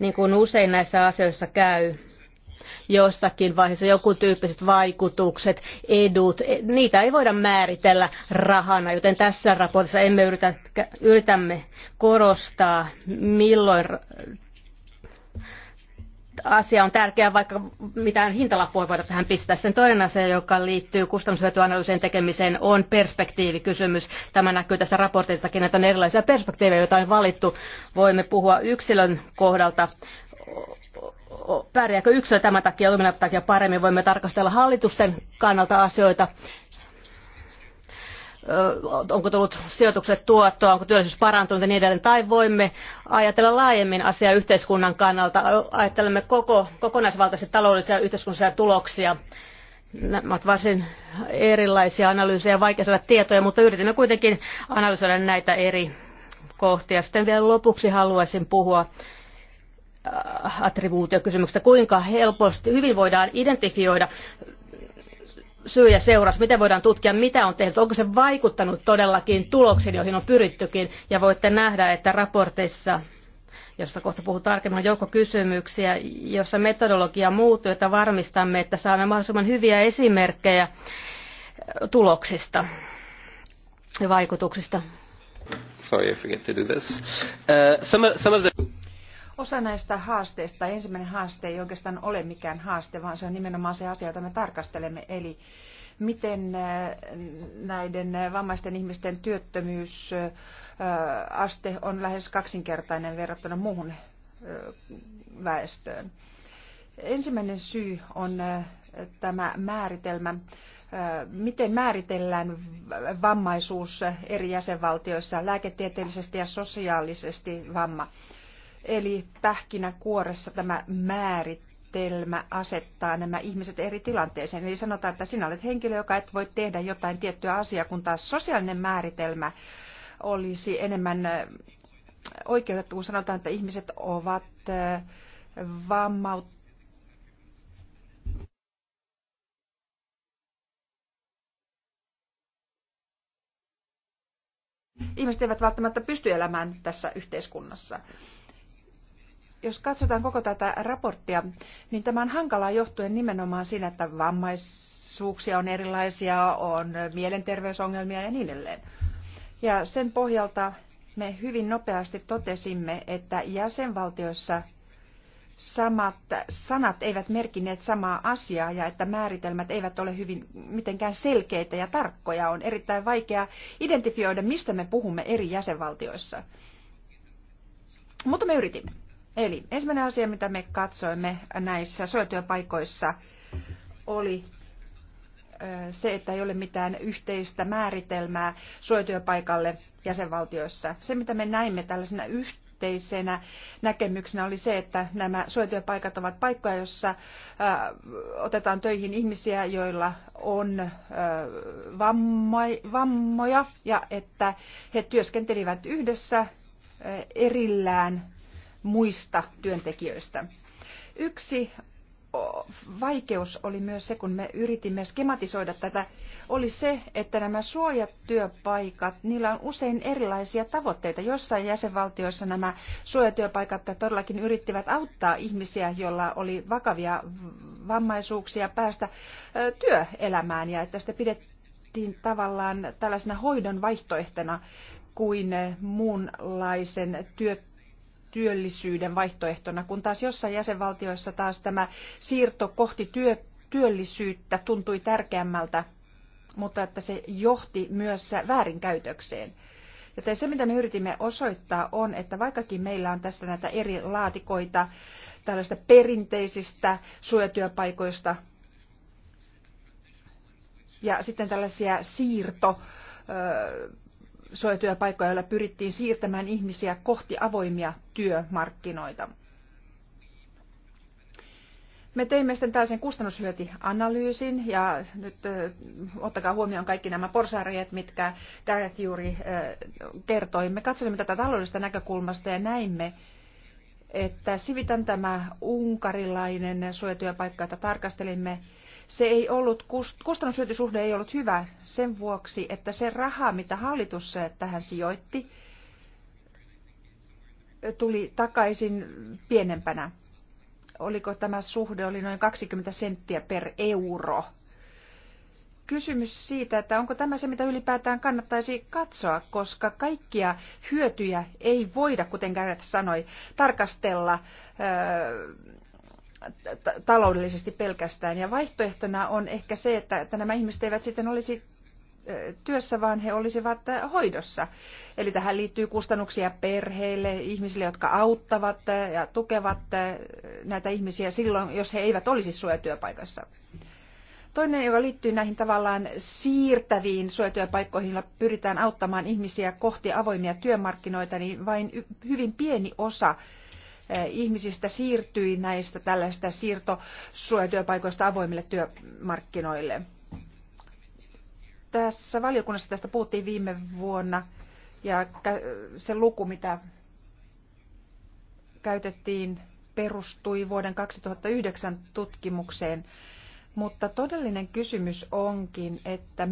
Niin kuin usein näissä asioissa käy, jossakin vaiheessa joku tyyppiset vaikutukset, edut, e, niitä ei voida määritellä rahana, joten tässä raportissa emme yritä, yritämme korostaa, milloin asia on tärkeä, vaikka mitään hintalappua ei voida tähän pistää. Sitten toinen asia, joka liittyy kustannushyötyanalyysien tekemiseen, on perspektiivikysymys. Tämä näkyy tästä raportistakin, että on erilaisia perspektiivejä, joita on valittu. Voimme puhua yksilön kohdalta pärjääkö yksilö tämän takia takia paremmin, voimme tarkastella hallitusten kannalta asioita onko tullut sijoitukset tuottoa, onko työllisyys parantunut ja niin edelleen. Tai voimme ajatella laajemmin asiaa yhteiskunnan kannalta. Ajattelemme koko, kokonaisvaltaisesti taloudellisia ja yhteiskunnallisia tuloksia. Nämä ovat varsin erilaisia analyysejä, vaikea saada tietoja, mutta yritimme kuitenkin analysoida näitä eri kohtia. Sitten vielä lopuksi haluaisin puhua äh, attribuutiokysymyksestä, kuinka helposti hyvin voidaan identifioida syy ja seuraus, miten voidaan tutkia, mitä on tehty, onko se vaikuttanut todellakin tuloksiin, joihin on pyrittykin. Ja voitte nähdä, että raporteissa josta kohta puhun tarkemmin, on joukko kysymyksiä, jossa metodologia muuttuu, että varmistamme, että saamme mahdollisimman hyviä esimerkkejä eh, tuloksista ja vaikutuksista. Sorry, I forget to do this. Uh, some, some of the... Osa näistä haasteista, ensimmäinen haaste ei oikeastaan ole mikään haaste, vaan se on nimenomaan se asia, jota me tarkastelemme, eli miten eh, näiden eh, vammaisten ihmisten työttömyysaste eh, on lähes kaksinkertainen verrattuna muuhun väestöön. Ensimmäinen syy on tämä määritelmä. Miten määritellään vammaisuus eri jäsenvaltioissa lääketieteellisesti ja sosiaalisesti vamma? Eli pähkinäkuoressa tämä määritelmä asettaa nämä ihmiset eri tilanteeseen. Eli sanotaan, että sinä olet henkilö, joka et voi tehdä jotain tiettyä asiaa, kun taas sosiaalinen määritelmä olisi enemmän oikeutettu, kun sanotaan, että ihmiset ovat vammautuneet ihmiset eivät välttämättä pysty elämään tässä yhteiskunnassa jos katsotaan koko tätä raporttia, niin tämä on hankalaa johtuen nimenomaan siinä, että vammaisuuksia on erilaisia, on mielenterveysongelmia ja niin edelleen. Ja sen pohjalta me hyvin nopeasti totesimme, että jäsenvaltioissa samat sanat eivät merkineet samaa asiaa ja että määritelmät eivät ole hyvin mitenkään selkeitä ja tarkkoja. On erittäin vaikea identifioida, mistä me puhumme eri jäsenvaltioissa. Mutta me yritimme. Eli ensimmäinen asia, mitä me katsoimme näissä suojatyöpaikoissa, oli se, että ei ole mitään yhteistä määritelmää suojatyöpaikalle jäsenvaltioissa. Se, mitä me näimme tällaisena yhteisenä näkemyksenä, oli se, että nämä suojatyöpaikat ovat paikkoja, jossa otetaan töihin ihmisiä, joilla on vammoja ja että he työskentelivät yhdessä erillään muista työntekijöistä. Yksi vaikeus oli myös se, kun me yritimme skematisoida tätä, oli se, että nämä työpaikat niillä on usein erilaisia tavoitteita. Jossain jäsenvaltioissa nämä suojatyöpaikat todellakin yrittivät auttaa ihmisiä, joilla oli vakavia vammaisuuksia päästä työelämään ja että sitä pidettiin tavallaan tällaisena hoidon vaihtoehtona kuin muunlaisen työttömyyden työllisyyden vaihtoehtona, kun taas jossain jäsenvaltioissa taas tämä siirto kohti työ, työllisyyttä tuntui tärkeämmältä, mutta että se johti myös väärinkäytökseen. Joten se, mitä me yritimme osoittaa, on, että vaikkakin meillä on tässä näitä eri laatikoita tällaista perinteisistä suojatyöpaikoista ja sitten tällaisia siirto suojatyöpaikkoja, joilla pyrittiin siirtämään ihmisiä kohti avoimia työmarkkinoita. Me teimme sitten tällaisen kustannushyötyanalyysin ja nyt ottakaa huomioon kaikki nämä porsareet, mitkä Gareth juuri kertoi. Me katsoimme tätä taloudellisesta näkökulmasta ja näimme, että Sivitan tämä unkarilainen suojatyöpaikka, jota tarkastelimme, se ei ollut, kustannushyötysuhde ei ollut hyvä sen vuoksi, että se raha, mitä hallitus tähän sijoitti, tuli takaisin pienempänä. Oliko tämä suhde, oli noin 20 senttiä per euro. Kysymys siitä, että onko tämä se, mitä ylipäätään kannattaisi katsoa, koska kaikkia hyötyjä ei voida, kuten Gareth sanoi, tarkastella öö, taloudellisesti pelkästään. Ja vaihtoehtona on ehkä se, että, että nämä ihmiset eivät sitten olisi työssä, vaan he olisivat hoidossa. Eli tähän liittyy kustannuksia perheille, ihmisille, jotka auttavat ja tukevat näitä ihmisiä silloin, jos he eivät olisi suojatyöpaikassa. Toinen, joka liittyy näihin tavallaan siirtäviin suojatyöpaikkoihin, joilla pyritään auttamaan ihmisiä kohti avoimia työmarkkinoita, niin vain hyvin pieni osa Eh, ihmisistä siirtyi näistä tällaista siirtosuojatyöpaikoista avoimille työmarkkinoille. Tässä valiokunnassa tästä puhuttiin viime vuonna ja se luku, mitä käytettiin, perustui vuoden 2009 tutkimukseen, mutta todellinen kysymys onkin, että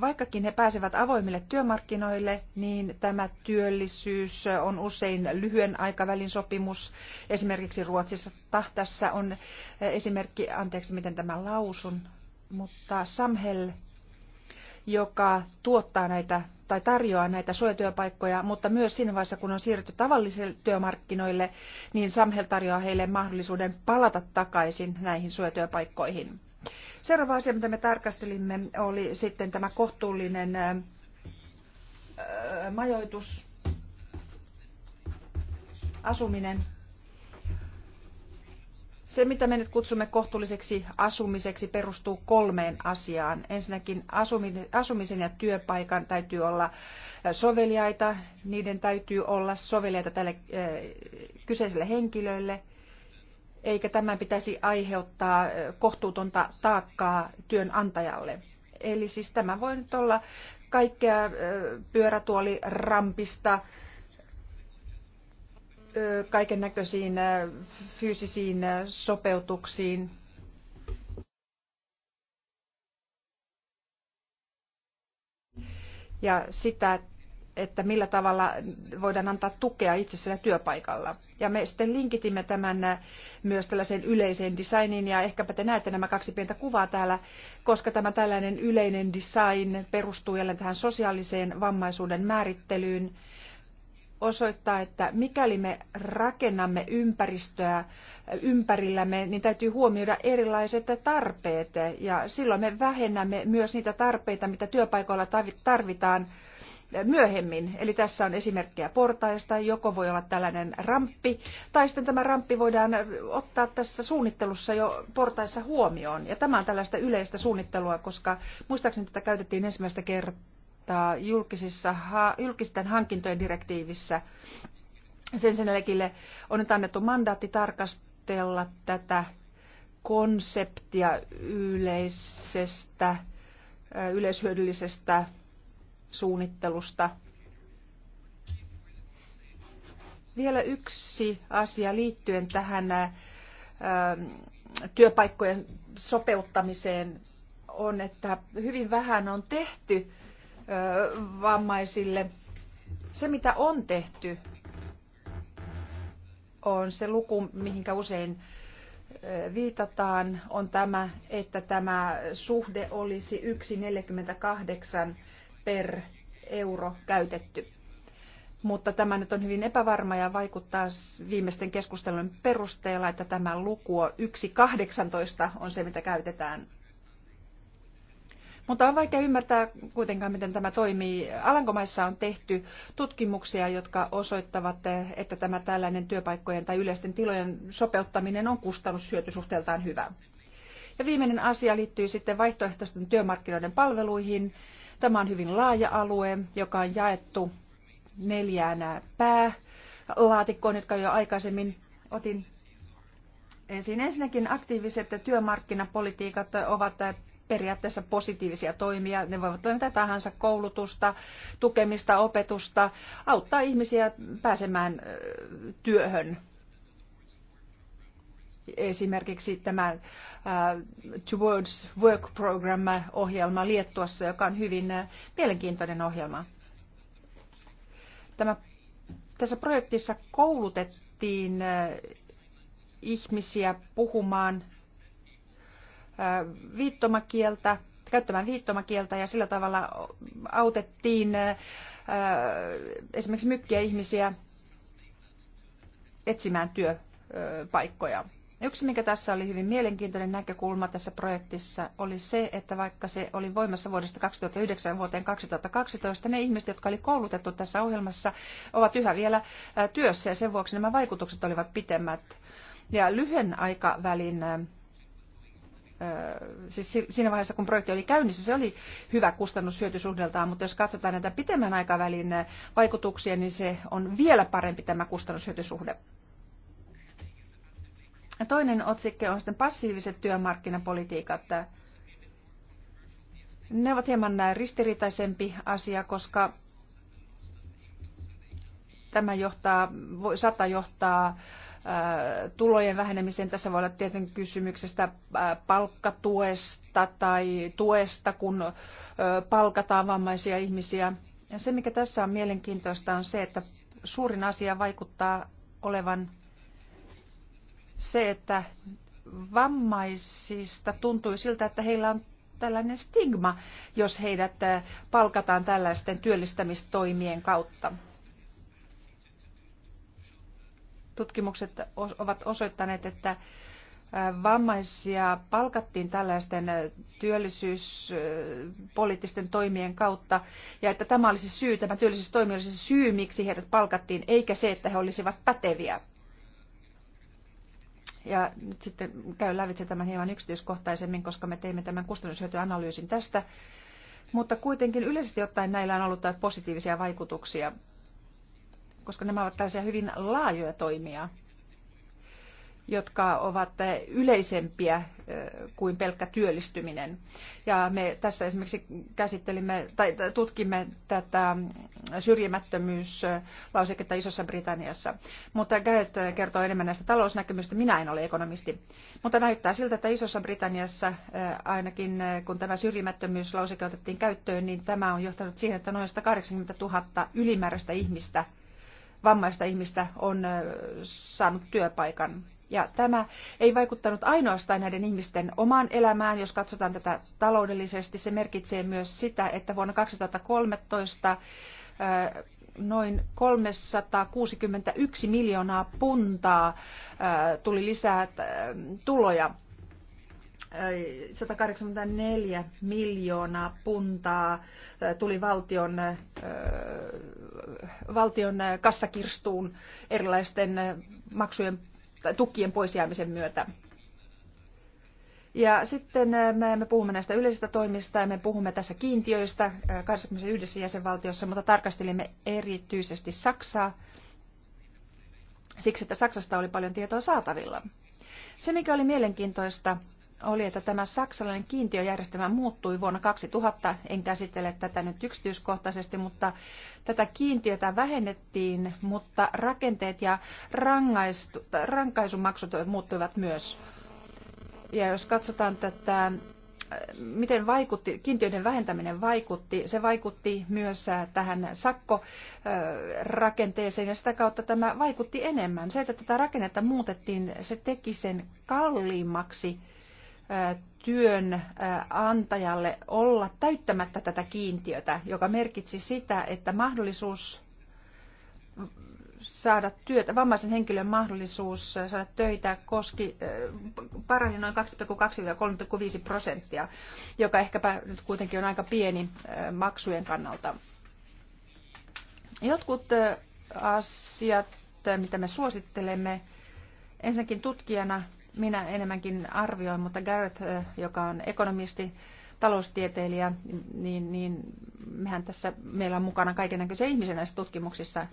vaikkakin he pääsevät avoimille työmarkkinoille, niin tämä työllisyys on usein lyhyen aikavälin sopimus. Esimerkiksi Ruotsissa tässä on eh, esimerkki, anteeksi miten tämä lausun, mutta Samhel, joka tuottaa näitä tai tarjoaa näitä suojatyöpaikkoja, mutta myös siinä vaiheessa, kun on siirrytty tavallisille työmarkkinoille, niin Samhel tarjoaa heille mahdollisuuden palata takaisin näihin suojatyöpaikkoihin. Seuraava asia, mitä me tarkastelimme, oli sitten tämä kohtuullinen majoitus, asuminen. Se, mitä me nyt kutsumme kohtuulliseksi asumiseksi, perustuu kolmeen asiaan. Ensinnäkin asumisen ja työpaikan täytyy olla soveliaita. Niiden täytyy olla soveliaita tälle kyseiselle henkilölle – eikä tämän pitäisi aiheuttaa kohtuutonta taakkaa työnantajalle. Eli siis tämä voi nyt olla kaikkea pyörätuolirampista, kaiken näköisiin fyysisiin sopeutuksiin. Ja sitä, että että millä tavalla voidaan antaa tukea itse siellä työpaikalla. Ja me sitten linkitimme tämän äh, myös tällaiseen yleiseen designiin, ja ehkäpä te näette nämä kaksi pientä kuvaa täällä, koska tämä tällainen yleinen design perustuu jälleen tähän sosiaaliseen vammaisuuden määrittelyyn, osoittaa, että mikäli me rakennamme ympäristöä äh, ympärillämme, niin täytyy huomioida erilaiset tarpeet, ja silloin me vähennämme myös niitä tarpeita, mitä työpaikoilla tarvitaan, myöhemmin. Eli tässä on esimerkkejä portaista. Joko voi olla tällainen ramppi, tai sitten tämä ramppi voidaan ottaa tässä suunnittelussa jo portaissa huomioon. Ja tämä on tällaista yleistä suunnittelua, koska muistaakseni tätä käytettiin ensimmäistä kertaa julkisissa, julkisten hankintojen direktiivissä. Sen senelekille on nyt annettu mandaatti tarkastella tätä konseptia yleisestä, yleishyödyllisestä suunnittelusta. Vielä yksi asia liittyen tähän työpaikkojen sopeuttamiseen on, että hyvin vähän on tehty vammaisille. Se, mitä on tehty, on se luku, mihinkä usein viitataan, on tämä, että tämä suhde olisi 1,48 per euro käytetty. Mutta tämä nyt on hyvin epävarma ja vaikuttaa viimeisten keskustelujen perusteella, että tämä luku on 1.18 on se, mitä käytetään. Mutta on vaikea ymmärtää kuitenkaan, miten tämä toimii. Alankomaissa on tehty tutkimuksia, jotka osoittavat, että tämä tällainen työpaikkojen tai yleisten tilojen sopeuttaminen on kustannushyötysuhteeltaan hyvä. Ja viimeinen asia liittyy sitten vaihtoehtoisten työmarkkinoiden palveluihin Tämä on hyvin laaja alue, joka on jaettu neljään päälaatikkoon, jotka jo aikaisemmin otin esiin. Ensinnäkin aktiiviset työmarkkinapolitiikat ovat periaatteessa positiivisia toimia. Ne voivat toimia tahansa koulutusta, tukemista, opetusta, auttaa ihmisiä pääsemään työhön esimerkiksi tämä äh, Towards Work Program-ohjelma Liettuassa, joka on hyvin äh, mielenkiintoinen ohjelma. Tämä, tässä projektissa koulutettiin äh, ihmisiä puhumaan viittomakieltä, käyttämään viittomakieltä ja sillä tavalla autettiin esimerkiksi mykkiä ihmisiä etsimään työpaikkoja. Yksi, mikä tässä oli hyvin mielenkiintoinen näkökulma tässä projektissa, oli se, että vaikka se oli voimassa vuodesta 2009 vuoteen 2012, ne ihmiset, jotka oli koulutettu tässä ohjelmassa, ovat yhä vielä työssä ja sen vuoksi nämä vaikutukset olivat pitemmät. Ja lyhyen aikavälin siis siinä vaiheessa, kun projekti oli käynnissä, se oli hyvä kustannushyötysuhdeltaan, mutta jos katsotaan näitä pitemmän aikavälin vaikutuksia, niin se on vielä parempi tämä kustannushyötysuhde. Ja toinen otsikke on sitten passiiviset työmarkkinapolitiikat. Ne ovat hieman ristiriitaisempi asia, koska tämä johtaa, sata saattaa johtaa tulojen vähenemiseen. Tässä voi olla tietenkin kysymyksestä palkkatuesta tai tuesta, kun palkataan vammaisia ihmisiä. Ja se, mikä tässä on mielenkiintoista, on se, että suurin asia vaikuttaa olevan se, että vammaisista tuntui siltä, että heillä on tällainen stigma, jos heidät äh, palkataan tällaisten työllistämistoimien kautta. Tutkimukset ovat osoittaneet, että äh, vammaisia palkattiin tällaisten äh, työllisyyspoliittisten toimien kautta ja että tämä olisi syy, tämä työllisyystoimi olisi syy, miksi heidät palkattiin, eikä se, että he olisivat päteviä ja nyt sitten käyn lävitse tämän hieman yksityiskohtaisemmin, koska me teimme tämän kustannushyötyanalyysin tästä. Mutta kuitenkin yleisesti ottaen näillä on ollut positiivisia vaikutuksia, koska nämä ovat tällaisia hyvin laajoja toimia jotka ovat yleisempiä kuin pelkkä työllistyminen. Ja me tässä esimerkiksi käsittelimme tai tutkimme tätä syrjimättömyyslauseketta Isossa Britanniassa. Mutta Garrett kertoo enemmän näistä talousnäkymistä. Minä en ole ekonomisti. Mutta näyttää siltä, että Isossa Britanniassa ainakin kun tämä syrjimättömyyslauseke otettiin käyttöön, niin tämä on johtanut siihen, että noin 180 000 ylimääräistä ihmistä vammaista ihmistä on saanut työpaikan ja tämä ei vaikuttanut ainoastaan näiden ihmisten omaan elämään, jos katsotaan tätä taloudellisesti. Se merkitsee myös sitä, että vuonna 2013 noin 361 miljoonaa puntaa tuli lisää tuloja. 184 miljoonaa puntaa tuli valtion, valtion kassakirstuun erilaisten maksujen tai tukien jäämisen myötä. Ja sitten me, me puhumme näistä yleisistä toimista ja me puhumme tässä kiintiöistä 21 jäsenvaltiossa, mutta tarkastelimme erityisesti Saksaa siksi, että Saksasta oli paljon tietoa saatavilla. Se, mikä oli mielenkiintoista, oli, että tämä saksalainen kiintiöjärjestelmä muuttui vuonna 2000. En käsittele tätä nyt yksityiskohtaisesti, mutta tätä kiintiötä vähennettiin, mutta rakenteet ja rangaistu, rankaisumaksut muuttuivat myös. Ja jos katsotaan tätä, miten vaikutti, kiintiöiden vähentäminen vaikutti, se vaikutti myös tähän sakkorakenteeseen ja sitä kautta tämä vaikutti enemmän. Se, että tätä rakennetta muutettiin, se teki sen kalliimmaksi työnantajalle olla täyttämättä tätä kiintiötä, joka merkitsi sitä, että mahdollisuus saada työtä, vammaisen henkilön mahdollisuus saada töitä koski, parani noin 2,2-3,5 prosenttia, joka ehkäpä nyt kuitenkin on aika pieni maksujen kannalta. Jotkut asiat, mitä me suosittelemme, ensinnäkin tutkijana minä enemmänkin arvioin, mutta Gareth, eh, joka on ekonomisti, taloustieteilijä, niin, niin mehän tässä, meillä on mukana näköisiä ihmisiä näissä tutkimuksissa,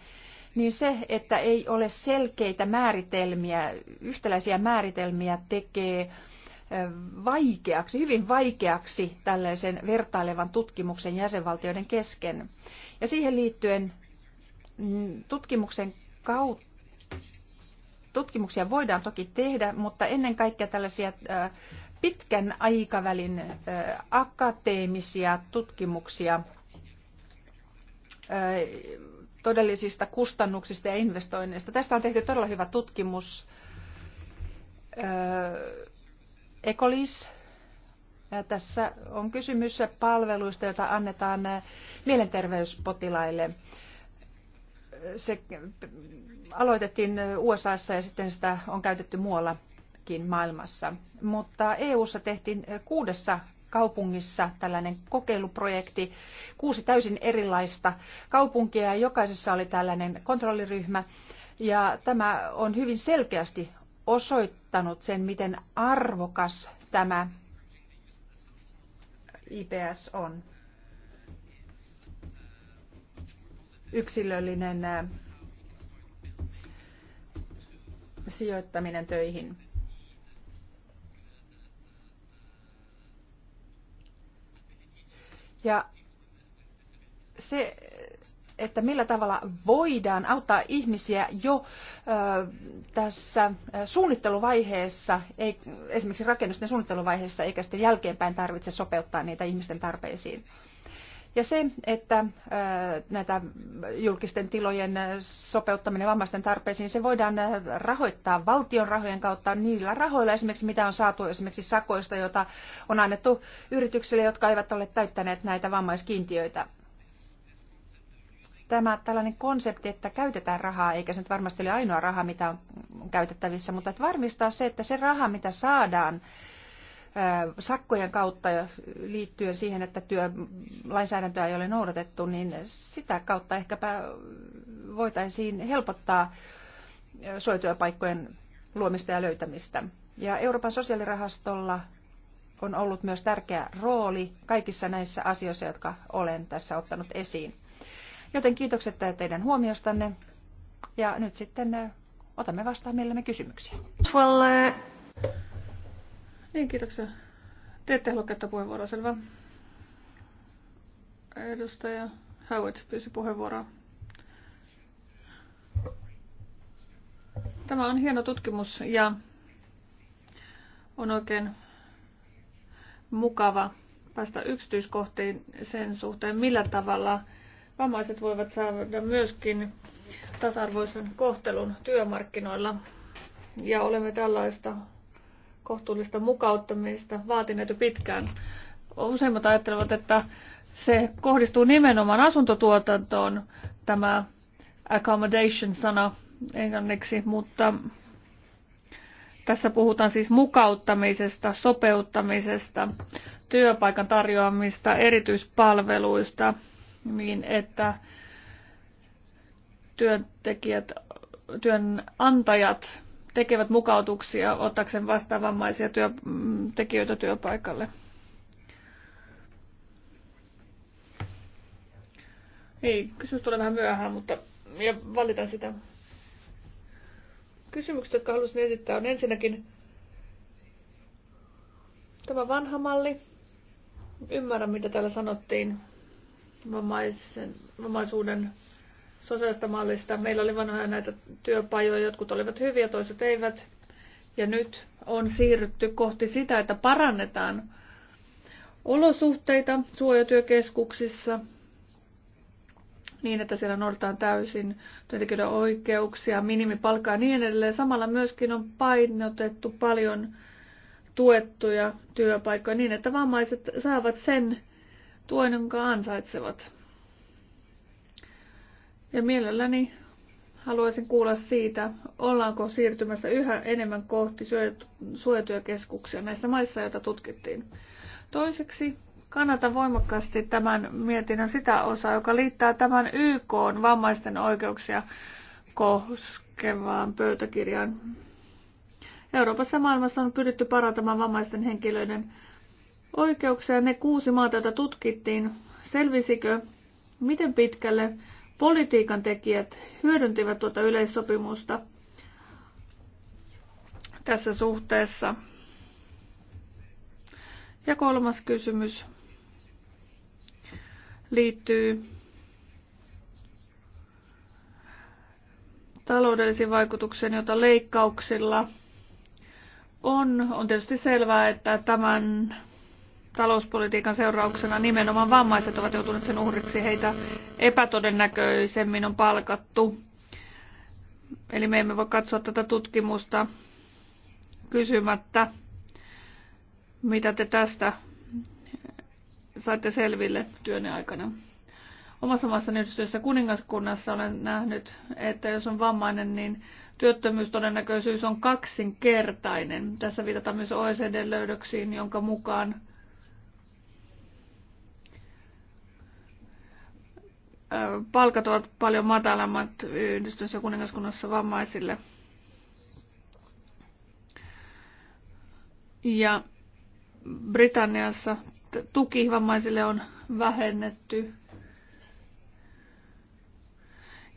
niin se, että ei ole selkeitä määritelmiä, yhtäläisiä määritelmiä tekee eh, vaikeaksi, hyvin vaikeaksi tällaisen vertailevan tutkimuksen jäsenvaltioiden kesken. Ja siihen liittyen mm, tutkimuksen kautta tutkimuksia voidaan toki tehdä, mutta ennen kaikkea tällaisia pitkän aikavälin akateemisia tutkimuksia todellisista kustannuksista ja investoinneista. Tästä on tehty todella hyvä tutkimus. Ecolis ja tässä on kysymys palveluista, joita annetaan mielenterveyspotilaille se aloitettiin USAssa ja sitten sitä on käytetty muuallakin maailmassa. Mutta EUssa tehtiin kuudessa kaupungissa tällainen kokeiluprojekti, kuusi täysin erilaista kaupunkia ja jokaisessa oli tällainen kontrolliryhmä. Ja tämä on hyvin selkeästi osoittanut sen, miten arvokas tämä IPS on. yksilöllinen sijoittaminen töihin. Ja se, että millä tavalla voidaan auttaa ihmisiä jo ö, tässä suunnitteluvaiheessa, ei, esimerkiksi rakennusten suunnitteluvaiheessa, eikä sitten jälkeenpäin tarvitse sopeuttaa niitä ihmisten tarpeisiin. Ja se, että äh, näitä julkisten tilojen äh, sopeuttaminen vammaisten tarpeisiin, se voidaan äh, rahoittaa valtion rahojen kautta niillä rahoilla esimerkiksi, mitä on saatu esimerkiksi sakoista, joita on annettu yrityksille, jotka eivät ole täyttäneet näitä vammaiskiintiöitä. Tämä tällainen konsepti, että käytetään rahaa, eikä se nyt varmasti ole ainoa raha, mitä on käytettävissä, mutta että varmistaa se, että se raha, mitä saadaan, sakkojen kautta liittyen siihen, että työlainsäädäntöä ei ole noudatettu, niin sitä kautta ehkäpä voitaisiin helpottaa suojatyöpaikkojen luomista ja löytämistä. Ja Euroopan sosiaalirahastolla on ollut myös tärkeä rooli kaikissa näissä asioissa, jotka olen tässä ottanut esiin. Joten kiitokset teidän huomiostanne ja nyt sitten otamme vastaan mielemme kysymyksiä. Well, uh... Niin, kiitoksia. Te ette halua käyttää puheenvuoroa, selvä. Edustaja Howard pyysi puheenvuoroa. Tämä on hieno tutkimus ja on oikein mukava päästä yksityiskohtiin sen suhteen, millä tavalla vammaiset voivat saada myöskin tasa-arvoisen kohtelun työmarkkinoilla. Ja olemme tällaista kohtuullista mukauttamista vaatineet jo pitkään. Useimmat ajattelevat, että se kohdistuu nimenomaan asuntotuotantoon, tämä accommodation-sana englanniksi, mutta tässä puhutaan siis mukauttamisesta, sopeuttamisesta, työpaikan tarjoamista, erityispalveluista, niin että työntekijät, työnantajat tekevät mukautuksia ottaakseen vastaavammaisia työ, mm, tekijöitä työpaikalle. Ei, kysymys tulee vähän myöhään, mutta ja valitan sitä. Kysymykset, jotka haluaisin esittää, on ensinnäkin tämä vanha malli. Ymmärrän, mitä täällä sanottiin vammaisen, vammaisuuden sosiaalista mallista. Meillä oli vanhoja näitä työpajoja, jotkut olivat hyviä, toiset eivät. Ja nyt on siirrytty kohti sitä, että parannetaan olosuhteita suojatyökeskuksissa niin, että siellä noudataan täysin työntekijöiden oikeuksia, minimipalkkaa ja niin edelleen. Samalla myöskin on painotettu paljon tuettuja työpaikkoja niin, että vammaiset saavat sen tuen, jonka ansaitsevat. Ja mielelläni haluaisin kuulla siitä, ollaanko siirtymässä yhä enemmän kohti suojatyökeskuksia näissä maissa, joita tutkittiin. Toiseksi kannatan voimakkaasti tämän mietinnön sitä osaa, joka liittää tämän YK vammaisten oikeuksia koskevaan pöytäkirjaan. Euroopassa ja maailmassa on pyritty parantamaan vammaisten henkilöiden oikeuksia. Ne kuusi maata, joita tutkittiin, selvisikö, miten pitkälle politiikan tekijät hyödyntivät tuota yleissopimusta tässä suhteessa. Ja kolmas kysymys liittyy taloudellisiin vaikutuksiin, joita leikkauksilla on. On tietysti selvää, että tämän talouspolitiikan seurauksena nimenomaan vammaiset ovat joutuneet sen uhriksi. Heitä epätodennäköisemmin on palkattu. Eli me emme voi katsoa tätä tutkimusta kysymättä, mitä te tästä saitte selville työnne aikana. Omassa maassani yhdistyessä kuningaskunnassa olen nähnyt, että jos on vammainen, niin työttömyystodennäköisyys on kaksinkertainen. Tässä viitataan myös OECD-löydöksiin, jonka mukaan palkat ovat paljon matalammat ja kuningaskunnassa vammaisille. Ja Britanniassa tuki vammaisille on vähennetty.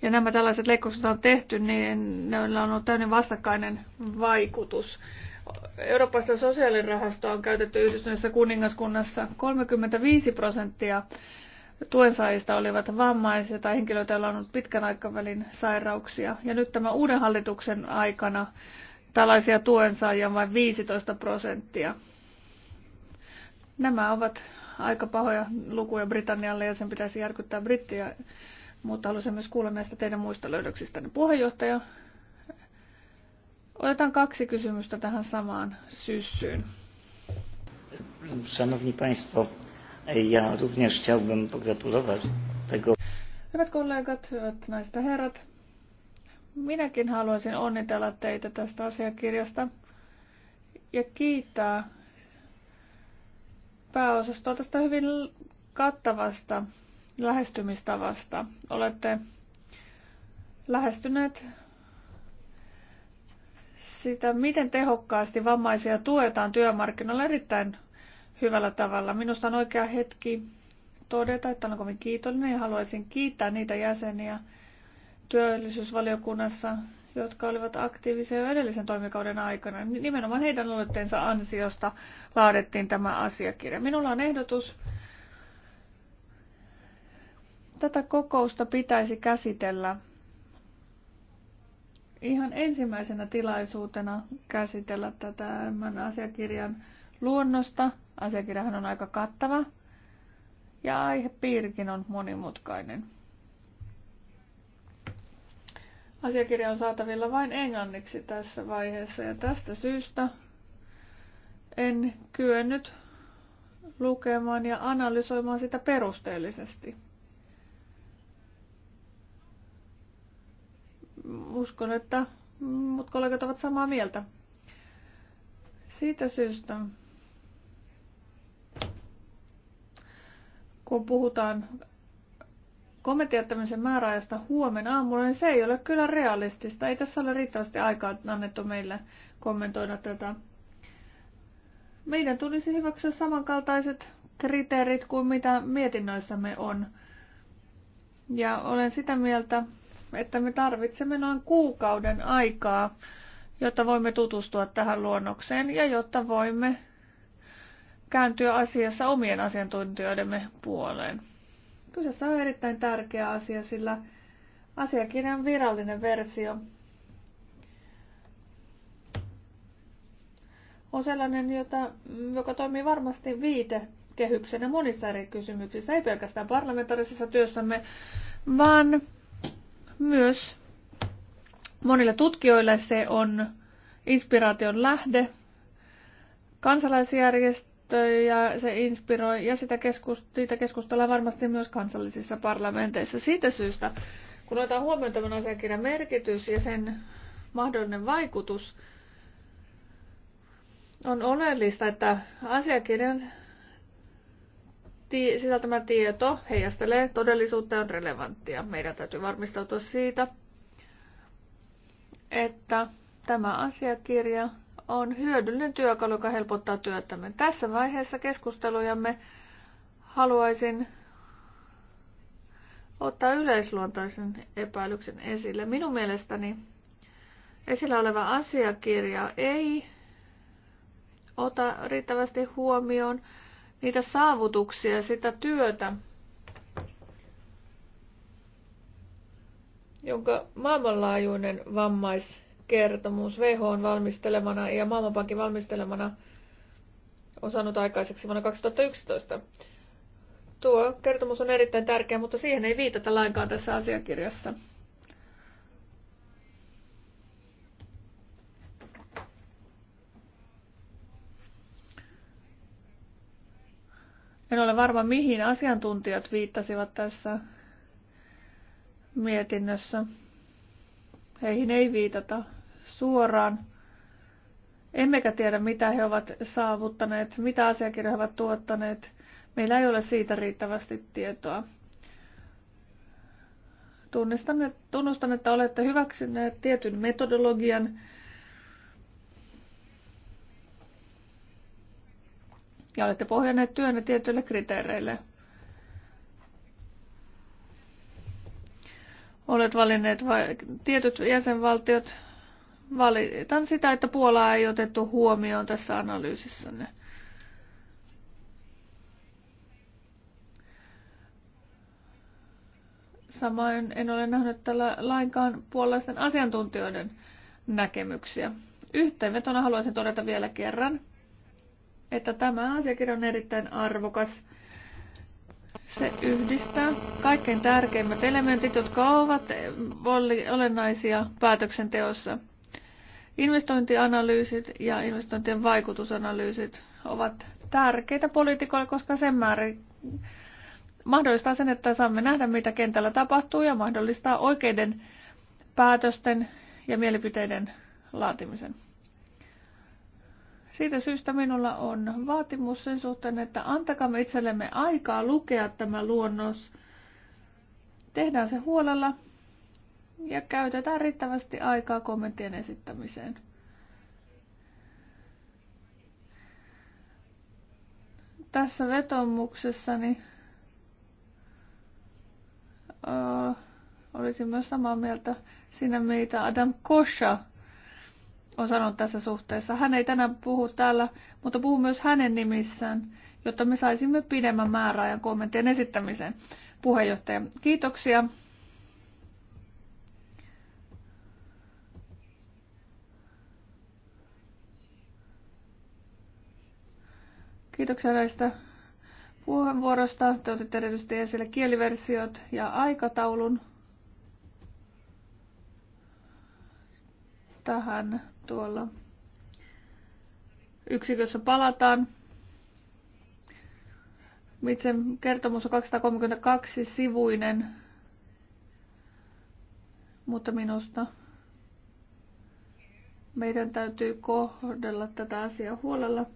Ja nämä tällaiset leikkaukset on tehty, niin ne on ollut täynnä vastakkainen vaikutus. Euroopasta sosiaalirahastoa on käytetty yhdistyneessä kuningaskunnassa 35 prosenttia tuensaajista olivat vammaisia tai henkilöitä, joilla on ollut pitkän aikavälin sairauksia. Ja nyt tämän uuden hallituksen aikana tällaisia tuensaajia on vain 15 prosenttia. Nämä ovat aika pahoja lukuja Britannialle ja sen pitäisi järkyttää brittiä, mutta haluaisin myös kuulla näistä teidän muista löydöksistä. Puheenjohtaja, otetaan kaksi kysymystä tähän samaan syssyyn. Szanowni Państwo, ja również chciałbym pogratulować tego. Hyvät kollegat, hyvät naiset ja herrat, minäkin haluaisin onnitella teitä tästä asiakirjasta ja kiittää pääosastoa tästä hyvin kattavasta lähestymistavasta. Olette lähestyneet sitä, miten tehokkaasti vammaisia tuetaan työmarkkinoilla erittäin hyvällä tavalla. Minusta on oikea hetki todeta, että olen kovin kiitollinen ja haluaisin kiittää niitä jäseniä työllisyysvaliokunnassa, jotka olivat aktiivisia jo edellisen toimikauden aikana. Nimenomaan heidän aloitteensa ansiosta laadittiin tämä asiakirja. Minulla on ehdotus. Tätä kokousta pitäisi käsitellä ihan ensimmäisenä tilaisuutena käsitellä tätä asiakirjan luonnosta – Asiakirjahan on aika kattava ja aihepiirikin on monimutkainen. Asiakirja on saatavilla vain englanniksi tässä vaiheessa ja tästä syystä en kyennyt lukemaan ja analysoimaan sitä perusteellisesti. Uskon, että mut kollegat ovat samaa mieltä. Siitä syystä kun puhutaan kommenttijättämisen määräajasta huomenna aamulla, niin se ei ole kyllä realistista. Ei tässä ole riittävästi aikaa annettu meille kommentoida tätä. Meidän tulisi hyväksyä samankaltaiset kriteerit kuin mitä mietinnöissämme on. Ja olen sitä mieltä, että me tarvitsemme noin kuukauden aikaa, jotta voimme tutustua tähän luonnokseen ja jotta voimme kääntyä asiassa omien asiantuntijoidemme puoleen. Kyseessä on erittäin tärkeä asia, sillä asiakirjan virallinen versio on sellainen, jota, joka toimii varmasti viite kehyksenä monissa eri kysymyksissä, ei pelkästään parlamentaarisessa työssämme, vaan myös monille tutkijoille se on inspiraation lähde, kansalaisjärjestö, käyttöön ja se inspiroi ja sitä keskust- siitä keskustellaan varmasti myös kansallisissa parlamenteissa. Siitä syystä, kun otetaan huomioon tämän asiakirjan merkitys ja sen mahdollinen vaikutus, on oleellista, että asiakirjan sisältämä tieto heijastelee todellisuutta ja on relevanttia. Meidän täytyy varmistautua siitä, että tämä asiakirja on hyödyllinen työkalu, joka helpottaa työtämme. Tässä vaiheessa keskustelujamme haluaisin ottaa yleisluontoisen epäilyksen esille. Minun mielestäni esillä oleva asiakirja ei ota riittävästi huomioon niitä saavutuksia ja sitä työtä, jonka maailmanlaajuinen vammais- kertomus VH: on valmistelemana ja Maailmanpankin valmistelemana on saanut aikaiseksi vuonna 2011. Tuo kertomus on erittäin tärkeä, mutta siihen ei viitata lainkaan tässä asiakirjassa. En ole varma, mihin asiantuntijat viittasivat tässä mietinnössä. Heihin ei viitata suoraan. Emmekä tiedä, mitä he ovat saavuttaneet, mitä asiakirjoja he ovat tuottaneet. Meillä ei ole siitä riittävästi tietoa. Tunnistan, tunnustan, että olette hyväksyneet tietyn metodologian ja olette pohjanneet työnne tietyille kriteereille. Olet valinneet vai, tietyt jäsenvaltiot, Valitan sitä, että Puolaa ei otettu huomioon tässä analyysissä. Samoin en ole nähnyt tällä lainkaan puolalaisten asiantuntijoiden näkemyksiä. Yhteenvetona haluaisin todeta vielä kerran, että tämä asiakirja on erittäin arvokas. Se yhdistää kaikkein tärkeimmät elementit, jotka ovat olennaisia päätöksenteossa. Investointianalyysit ja investointien vaikutusanalyysit ovat tärkeitä poliitikoille, koska sen määrin mahdollistaa sen, että saamme nähdä, mitä kentällä tapahtuu ja mahdollistaa oikeiden päätösten ja mielipiteiden laatimisen. Siitä syystä minulla on vaatimus sen suhteen, että antakaa itsellemme aikaa lukea tämä luonnos. Tehdään se huolella ja käytetään riittävästi aikaa kommenttien esittämiseen. Tässä vetomuksessani öö, olisin myös samaa mieltä sinä mitä Adam Kosha on sanonut tässä suhteessa. Hän ei tänään puhu täällä, mutta puhuu myös hänen nimissään, jotta me saisimme pidemmän määräajan kommenttien esittämiseen. Puheenjohtaja, kiitoksia. Kiitoksia näistä puheenvuorosta. Te otitte erityisesti esille kieliversiot ja aikataulun. Tähän tuolla yksikössä palataan. Itse kertomus on 232 sivuinen, mutta minusta meidän täytyy kohdella tätä asiaa huolella.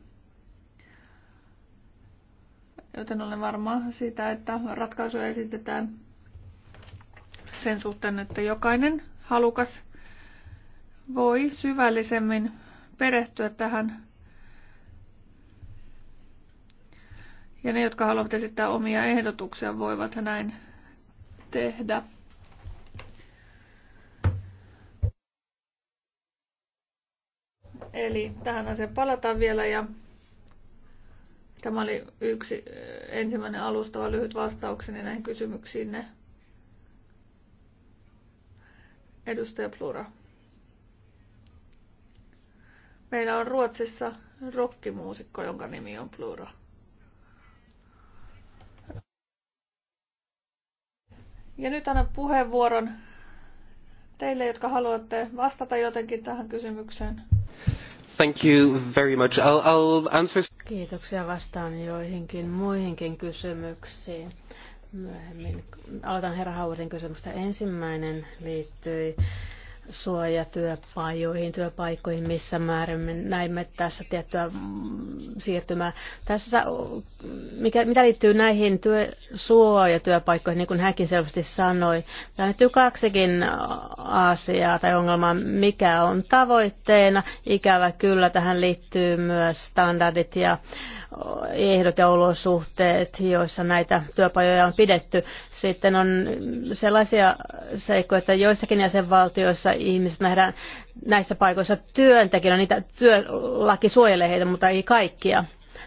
Joten olen varma siitä, että ratkaisuja esitetään sen suhteen, että jokainen halukas voi syvällisemmin perehtyä tähän. Ja ne, jotka haluavat esittää omia ehdotuksia, voivat näin tehdä. Eli tähän asiaan palataan vielä ja Tämä oli yksi eh, ensimmäinen alustava lyhyt vastaukseni näihin kysymyksiinne. Edustaja Plura. Meillä on Ruotsissa rokkimuusikko, jonka nimi on Plura. Ja nyt annan puheenvuoron teille, jotka haluatte vastata jotenkin tähän kysymykseen. Thank you very much. I'll, I'll answer... Kiitoksia vastaan joihinkin muihinkin kysymyksiin. Myöhemmin aloitan herra Hauerin kysymystä. Ensimmäinen liittyi suojatyöpajoihin, työpaikkoihin, missä määrin me näimme tässä tiettyä mm, siirtymää. Tässä, mikä, mitä liittyy näihin työ, suojatyöpaikkoihin, niin kuin hänkin selvästi sanoi, tämä liittyy kaksikin asiaa tai ongelmaa, mikä on tavoitteena. Ikävä kyllä tähän liittyy myös standardit ja äh, ehdot ja olosuhteet, joissa näitä työpajoja on pidetty. Sitten on sellaisia seikkoja, että joissakin jäsenvaltioissa ihmiset nähdään näissä paikoissa työntekijöinä, niitä työlaki suojelee heitä, mutta ei kaikkia.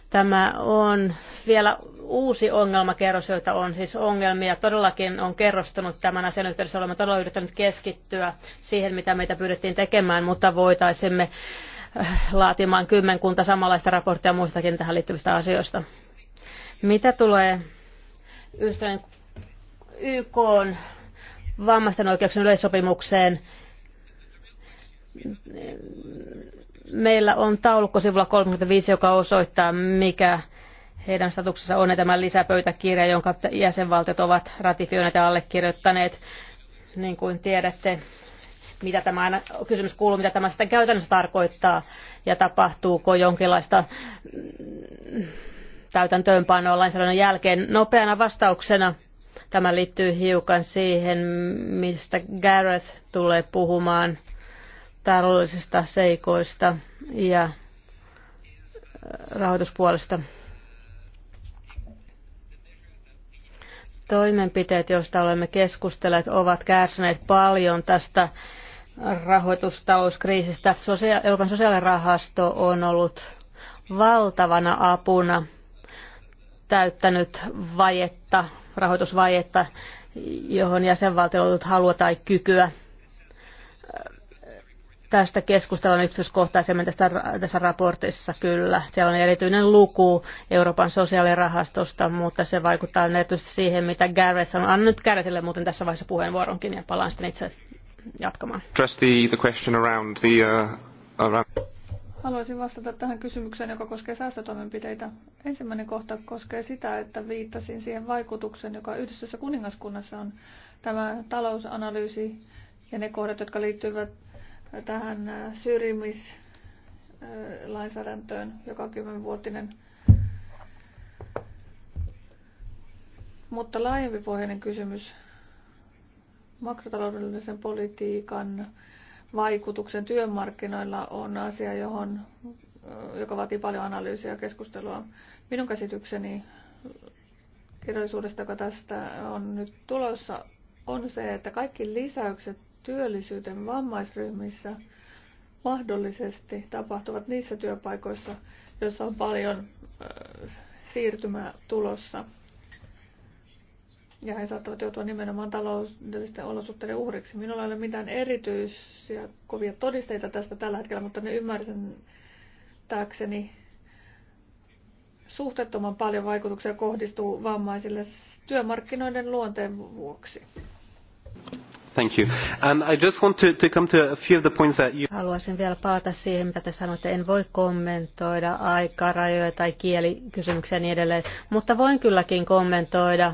Tämä on vielä uusi ongelmakerros, joita on siis ongelmia. Todellakin on kerrostunut tämän asian yhteydessä. Olemme todella yrittäneet keskittyä siihen, mitä meitä pyydettiin tekemään, mutta voitaisimme laatimaan kymmenkunta samanlaista raporttia muistakin tähän liittyvistä asioista. Mitä tulee ystävän YK on vammaisten oikeuksien yleissopimukseen, meillä on taulukko sivulla 35, joka osoittaa, mikä heidän statuksessa on, ja tämä lisäpöytäkirja, jonka jäsenvaltiot ovat ratifioineet ja allekirjoittaneet. Niin kuin tiedätte, mitä tämä aina, kysymys kuuluu, mitä tämä sitten käytännössä tarkoittaa ja tapahtuuko jonkinlaista mm, täytäntöönpanoa lainsäädännön jälkeen. Nopeana vastauksena tämä liittyy hiukan siihen, mistä Gareth tulee puhumaan taloudellisista seikoista ja äh, rahoituspuolesta. Toimenpiteet, joista olemme keskustelleet, ovat kärsineet paljon tästä rahoitustalouskriisistä. Sosia- Euroopan sosiaalirahasto on ollut valtavana apuna täyttänyt vajetta, rahoitusvajetta, johon jäsenvaltiot halua tai kykyä. Tästä keskustellaan yksityiskohtaisemmin tästä, tässä raportissa kyllä. Siellä on erityinen luku Euroopan sosiaalirahastosta, mutta se vaikuttaa erityisesti siihen, mitä Garrett on. Annan nyt Garrettille muuten tässä vaiheessa puheenvuoronkin ja palaan sitten itse jatkamaan. Uh, Haluaisin vastata tähän kysymykseen, joka koskee säästötoimenpiteitä. Ensimmäinen kohta koskee sitä, että viittasin siihen vaikutukseen, joka yhdistössä kuningaskunnassa on tämä talousanalyysi ja ne kohdat, jotka liittyvät tähän äh, syrjimislainsäädäntöön, joka on kymmenvuotinen. Mutta laajempi pohjainen kysymys makrotaloudellisen politiikan vaikutuksen työmarkkinoilla on asia, johon, joka vaatii paljon analyysiä ja keskustelua. Minun käsitykseni kirjallisuudesta, joka tästä on nyt tulossa, on se, että kaikki lisäykset työllisyyden vammaisryhmissä mahdollisesti tapahtuvat niissä työpaikoissa, joissa on paljon siirtymää tulossa ja he saattavat joutua nimenomaan taloudellisten olosuhteiden uhriksi. Minulla ei ole mitään erityisiä kovia todisteita tästä tällä hetkellä, mutta ne ymmärsin taakseni suhteettoman paljon vaikutuksia kohdistuu vammaisille työmarkkinoiden luonteen vuoksi. Thank you. And I just want to, to come to a few of the points that you... Haluaisin vielä palata siihen, mitä te sanoitte. En voi kommentoida aikarajoja tai kielikysymyksiä ja niin edelleen, mutta voin kylläkin kommentoida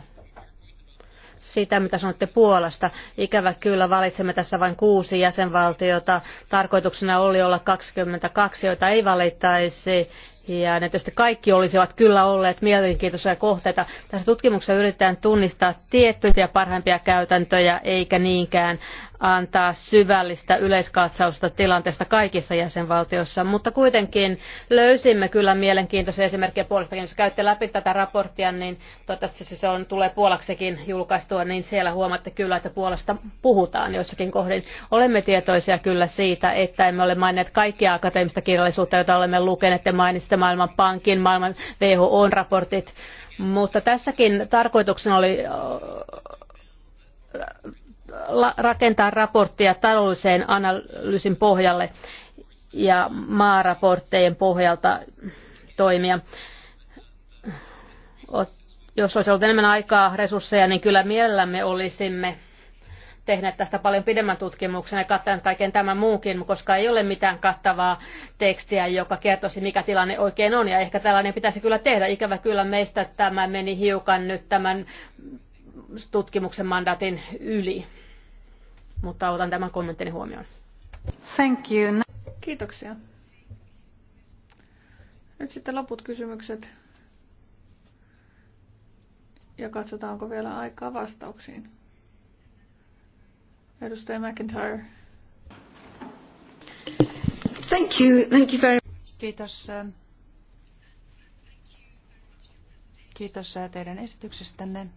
sitä, mitä sanotte Puolasta. Ikävä kyllä valitsemme tässä vain kuusi jäsenvaltiota. Tarkoituksena oli olla 22, joita ei valittaisi ja ne tietysti kaikki olisivat kyllä olleet mielenkiintoisia kohteita. Tässä tutkimuksessa yritetään tunnistaa tiettyjä parhaimpia käytäntöjä, eikä niinkään antaa syvällistä yleiskatsausta tilanteesta kaikissa jäsenvaltioissa. Mutta kuitenkin löysimme kyllä mielenkiintoisia esimerkkejä puolestakin. Jos käytte läpi tätä raporttia, niin toivottavasti se on, tulee puolaksekin julkaistua, niin siellä huomaatte kyllä, että puolesta puhutaan joissakin kohdin. Olemme tietoisia kyllä siitä, että emme ole maineet kaikkia akateemista kirjallisuutta, jota olemme lukeneet. ja mainitsitte maailmanpankin, maailman WHOn raportit. Mutta tässäkin tarkoituksena oli rakentaa raporttia taloudelliseen analyysin pohjalle ja maaraporttejen pohjalta toimia. Jos olisi ollut enemmän aikaa, resursseja, niin kyllä mielellämme olisimme tehneet tästä paljon pidemmän tutkimuksen ja katsoneet kaiken tämän muunkin, koska ei ole mitään kattavaa tekstiä, joka kertoisi, mikä tilanne oikein on. Ja ehkä tällainen pitäisi kyllä tehdä. Ikävä kyllä meistä tämä meni hiukan nyt tämän tutkimuksen mandaatin yli. Mutta otan tämän kommenttini huomioon. Thank you. Kiitoksia. Nyt sitten loput kysymykset. Ja katsotaanko vielä aikaa vastauksiin. Edustaja McIntyre. Thank you. Thank you very... Kiitos. Kiitos teidän esityksestänne.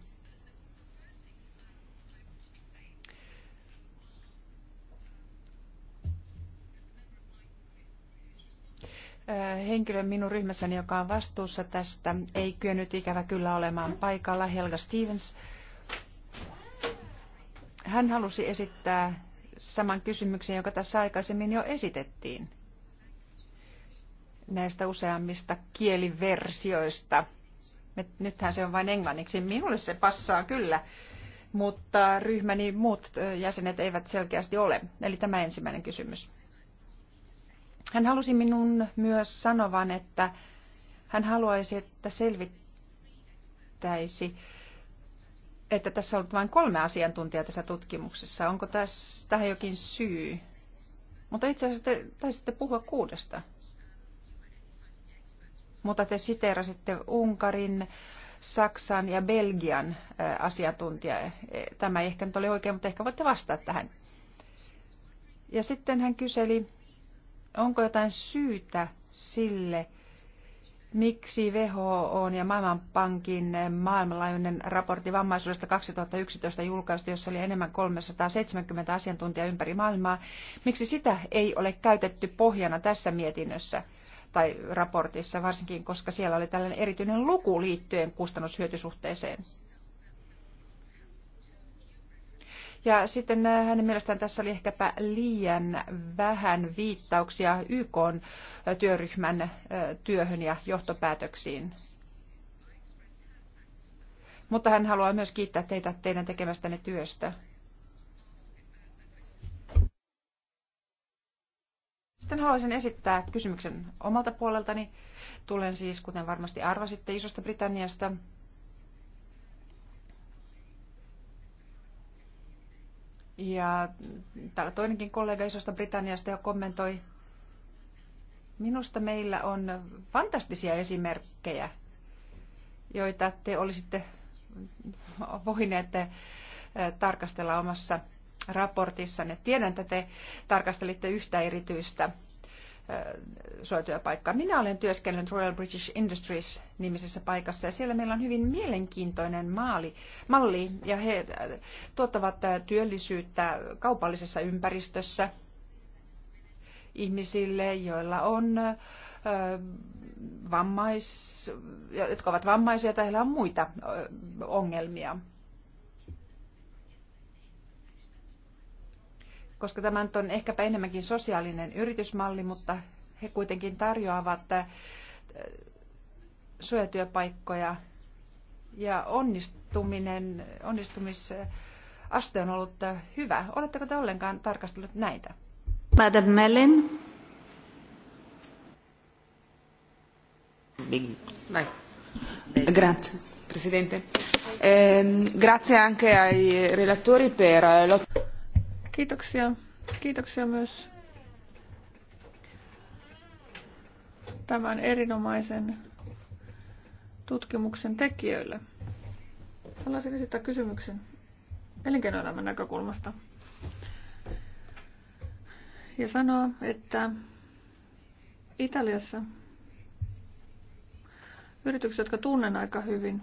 henkilö minun ryhmässäni, joka on vastuussa tästä, ei kyennyt ikävä kyllä olemaan paikalla, Helga Stevens, hän halusi esittää saman kysymyksen, joka tässä aikaisemmin jo esitettiin näistä useammista kieliversioista. Nythän se on vain englanniksi. Minulle se passaa kyllä, mutta ryhmäni muut jäsenet eivät selkeästi ole. Eli tämä ensimmäinen kysymys. Hän halusi minun myös sanovan, että hän haluaisi, että selvittäisi että tässä on ollut vain kolme asiantuntijaa tässä tutkimuksessa. Onko tässä, tähän jokin syy? Mutta itse asiassa te taisitte puhua kuudesta. Mutta te siteerasitte Unkarin, Saksan ja Belgian asiantuntijaa. E, tämä ei ehkä nyt ole oikein, mutta ehkä voitte vastata tähän. Ja sitten hän kyseli, onko jotain syytä sille, miksi WHO ja Maailmanpankin maailmanlaajuinen raportti vammaisuudesta 2011 julkaistu, jossa oli enemmän 370 asiantuntijaa ympäri maailmaa, miksi sitä ei ole käytetty pohjana tässä mietinnössä tai raportissa, varsinkin koska siellä oli tällainen erityinen luku liittyen kustannushyötysuhteeseen? Ja sitten äh, hänen mielestään tässä oli ehkäpä liian vähän viittauksia YK äh, työryhmän äh, työhön ja johtopäätöksiin. Mutta hän haluaa myös kiittää teitä teidän tekemästänne työstä. Sitten haluaisin esittää kysymyksen omalta puoleltani. Tulen siis, kuten varmasti arvasitte, Isosta Britanniasta. Ja täällä toinenkin kollega Isosta Britanniasta jo kommentoi. Minusta meillä on fantastisia esimerkkejä, joita te olisitte voineet eh, tarkastella omassa raportissanne. Tiedän, että te tarkastelitte yhtä erityistä Äh, suojatyöpaikkaa. Minä olen työskennellyt Royal British Industries nimisessä paikassa ja siellä meillä on hyvin mielenkiintoinen maali, malli ja he äh, tuottavat äh, työllisyyttä kaupallisessa ympäristössä ihmisille, joilla on vammais, jotka ovat vammaisia tai heillä on muita ongelmia. koska tämä on ehkäpä enemmänkin sosiaalinen yritysmalli, mutta he kuitenkin tarjoavat äh, suojatyöpaikkoja ja onnistuminen, onnistumisaste on ollut äh, hyvä. Oletteko te ollenkaan tarkastellut näitä? Madam Mellin. Grazie. Presidente. Eh, grazie anche ai relatori per Kiitoksia. Kiitoksia myös tämän erinomaisen tutkimuksen tekijöille. Haluaisin esittää kysymyksen elinkeinoelämän näkökulmasta ja sanoa, että Italiassa yritykset, jotka tunnen aika hyvin,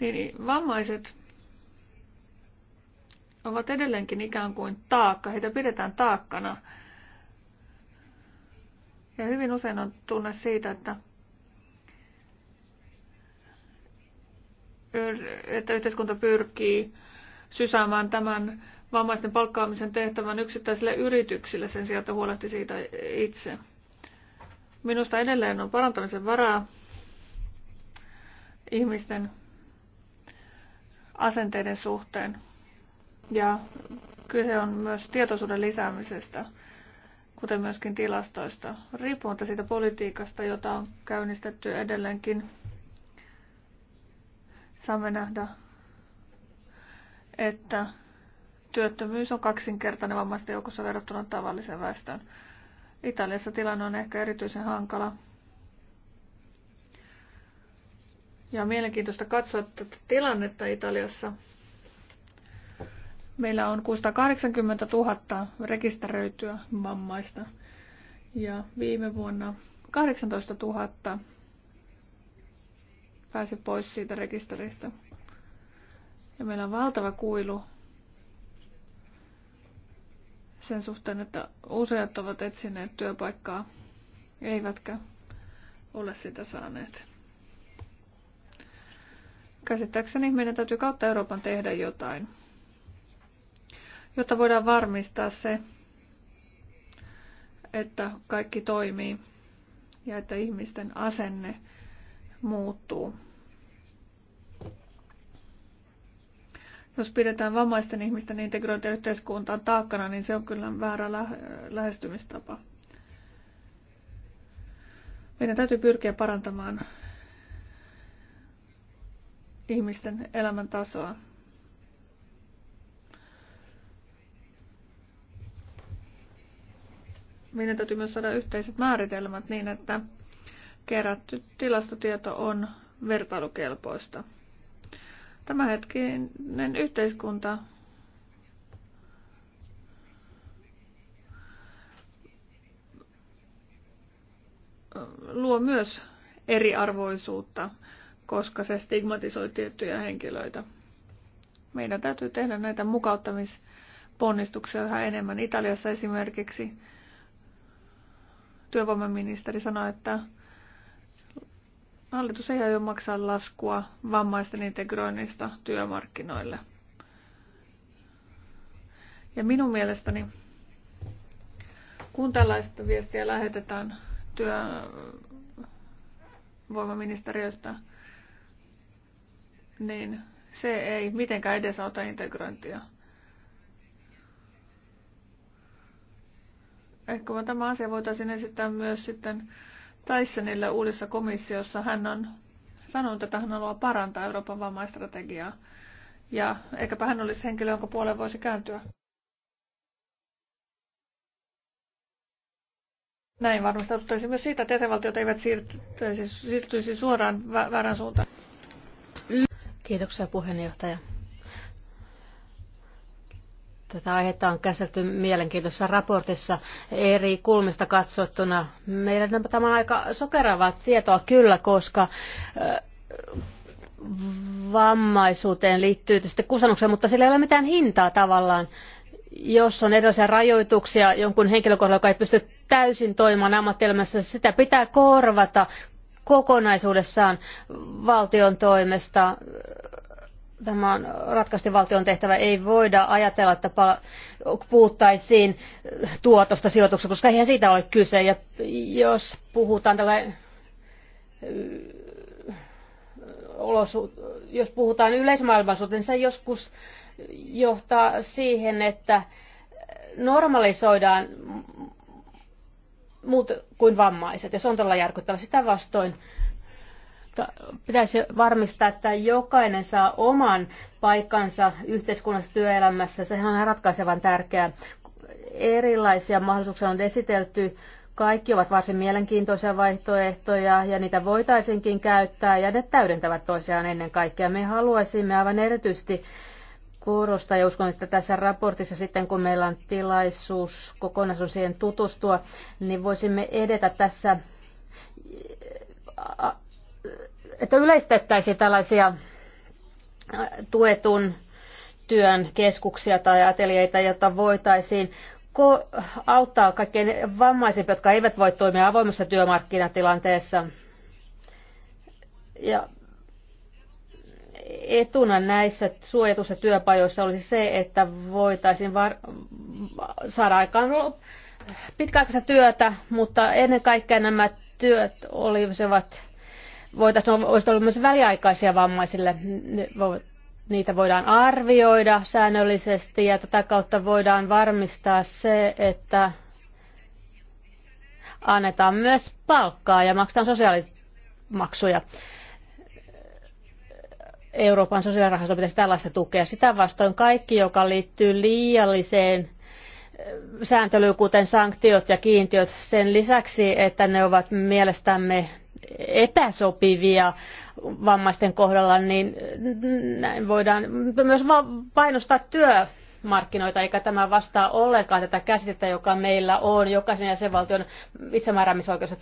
niin vammaiset ovat edelleenkin ikään kuin taakka. Heitä pidetään taakkana. Ja hyvin usein on tunne siitä, että, että yhteiskunta pyrkii sysäämään tämän vammaisten palkkaamisen tehtävän yksittäisille yrityksille sen sijaan, että huolehti siitä itse. Minusta edelleen on parantamisen varaa ihmisten asenteiden suhteen. Ja kyse on myös tietoisuuden lisäämisestä, kuten myöskin tilastoista, riippumatta siitä politiikasta, jota on käynnistetty edelleenkin. Saamme nähdä, että työttömyys on kaksinkertainen vammaisten joukossa verrattuna tavalliseen väestöön. Italiassa tilanne on ehkä erityisen hankala, Ja mielenkiintoista katsoa tätä tilannetta Italiassa. Meillä on 680 000 rekisteröityä vammaista ja viime vuonna 18 000 pääsi pois siitä rekisteristä. Ja meillä on valtava kuilu sen suhteen, että useat ovat etsineet työpaikkaa, eivätkä ole sitä saaneet. Käsittääkseni meidän täytyy kautta Euroopan tehdä jotain, jotta voidaan varmistaa se, että kaikki toimii ja että ihmisten asenne muuttuu. Jos pidetään vammaisten ihmisten integrointia yhteiskuntaan taakkana, niin se on kyllä väärä lähestymistapa. Meidän täytyy pyrkiä parantamaan ihmisten elämäntasoa. Meidän täytyy myös saada yhteiset määritelmät niin, että kerätty tilastotieto on vertailukelpoista. Tämänhetkinen yhteiskunta luo myös eriarvoisuutta koska se stigmatisoi tiettyjä henkilöitä. Meidän täytyy tehdä näitä mukauttamisponnistuksia yhä enemmän. Italiassa esimerkiksi työvoimaministeri sanoi, että hallitus ei aio maksaa laskua vammaisten integroinnista työmarkkinoille. Ja minun mielestäni, kun tällaista viestiä lähetetään työvoimaministeriöstä, niin se ei mitenkään edesauta integrointia. Ehkä vaan tämä asia voitaisiin esittää myös sitten Tysonille uudessa komissiossa. Hän on sanonut, että hän haluaa parantaa Euroopan vammaistrategiaa. Ja ehkäpä hän olisi henkilö, jonka puoleen voisi kääntyä. Näin varmistauduttaisiin myös siitä, että jäsenvaltiot eivät siirtyisi, siirtyisi suoraan väärän suuntaan. Kiitoksia puheenjohtaja. Tätä aihetta on käsitelty mielenkiintoisessa raportissa eri kulmista katsottuna. Meillä tämä on aika sokeravaa tietoa kyllä, koska vammaisuuteen liittyy tietysti kustannuksia, mutta sillä ei ole mitään hintaa tavallaan. Jos on erilaisia rajoituksia jonkun henkilökohdalla, joka ei pysty täysin toimimaan ammattielämässä, sitä pitää korvata kokonaisuudessaan valtion toimesta. Tämä on ratkaisesti valtion tehtävä. Ei voida ajatella, että puuttaisiin tuotosta sijoituksesta, koska eihän siitä ole kyse. Ja jos puhutaan tällainen olosu- jos puhutaan yleismaailmansuuteen, niin se joskus johtaa siihen, että normalisoidaan muut kuin vammaiset. Ja se on todella järkyttävä. Sitä vastoin pitäisi varmistaa, että jokainen saa oman paikkansa yhteiskunnassa työelämässä. Sehän on ratkaisevan tärkeää. Erilaisia mahdollisuuksia on esitelty. Kaikki ovat varsin mielenkiintoisia vaihtoehtoja ja niitä voitaisinkin käyttää ja ne täydentävät toisiaan ennen kaikkea. Me haluaisimme aivan erityisesti korostaa ja uskon, että tässä raportissa sitten kun meillä on tilaisuus kokonaisuus siihen tutustua, niin voisimme edetä tässä, äh, että yleistettäisiin tällaisia äh, tuetun työn keskuksia tai ateljeita, jotta voitaisiin auttaa kaikkein vammaisimpia, jotka eivät voi toimia avoimessa työmarkkinatilanteessa. Ja etuna näissä suojatussa työpajoissa olisi se, että voitaisiin var- saada aikaan pitkäaikaista työtä, mutta ennen kaikkea nämä työt olisivat, voitaisiin voisi olla myös väliaikaisia vammaisille. Niitä voidaan arvioida säännöllisesti ja tätä kautta voidaan varmistaa se, että annetaan myös palkkaa ja maksetaan sosiaalimaksuja Euroopan sosiaalirahasto pitäisi tällaista tukea. Sitä vastoin kaikki, joka liittyy liialliseen sääntelyyn, kuten sanktiot ja kiintiöt, sen lisäksi, että ne ovat mielestämme epäsopivia vammaisten kohdalla, niin näin voidaan myös painostaa työmarkkinoita, eikä tämä vastaa ollenkaan tätä käsitettä, joka meillä on jokaisen jäsenvaltion itsemääräämisoikeus ja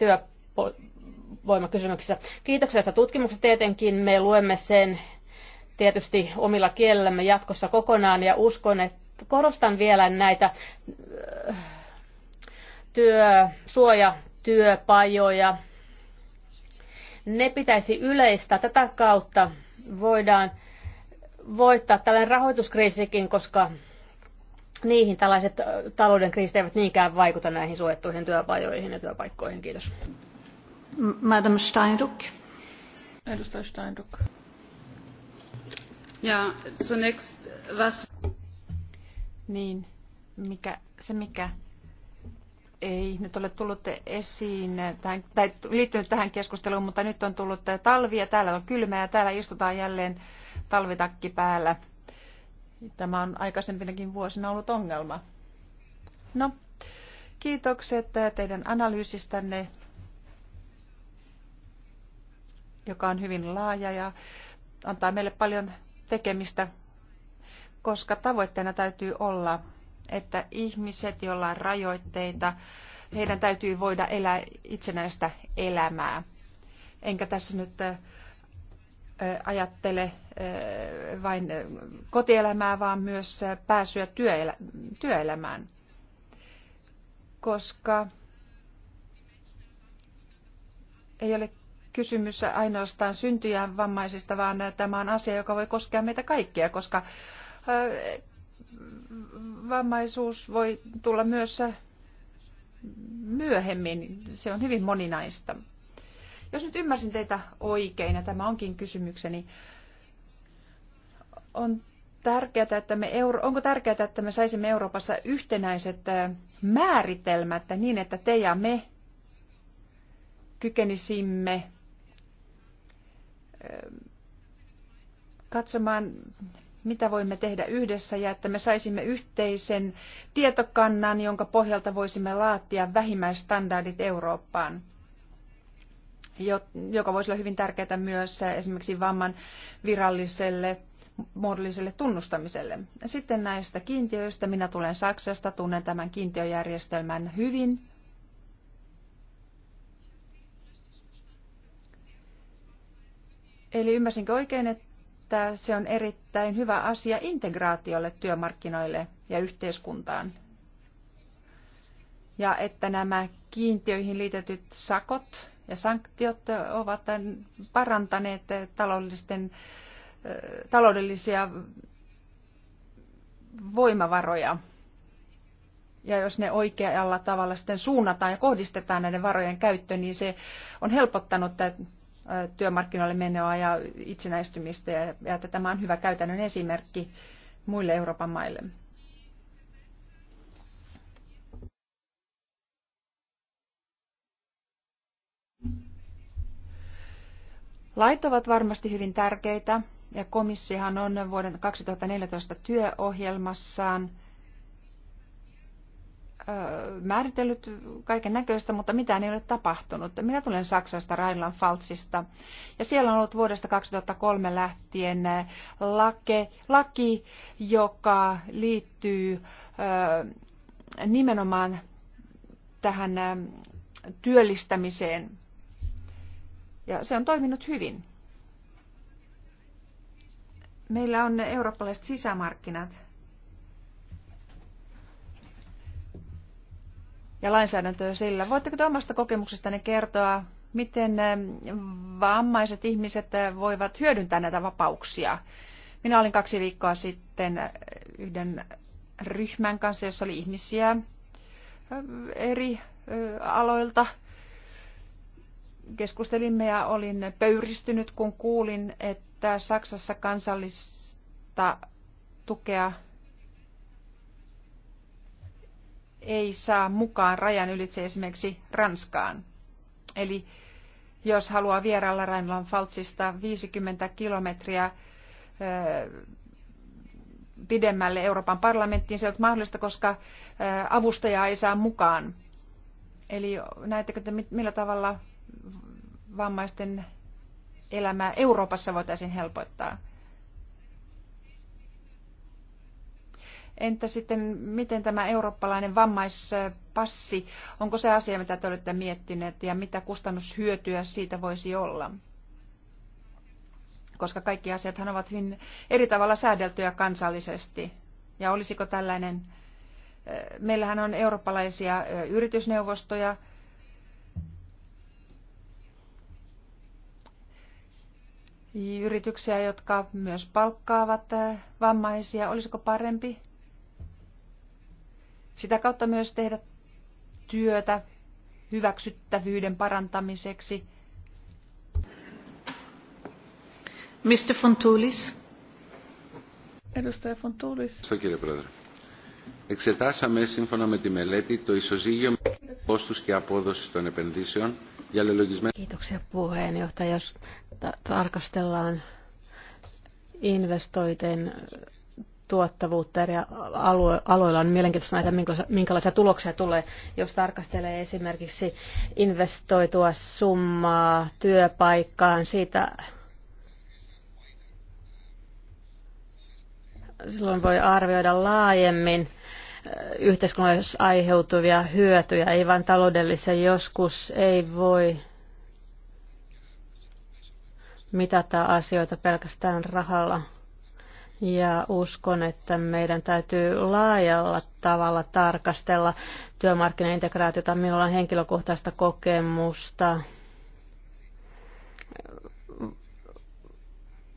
työvoimakysymyksissä. Kiitoksia tästä tutkimuksesta. Tietenkin me luemme sen tietysti omilla kielellämme jatkossa kokonaan ja uskon, että korostan vielä näitä äh, työ, suojatyöpajoja. Ne pitäisi yleistä. Tätä kautta voidaan voittaa tällainen rahoituskriisikin, koska niihin tällaiset äh, talouden kriisit eivät niinkään vaikuta näihin suojattuihin työpajoihin ja työpaikkoihin. Kiitos. Madam Steinruck. Edustaja Steinruck. Ja zunächst was... Niin, mikä, se mikä ei nyt ole tullut esiin tähän, tai liittynyt tähän keskusteluun, mutta nyt on tullut talvi ja täällä on kylmä ja täällä istutaan jälleen talvitakki päällä. Tämä on aikaisempinakin vuosina ollut ongelma. No, kiitokset teidän analyysistänne, joka on hyvin laaja ja antaa meille paljon tekemistä, koska tavoitteena täytyy olla, että ihmiset, joilla on rajoitteita, heidän täytyy voida elää itsenäistä elämää. Enkä tässä nyt ajattele vain kotielämää, vaan myös pääsyä työelämään. Koska ei ole kysymys ainoastaan syntyjään vammaisista, vaan tämä on asia, joka voi koskea meitä kaikkia, koska vammaisuus voi tulla myös myöhemmin. Se on hyvin moninaista. Jos nyt ymmärsin teitä oikein, ja tämä onkin kysymykseni, on tärkeää, että me Euro- onko tärkeää, että me saisimme Euroopassa yhtenäiset määritelmät niin, että te ja me kykenisimme katsomaan, mitä voimme tehdä yhdessä ja että me saisimme yhteisen tietokannan, jonka pohjalta voisimme laatia vähimmäistandardit Eurooppaan joka voisi olla hyvin tärkeää myös esimerkiksi vamman viralliselle muodolliselle tunnustamiselle. Sitten näistä kiintiöistä. Minä tulen Saksasta, tunnen tämän kiintiöjärjestelmän hyvin. Eli ymmärsinkö oikein, että se on erittäin hyvä asia integraatiolle työmarkkinoille ja yhteiskuntaan? Ja että nämä kiintiöihin liitetyt sakot ja sanktiot ovat parantaneet taloudellisten, taloudellisia voimavaroja. Ja jos ne oikealla tavalla sitten suunnataan ja kohdistetaan näiden varojen käyttöön, niin se on helpottanut työmarkkinoille menoa ja itsenäistymistä ja että tämä on hyvä käytännön esimerkki muille Euroopan maille. Lait ovat varmasti hyvin tärkeitä ja komissihan on vuoden 2014 työohjelmassaan määritellyt kaiken näköistä, mutta mitään ei ole tapahtunut. Minä tulen Saksasta, Rheinland-Pfalzista, ja siellä on ollut vuodesta 2003 lähtien lake, laki, joka liittyy nimenomaan tähän työllistämiseen. Ja se on toiminut hyvin. Meillä on eurooppalaiset sisämarkkinat, ja lainsäädäntöä sillä. Voitteko te omasta kokemuksestanne kertoa, miten eh, vammaiset ihmiset eh, voivat hyödyntää näitä vapauksia? Minä olin kaksi viikkoa sitten eh, yhden ryhmän kanssa, jossa oli ihmisiä eri aloilta. Keskustelimme ja olin pöyristynyt, kun kuulin, että Saksassa kansallista tukea ei saa mukaan rajan ylitse esimerkiksi Ranskaan. Eli jos haluaa vierailla Rainlan Faltsista 50 kilometriä pidemmälle Euroopan parlamenttiin, se on mahdollista, koska avustajaa ei saa mukaan. Eli näettekö te, millä tavalla vammaisten elämää Euroopassa voitaisiin helpottaa? Entä sitten, miten tämä eurooppalainen vammaispassi, onko se asia, mitä te olette miettineet ja mitä kustannushyötyä siitä voisi olla? Koska kaikki asiathan ovat hyvin eri tavalla säädeltyjä kansallisesti. Ja olisiko tällainen, eh, meillähän on eurooppalaisia eh, yritysneuvostoja, yrityksiä, jotka myös palkkaavat eh, vammaisia. Olisiko parempi, sitä kautta myös tehdä työtä hyväksyttävyyden parantamiseksi. Mr. Fontoulis. Edustaja Fontoulis. Κύριε Πρόεδρε. Εξετάσαμε σύμφωνα με τη μελέτη το ισοζύγιο κόστους και απόδοση των επενδύσεων για λελογισμένα... Kiitoksia puheenjohtaja. Jos tarkastellaan investoiden tuottavuutta eri alueilla on mielenkiintoista näitä, minkälaisia tuloksia tulee, jos tarkastelee esimerkiksi investoitua summaa työpaikkaan, siitä silloin voi arvioida laajemmin yhteiskunnallisesti aiheutuvia hyötyjä, ei vain taloudellisia. Joskus ei voi mitata asioita pelkästään rahalla. Ja uskon, että meidän täytyy laajalla tavalla tarkastella työmarkkinaintegraatiota. Minulla on henkilökohtaista kokemusta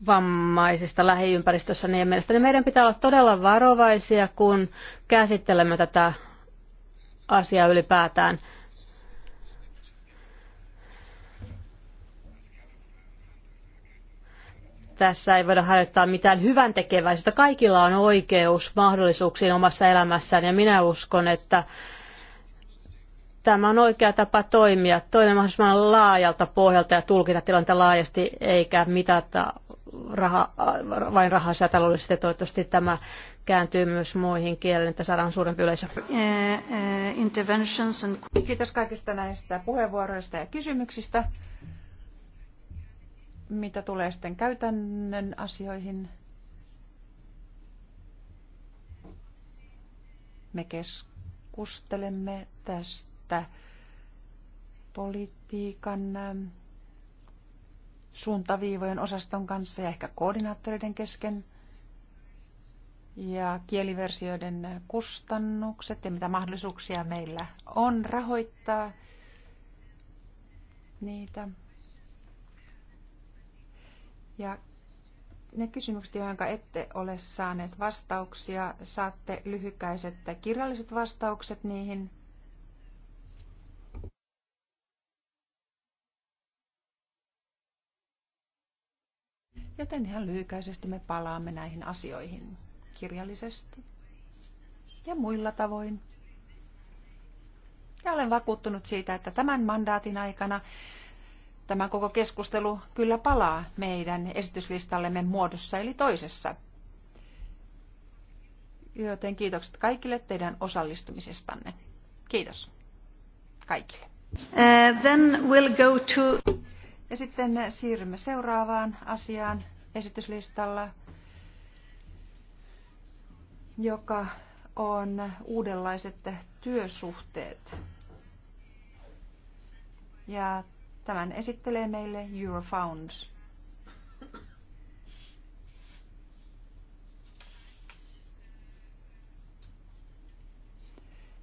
vammaisista lähiympäristössä niin mielestäni niin meidän pitää olla todella varovaisia, kun käsittelemme tätä asiaa ylipäätään. tässä ei voida harjoittaa mitään hyvän tekeväisyyttä. Kaikilla on oikeus mahdollisuuksiin omassa elämässään ja minä uskon, että tämä on oikea tapa toimia. Toimia mahdollisimman laajalta pohjalta ja tulkita tilannetta laajasti eikä mitata raha, vain rahaa ja taloudellisesti. Toivottavasti tämä kääntyy myös muihin kielen, että saadaan suurempi yleisö. Eh, eh, Kiitos kaikista näistä puheenvuoroista ja kysymyksistä. Mitä tulee sitten käytännön asioihin, me keskustelemme tästä politiikan ähm, suuntaviivojen osaston kanssa ja ehkä koordinaattoreiden kesken ja kieliversioiden kustannukset ja mitä mahdollisuuksia meillä on rahoittaa niitä. Ja ne kysymykset, joihin ette ole saaneet vastauksia, saatte lyhykäiset kirjalliset vastaukset niihin. Joten ihan lyhykäisesti me palaamme näihin asioihin kirjallisesti ja muilla tavoin. Ja olen vakuuttunut siitä, että tämän mandaatin aikana Tämä koko keskustelu kyllä palaa meidän esityslistallemme muodossa eli toisessa. Joten kiitokset kaikille teidän osallistumisestanne. Kiitos kaikille. Uh, then we'll go to... Ja sitten siirrymme seuraavaan asiaan esityslistalla, joka on uudenlaiset työsuhteet. Ja Tämän esittelee meille Eurofounds.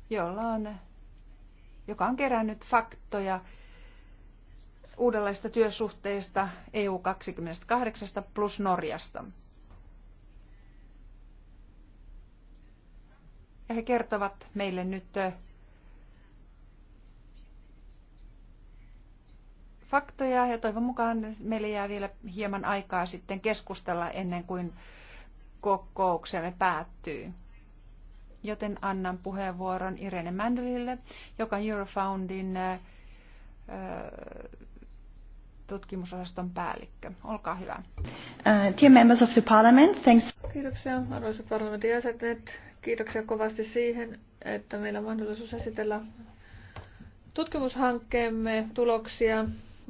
jolla on, joka on kerännyt faktoja uudenlaista työsuhteista EU28 plus Norjasta. Ja he kertovat meille nyt faktoja ja toivon mukaan meille jää vielä hieman aikaa sitten keskustella ennen kuin kokouksemme päättyy. Joten annan puheenvuoron Irene Mandelille, joka on Eurofoundin tutkimusosaston päällikkö. Olkaa hyvä. Uh, dear members of the parliament, thanks. Kiitoksia arvoisa parlamentin jäsenet. Kiitoksia kovasti siihen, että meillä on mahdollisuus esitellä tutkimushankkeemme tuloksia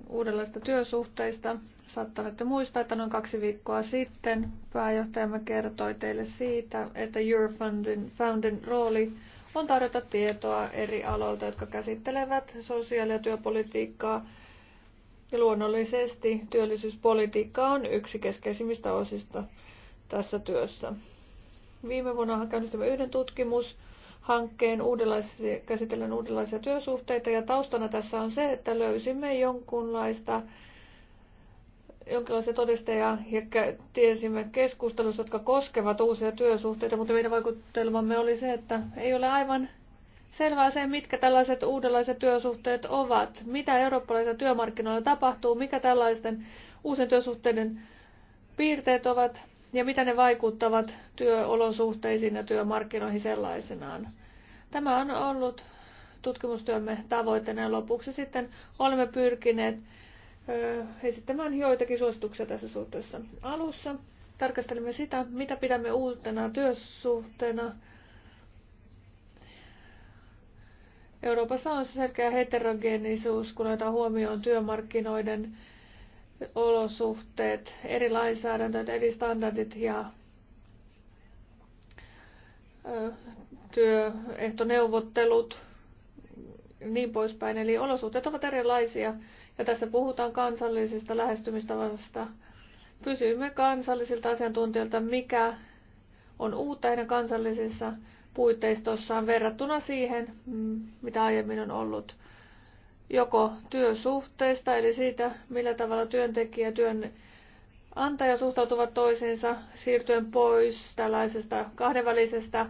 uudenlaista työsuhteista. Saattanette muistaa, että noin kaksi viikkoa sitten pääjohtajamme kertoi teille siitä, että Eurofundin Foundin rooli on tarjota tietoa eri aloilta, jotka käsittelevät sosiaali- ja työpolitiikkaa. Ja luonnollisesti työllisyyspolitiikka on yksi keskeisimmistä osista tässä työssä. Viime vuonna käynnistimme yhden tutkimus, hankkeen uudenlaisia, käsitellen uudenlaisia työsuhteita ja taustana tässä on se, että löysimme jonkunlaista jonkinlaisia todisteja ja tiesimme keskustelussa, jotka koskevat uusia työsuhteita, mutta meidän vaikutelmamme oli se, että ei ole aivan selvää se, mitkä tällaiset uudenlaiset työsuhteet ovat, mitä eurooppalaisilla työmarkkinoilla tapahtuu, mikä tällaisten uusien työsuhteiden piirteet ovat ja mitä ne vaikuttavat työolosuhteisiin ja työmarkkinoihin sellaisenaan. Tämä on ollut tutkimustyömme tavoitteena ja lopuksi sitten olemme pyrkineet esittämään joitakin suosituksia tässä suhteessa. Alussa tarkastelimme sitä, mitä pidämme uutena työsuhteena. Euroopassa on selkeä heterogeenisuus, kun otetaan huomioon työmarkkinoiden olosuhteet, eri lainsäädäntöt, eri standardit ja työehtoneuvottelut ja niin poispäin. Eli olosuhteet ovat erilaisia ja tässä puhutaan kansallisista lähestymistavasta. Kysymme kansallisilta asiantuntijoilta, mikä on uutta heidän kansallisissa puitteistossaan verrattuna siihen, mm, mitä aiemmin on ollut joko työsuhteesta, eli siitä, millä tavalla työntekijä ja työnantaja suhtautuvat toisiinsa, siirtyen pois tällaisesta kahdenvälisestä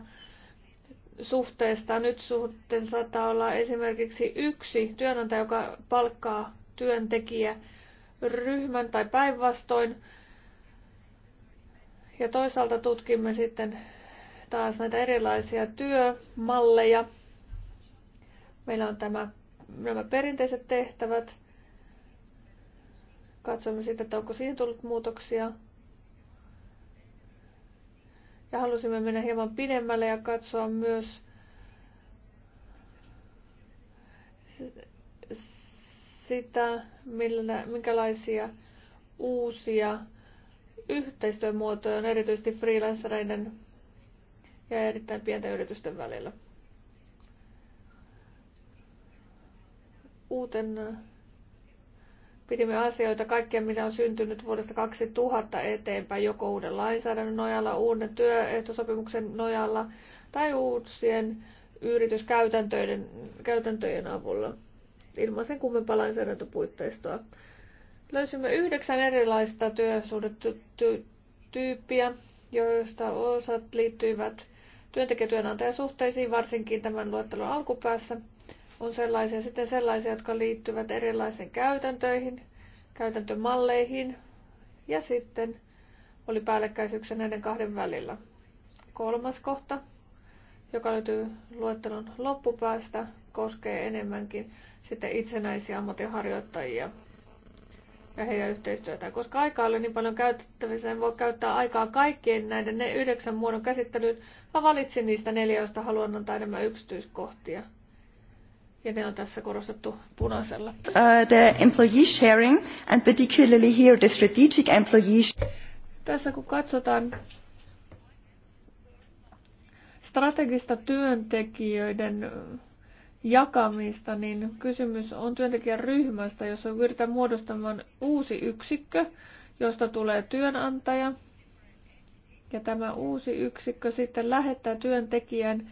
suhteesta. Nyt suhteen saattaa olla esimerkiksi yksi työnantaja, joka palkkaa työntekijä ryhmän tai päinvastoin. Ja toisaalta tutkimme sitten taas näitä erilaisia työmalleja. Meillä on tämä nämä perinteiset tehtävät. Katsomme sitten, että onko siihen tullut muutoksia. Ja halusimme mennä hieman pidemmälle ja katsoa myös sitä, millä, minkälaisia uusia yhteistyömuotoja on erityisesti freelancereiden ja erittäin pienten yritysten välillä. uutena äh, pidimme asioita kaikkea, mitä on syntynyt vuodesta 2000 eteenpäin, joko uuden lainsäädännön nojalla, uuden työehtosopimuksen nojalla tai uusien yrityskäytäntöjen käytäntöjen avulla ilman sen kummempaa lainsäädäntöpuitteistoa. Löysimme yhdeksän erilaista työsuhdetyyppiä, joista osat liittyivät työntekijätyönantajasuhteisiin, varsinkin tämän luettelon alkupäässä – on sellaisia, sitten sellaisia, jotka liittyvät erilaisiin käytäntöihin, käytäntömalleihin ja sitten oli päällekkäisyyksiä näiden kahden välillä. Kolmas kohta, joka löytyy luettelon loppupäästä, koskee enemmänkin sitten itsenäisiä ammatinharjoittajia ja heidän yhteistyötään. Koska aikaa oli niin paljon käytettävissä, en voi käyttää aikaa kaikkien näiden ne yhdeksän muodon käsittelyyn, vaan valitsin niistä neljä, joista haluan antaa enemmän yksityiskohtia – ja ne on tässä korostettu punaisella. Uh, the employee sharing and particularly here the strategic employee Tässä kun katsotaan strategista työntekijöiden jakamista, niin kysymys on työntekijän ryhmästä, jossa yritetään muodostamaan uusi yksikkö, josta tulee työnantaja. Ja tämä uusi yksikkö sitten lähettää työntekijän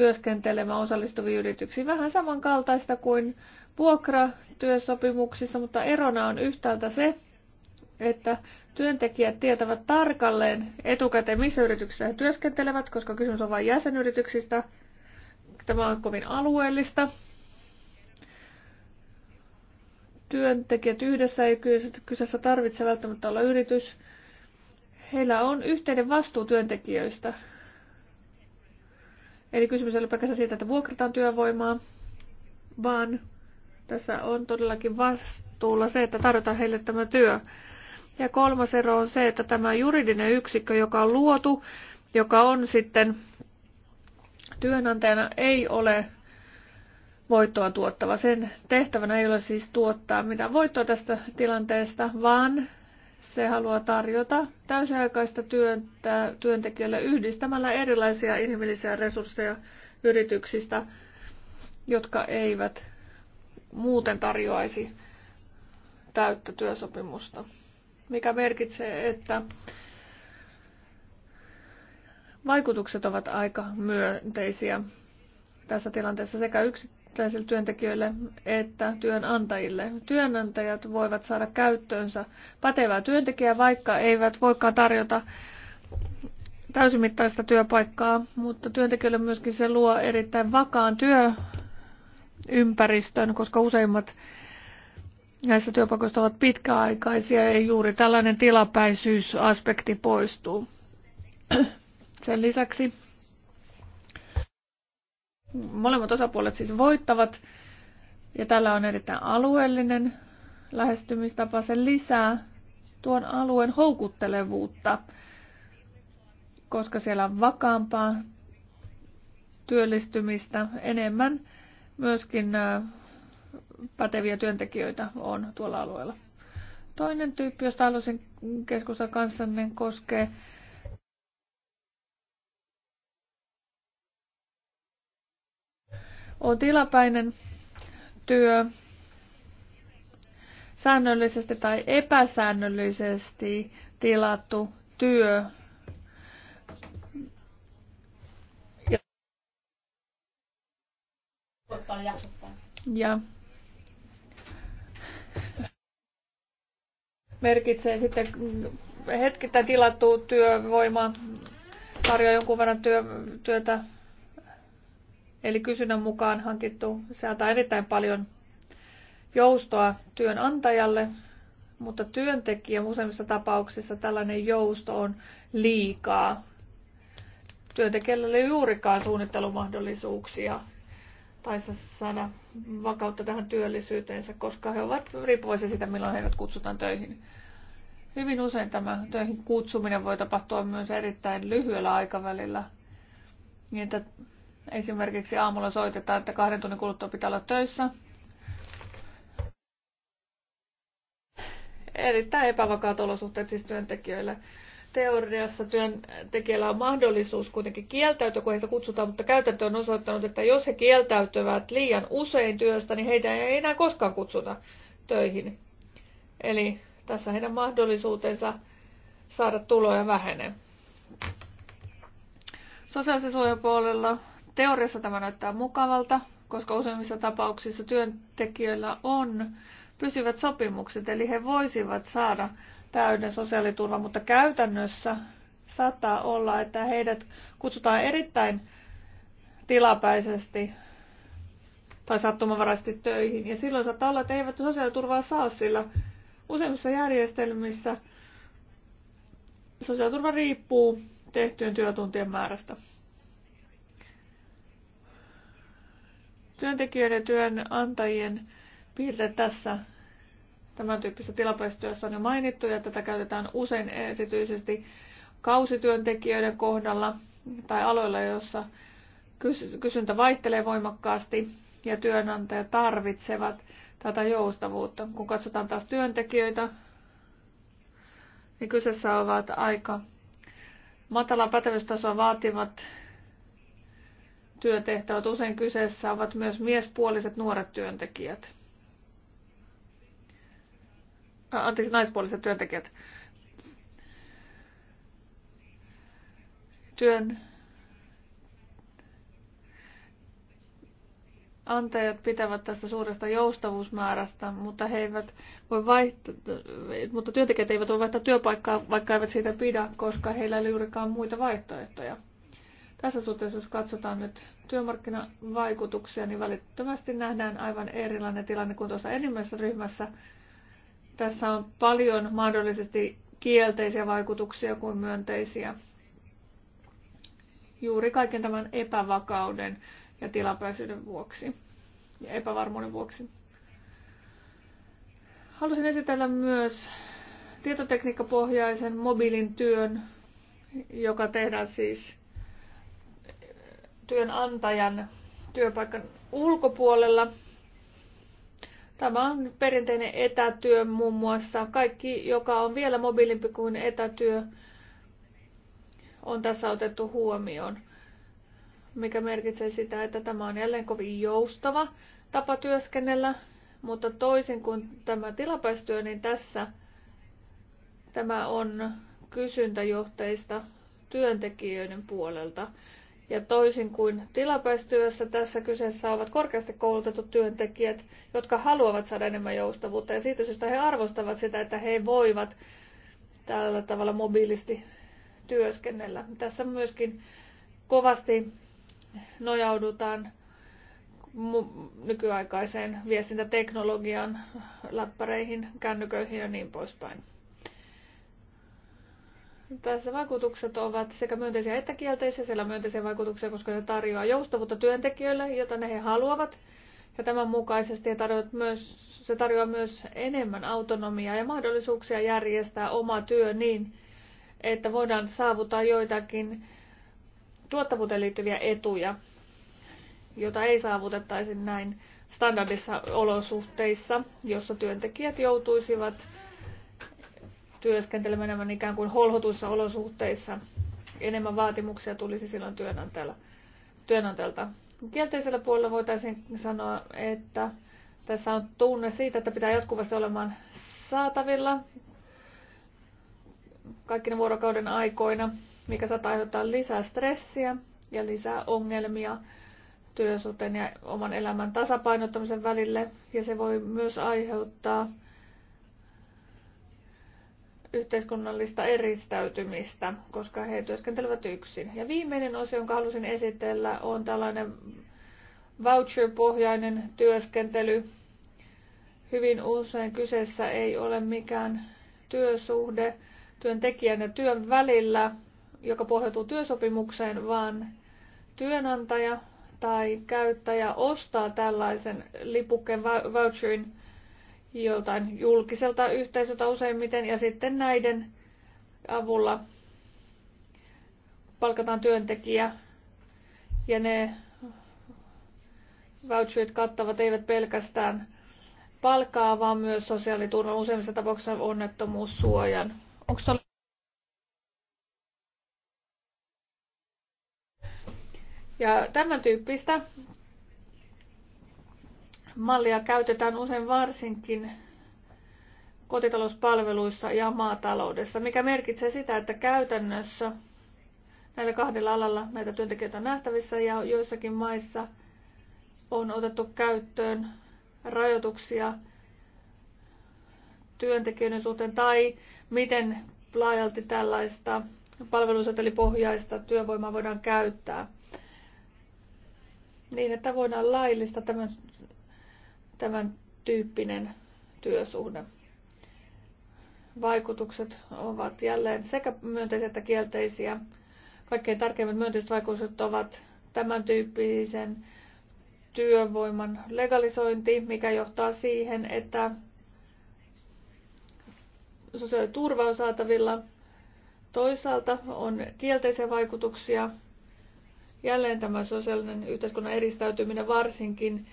työskentelemään osallistuviin yrityksiin. Vähän samankaltaista kuin vuokratyösopimuksissa, mutta erona on yhtäältä se, että työntekijät tietävät tarkalleen etukäteen, missä yrityksessä he työskentelevät, koska kysymys on vain jäsenyrityksistä. Tämä on kovin alueellista. Työntekijät yhdessä ei kyseessä tarvitse välttämättä olla yritys. Heillä on yhteinen vastuu työntekijöistä. Eli kysymys ei ole pelkästään siitä, että vuokrataan työvoimaa, vaan tässä on todellakin vastuulla se, että tarjotaan heille tämä työ. Ja kolmas ero on se, että tämä juridinen yksikkö, joka on luotu, joka on sitten työnantajana, ei ole voittoa tuottava. Sen tehtävänä ei ole siis tuottaa mitään voittoa tästä tilanteesta, vaan se haluaa tarjota täysiaikaista työntä, työntekijöille yhdistämällä erilaisia inhimillisiä resursseja yrityksistä, jotka eivät muuten tarjoaisi täyttä työsopimusta, mikä merkitsee, että vaikutukset ovat aika myönteisiä tässä tilanteessa sekä yksi, yksittäisille työntekijöille että työnantajille. Työnantajat voivat saada käyttöönsä pätevää työntekijää, vaikka eivät voikaan tarjota täysimittaista työpaikkaa, mutta työntekijöille myöskin se luo erittäin vakaan työympäristön, koska useimmat näistä työpaikoista ovat pitkäaikaisia ja juuri tällainen tilapäisyysaspekti poistuu. Sen lisäksi Molemmat osapuolet siis voittavat ja tällä on erittäin alueellinen lähestymistapa. Se lisää tuon alueen houkuttelevuutta, koska siellä on vakaampaa työllistymistä, enemmän myöskin päteviä työntekijöitä on tuolla alueella. Toinen tyyppi, josta haluaisin keskustella kanssanne, koskee on tilapäinen työ säännöllisesti tai epäsäännöllisesti tilattu työ. Ja merkitsee sitten hetkittäin tilattu työvoima, tarjoaa jonkun verran työ, työtä Eli kysynnän mukaan hankittu, se antaa erittäin paljon joustoa työnantajalle, mutta työntekijä useimmissa tapauksissa tällainen jousto on liikaa. Työntekijällä ei juurikaan suunnittelumahdollisuuksia tai saada vakautta tähän työllisyyteensä, koska he ovat riippuvaisia siitä, milloin heidät kutsutaan töihin. Hyvin usein tämä töihin kutsuminen voi tapahtua myös erittäin lyhyellä aikavälillä, niin että Esimerkiksi aamulla soitetaan, että kahden tunnin kuluttua pitää olla töissä. Erittäin epävakaat olosuhteet siis työntekijöille. Teoriassa työntekijällä on mahdollisuus kuitenkin kieltäytyä, kun heitä kutsutaan, mutta käytäntö on osoittanut, että jos he kieltäytyvät liian usein työstä, niin heitä ei enää koskaan kutsuta töihin. Eli tässä heidän mahdollisuutensa saada tuloja vähenee. Sosiaalisen suojan puolella Teoriassa tämä näyttää mukavalta, koska useimmissa tapauksissa työntekijöillä on pysyvät sopimukset, eli he voisivat saada täyden sosiaaliturvan, mutta käytännössä saattaa olla, että heidät kutsutaan erittäin tilapäisesti tai sattumanvaraisesti töihin. Ja silloin saattaa olla, että he eivät sosiaaliturvaa saa, sillä useimmissa järjestelmissä sosiaaliturva riippuu tehtyjen työtuntien määrästä. työntekijöiden ja työnantajien piirte tässä tämän tyyppisessä tilapäistyössä on jo mainittu ja tätä käytetään usein erityisesti kausityöntekijöiden kohdalla tai aloilla, joissa kysyntä vaihtelee voimakkaasti ja työnantajat tarvitsevat tätä joustavuutta. Kun katsotaan taas työntekijöitä, niin kyseessä ovat aika matala pätevyystasoa vaativat työtehtävät. Usein kyseessä ovat myös miespuoliset nuoret työntekijät. Anteeksi, naispuoliset työntekijät. Työn antajat pitävät tästä suuresta joustavuusmäärästä, mutta he eivät voi vaihtaa, mutta työntekijät eivät voi vaihtaa työpaikkaa, vaikka eivät siitä pidä, koska heillä ei ole juurikaan muita vaihtoehtoja. Tässä suhteessa, jos katsotaan nyt työmarkkinavaikutuksia, niin välittömästi nähdään aivan erilainen tilanne kuin tuossa ensimmäisessä ryhmässä. Tässä on paljon mahdollisesti kielteisiä vaikutuksia kuin myönteisiä. Juuri kaiken tämän epävakauden ja tilapäisyyden vuoksi ja epävarmuuden vuoksi. Halusin esitellä myös tietotekniikkapohjaisen mobiilin työn, joka tehdään siis työnantajan työpaikan ulkopuolella. Tämä on perinteinen etätyö muun muassa. Kaikki, joka on vielä mobiilimpi kuin etätyö, on tässä otettu huomioon, mikä merkitsee sitä, että tämä on jälleen kovin joustava tapa työskennellä, mutta toisin kuin tämä tilapäistyö, niin tässä tämä on kysyntäjohteista työntekijöiden puolelta. Ja toisin kuin tilapäistyössä, tässä kyseessä ovat korkeasti koulutetut työntekijät, jotka haluavat saada enemmän joustavuutta. Ja siitä syystä he arvostavat sitä, että he voivat tällä tavalla mobiilisti työskennellä. Tässä myöskin kovasti nojaudutaan nykyaikaiseen viestintäteknologian läppäreihin, kännyköihin ja niin poispäin. Tässä vaikutukset ovat sekä myönteisiä että kielteisiä, siellä myönteisiä vaikutuksia, koska se tarjoaa joustavuutta työntekijöille, jota ne he haluavat. Ja tämän mukaisesti he myös, se tarjoaa myös enemmän autonomiaa ja mahdollisuuksia järjestää oma työ niin, että voidaan saavuttaa joitakin tuottavuuteen liittyviä etuja, jota ei saavutettaisi näin standardissa olosuhteissa, jossa työntekijät joutuisivat työskentelemään ikään kuin holhotuissa olosuhteissa. Enemmän vaatimuksia tulisi silloin työnantajalta. työnantajalta. Kielteisellä puolella voitaisiin sanoa, että tässä on tunne siitä, että pitää jatkuvasti olemaan saatavilla kaikkina vuorokauden aikoina, mikä saattaa aiheuttaa lisää stressiä ja lisää ongelmia työsuhteen ja oman elämän tasapainottamisen välille. Ja se voi myös aiheuttaa yhteiskunnallista eristäytymistä, koska he työskentelevät yksin. Ja viimeinen osio, jonka halusin esitellä, on tällainen voucher-pohjainen työskentely. Hyvin usein kyseessä ei ole mikään työsuhde työntekijän ja työn välillä, joka pohjautuu työsopimukseen, vaan työnantaja tai käyttäjä ostaa tällaisen lipukkeen voucherin joltain julkiselta yhteisöltä useimmiten ja sitten näiden avulla palkataan työntekijä ja ne voucherit kattavat eivät pelkästään palkkaa, vaan myös sosiaaliturvan useimmissa tapauksissa onnettomuussuojan. Onko Ja tämän tyyppistä Mallia käytetään usein varsinkin kotitalouspalveluissa ja maataloudessa, mikä merkitsee sitä, että käytännössä näillä kahdella alalla näitä työntekijöitä on nähtävissä ja joissakin maissa on otettu käyttöön rajoituksia työntekijöiden suhteen tai miten laajalti tällaista palvelusetelipohjaista työvoimaa voidaan käyttää niin, että voidaan laillista tämän tämän tyyppinen työsuhde. Vaikutukset ovat jälleen sekä myönteisiä että kielteisiä. Kaikkein tärkeimmät myönteiset vaikutukset ovat tämän tyyppisen työvoiman legalisointi, mikä johtaa siihen, että sosiaaliturva on saatavilla. Toisaalta on kielteisiä vaikutuksia. Jälleen tämä sosiaalinen yhteiskunnan eristäytyminen varsinkin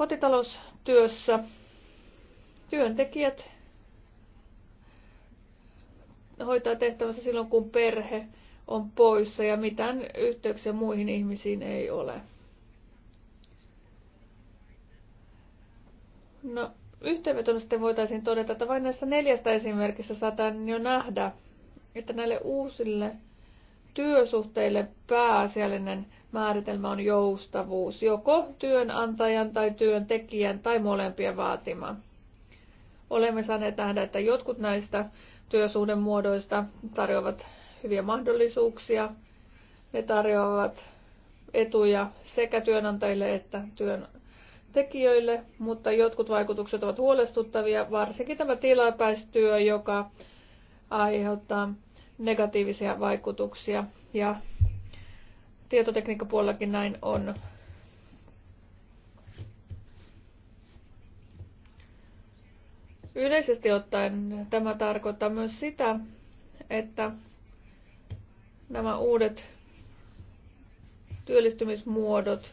Kotitaloustyössä työntekijät hoitaa tehtävänsä silloin, kun perhe on poissa ja mitään yhteyksiä muihin ihmisiin ei ole. No, yhteenvetona sitten voitaisiin todeta, että vain näistä neljästä esimerkistä saadaan jo nähdä, että näille uusille työsuhteille pääasiallinen määritelmä on joustavuus, joko työnantajan tai työntekijän tai molempien vaatima. Olemme saaneet nähdä, että jotkut näistä työsuhdemuodoista tarjoavat hyviä mahdollisuuksia. Ne tarjoavat etuja sekä työnantajille että työntekijöille, mutta jotkut vaikutukset ovat huolestuttavia, varsinkin tämä tilapäistyö, joka aiheuttaa negatiivisia vaikutuksia ja tietotekniikkapuolellakin näin on. Yleisesti ottaen tämä tarkoittaa myös sitä, että nämä uudet työllistymismuodot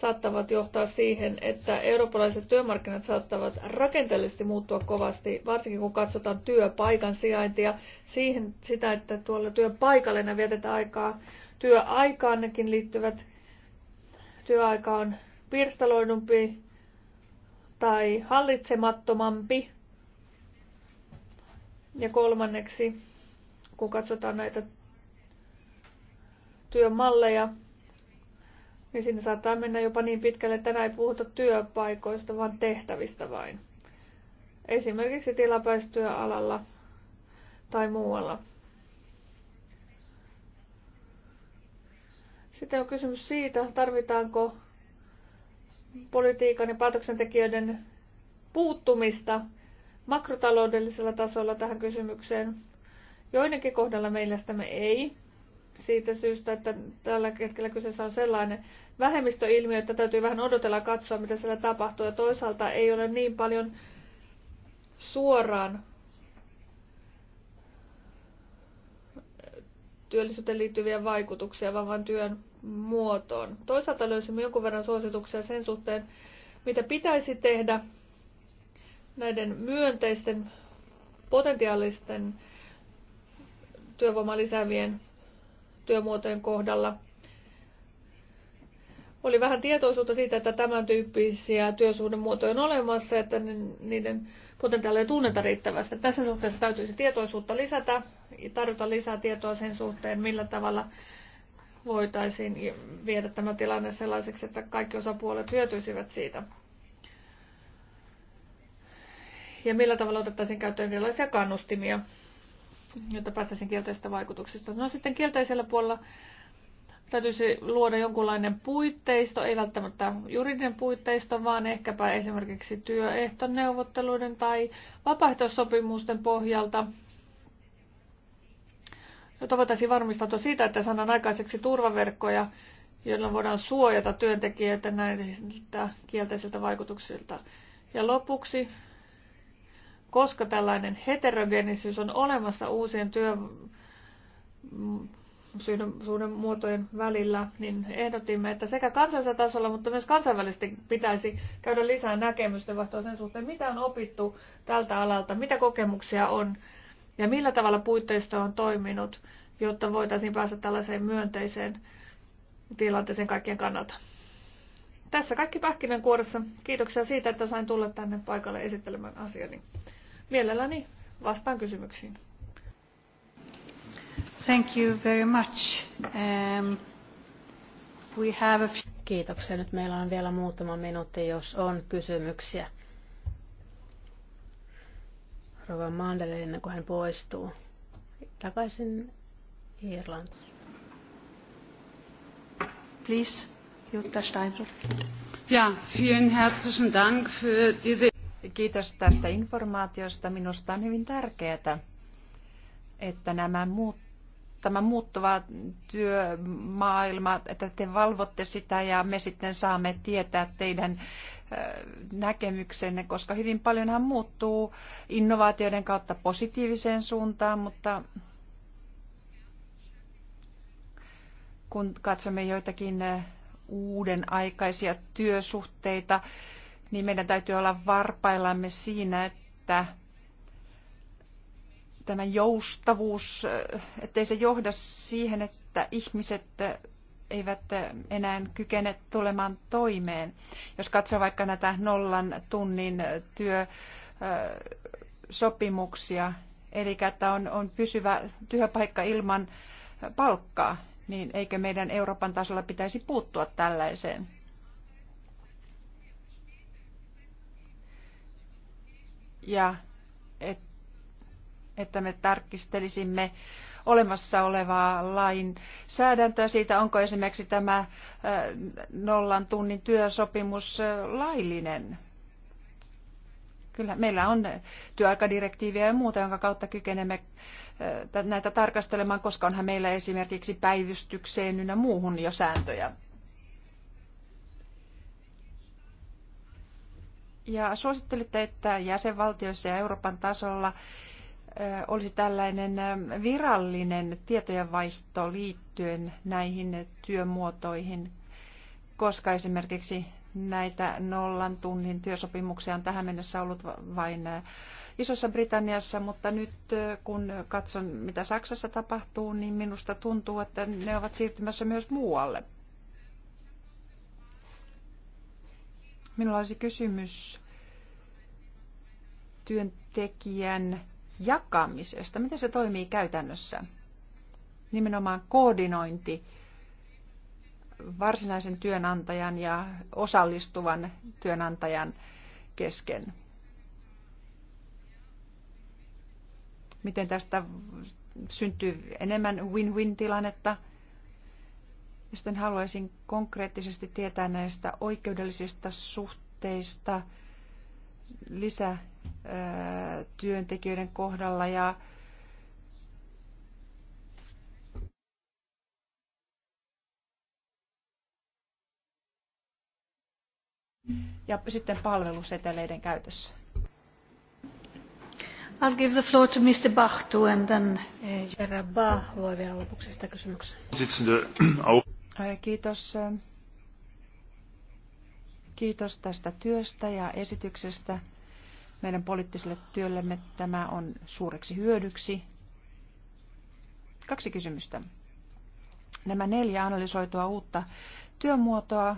saattavat johtaa siihen, että eurooppalaiset työmarkkinat saattavat rakenteellisesti muuttua kovasti, varsinkin kun katsotaan työpaikan sijaintia, siihen sitä, että tuolla työpaikalle vietetään aikaa, työaikaan nekin liittyvät, työaika on pirstaloidumpi tai hallitsemattomampi. Ja kolmanneksi, kun katsotaan näitä työmalleja, niin siinä saattaa mennä jopa niin pitkälle, että tänään ei puhuta työpaikoista, vaan tehtävistä vain. Esimerkiksi tilapäistyöalalla tai muualla. Sitten on kysymys siitä, tarvitaanko politiikan ja päätöksentekijöiden puuttumista makrotaloudellisella tasolla tähän kysymykseen. Joidenkin kohdalla mielestämme ei, siitä syystä, että tällä hetkellä kyseessä on sellainen vähemmistöilmiö, että täytyy vähän odotella katsoa, mitä siellä tapahtuu. Ja toisaalta ei ole niin paljon suoraan työllisyyteen liittyviä vaikutuksia, vaan vain työn muotoon. Toisaalta löysimme jonkun verran suosituksia sen suhteen, mitä pitäisi tehdä näiden myönteisten potentiaalisten työvoimaa lisäävien työmuotojen kohdalla. Oli vähän tietoisuutta siitä, että tämän tyyppisiä työsuhdemuotoja on olemassa, että niiden potentiaalia ei tunneta riittävästi. Tässä suhteessa täytyisi tietoisuutta lisätä ja tarjota lisää tietoa sen suhteen, millä tavalla voitaisiin viedä tämä tilanne sellaiseksi, että kaikki osapuolet hyötyisivät siitä. Ja millä tavalla otettaisiin käyttöön erilaisia kannustimia jotta päästäisiin kielteisistä vaikutuksista. No sitten kielteisellä puolella täytyisi luoda jonkunlainen puitteisto, ei välttämättä juridinen puitteisto, vaan ehkäpä esimerkiksi työehtoneuvotteluiden tai vapaaehtoissopimusten pohjalta, jotta voitaisiin varmistaa siitä, että saadaan aikaiseksi turvaverkkoja, joilla voidaan suojata työntekijöitä näiltä kielteisiltä vaikutuksilta. Ja lopuksi koska tällainen heterogeenisyys on olemassa uusien työsuhden muotojen välillä, niin ehdotimme, että sekä kansallisella tasolla, mutta myös kansainvälisesti pitäisi käydä lisää näkemystä vaihtoa sen suhteen, mitä on opittu tältä alalta, mitä kokemuksia on ja millä tavalla puitteisto on toiminut, jotta voitaisiin päästä tällaiseen myönteiseen tilanteeseen kaikkien kannalta. Tässä kaikki pähkinänkuoressa. Kiitoksia siitä, että sain tulla tänne paikalle esittelemään asiani. Mielelläni vastaan kysymyksiin. Thank you very much. Um, we have a few... Kiitoksia. Nyt meillä on vielä muutama minuutti, jos on kysymyksiä. Rova Mandel, ennen kuin hän poistuu. Takaisin Irlantiin. Please, Jutta Steinbrück. Ja, vielen herzlichen Dank für diese Kiitos tästä informaatiosta. Minusta on hyvin tärkeää, että nämä muut, tämä muuttuva työmaailma, että te valvotte sitä ja me sitten saamme tietää teidän näkemyksenne, koska hyvin paljonhan muuttuu innovaatioiden kautta positiiviseen suuntaan, mutta kun katsomme joitakin uuden aikaisia työsuhteita, niin meidän täytyy olla varpaillamme siinä, että tämä joustavuus, ettei se johda siihen, että ihmiset eivät enää kykene tulemaan toimeen. Jos katsoo vaikka näitä nollan tunnin työsopimuksia, eli että on, on pysyvä työpaikka ilman palkkaa, niin eikö meidän Euroopan tasolla pitäisi puuttua tällaiseen? ja et, että me tarkistelisimme olemassa olevaa lainsäädäntöä siitä, onko esimerkiksi tämä nollan tunnin työsopimus laillinen. Kyllä meillä on työaikadirektiiviä ja muuta, jonka kautta kykenemme näitä tarkastelemaan, koska onhan meillä esimerkiksi päivystykseen ynnä muuhun jo sääntöjä. Ja suosittelitte, että jäsenvaltioissa ja Euroopan tasolla olisi tällainen virallinen tietojenvaihto liittyen näihin työmuotoihin, koska esimerkiksi näitä nollan tunnin työsopimuksia on tähän mennessä ollut vain Isossa Britanniassa, mutta nyt kun katson, mitä Saksassa tapahtuu, niin minusta tuntuu, että ne ovat siirtymässä myös muualle. Minulla olisi kysymys työntekijän jakamisesta. Miten se toimii käytännössä? Nimenomaan koordinointi varsinaisen työnantajan ja osallistuvan työnantajan kesken. Miten tästä syntyy enemmän win-win tilannetta – ja sitten haluaisin konkreettisesti tietää näistä oikeudellisista suhteista lisätyöntekijöiden kohdalla ja ja sitten palveluseteleiden käytössä. I'll give the floor to Mr. Bachtu and then... Eh, Herra voi vielä lopuksi sitä kysymyksen. Äh, kiitos. Kiitos tästä työstä ja esityksestä. Meidän poliittiselle työllemme tämä on suureksi hyödyksi. Kaksi kysymystä. Nämä neljä analysoitua uutta työmuotoa.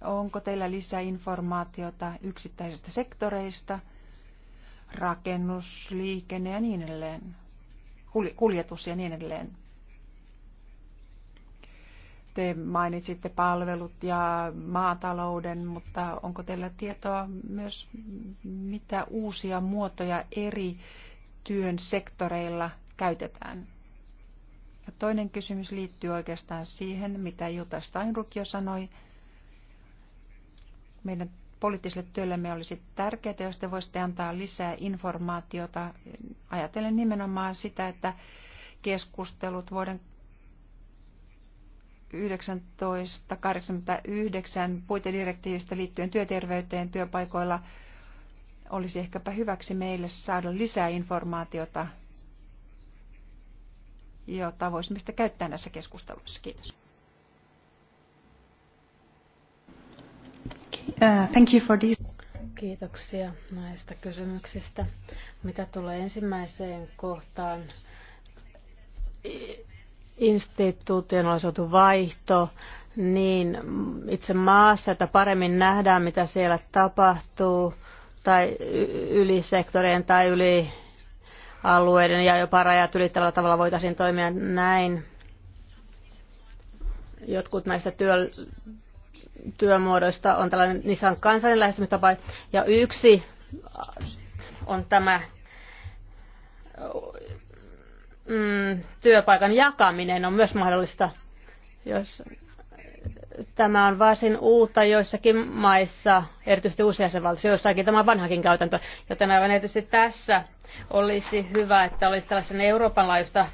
Onko teillä lisää informaatiota yksittäisistä sektoreista, rakennus, liikenne ja niin edelleen, kuljetus ja niin edelleen? Te mainitsitte palvelut ja maatalouden, mutta onko teillä tietoa myös, mitä uusia muotoja eri työn sektoreilla käytetään? Ja toinen kysymys liittyy oikeastaan siihen, mitä Jutta Steinruck jo sanoi. Meidän poliittiselle työllemme olisi tärkeää, jos te voisitte antaa lisää informaatiota. Ajatellen nimenomaan sitä, että keskustelut vuoden 1989 puitedirektiivistä liittyen työterveyteen työpaikoilla olisi ehkäpä hyväksi meille saada lisää informaatiota, jota voisimme sitä käyttää näissä keskusteluissa. Kiitos. Uh, thank you for this. Kiitoksia näistä kysymyksistä. Mitä tulee ensimmäiseen kohtaan, instituutionalisoitu vaihto niin itse maassa, että paremmin nähdään, mitä siellä tapahtuu, tai yli sektorien tai yli alueiden ja jopa rajat ylittävällä tavalla voitaisiin toimia näin. Jotkut näistä työ, työmuodoista on tällainen, niissä on kansallinen lähestymistapa, ja yksi on tämä mm, työpaikan jakaminen on myös mahdollista, jos tämä on varsin uutta joissakin maissa, erityisesti useassa valtioissa, joissakin tämä on vanhakin käytäntö, joten aivan erityisesti tässä olisi hyvä, että olisi tällaisen Euroopan laajuista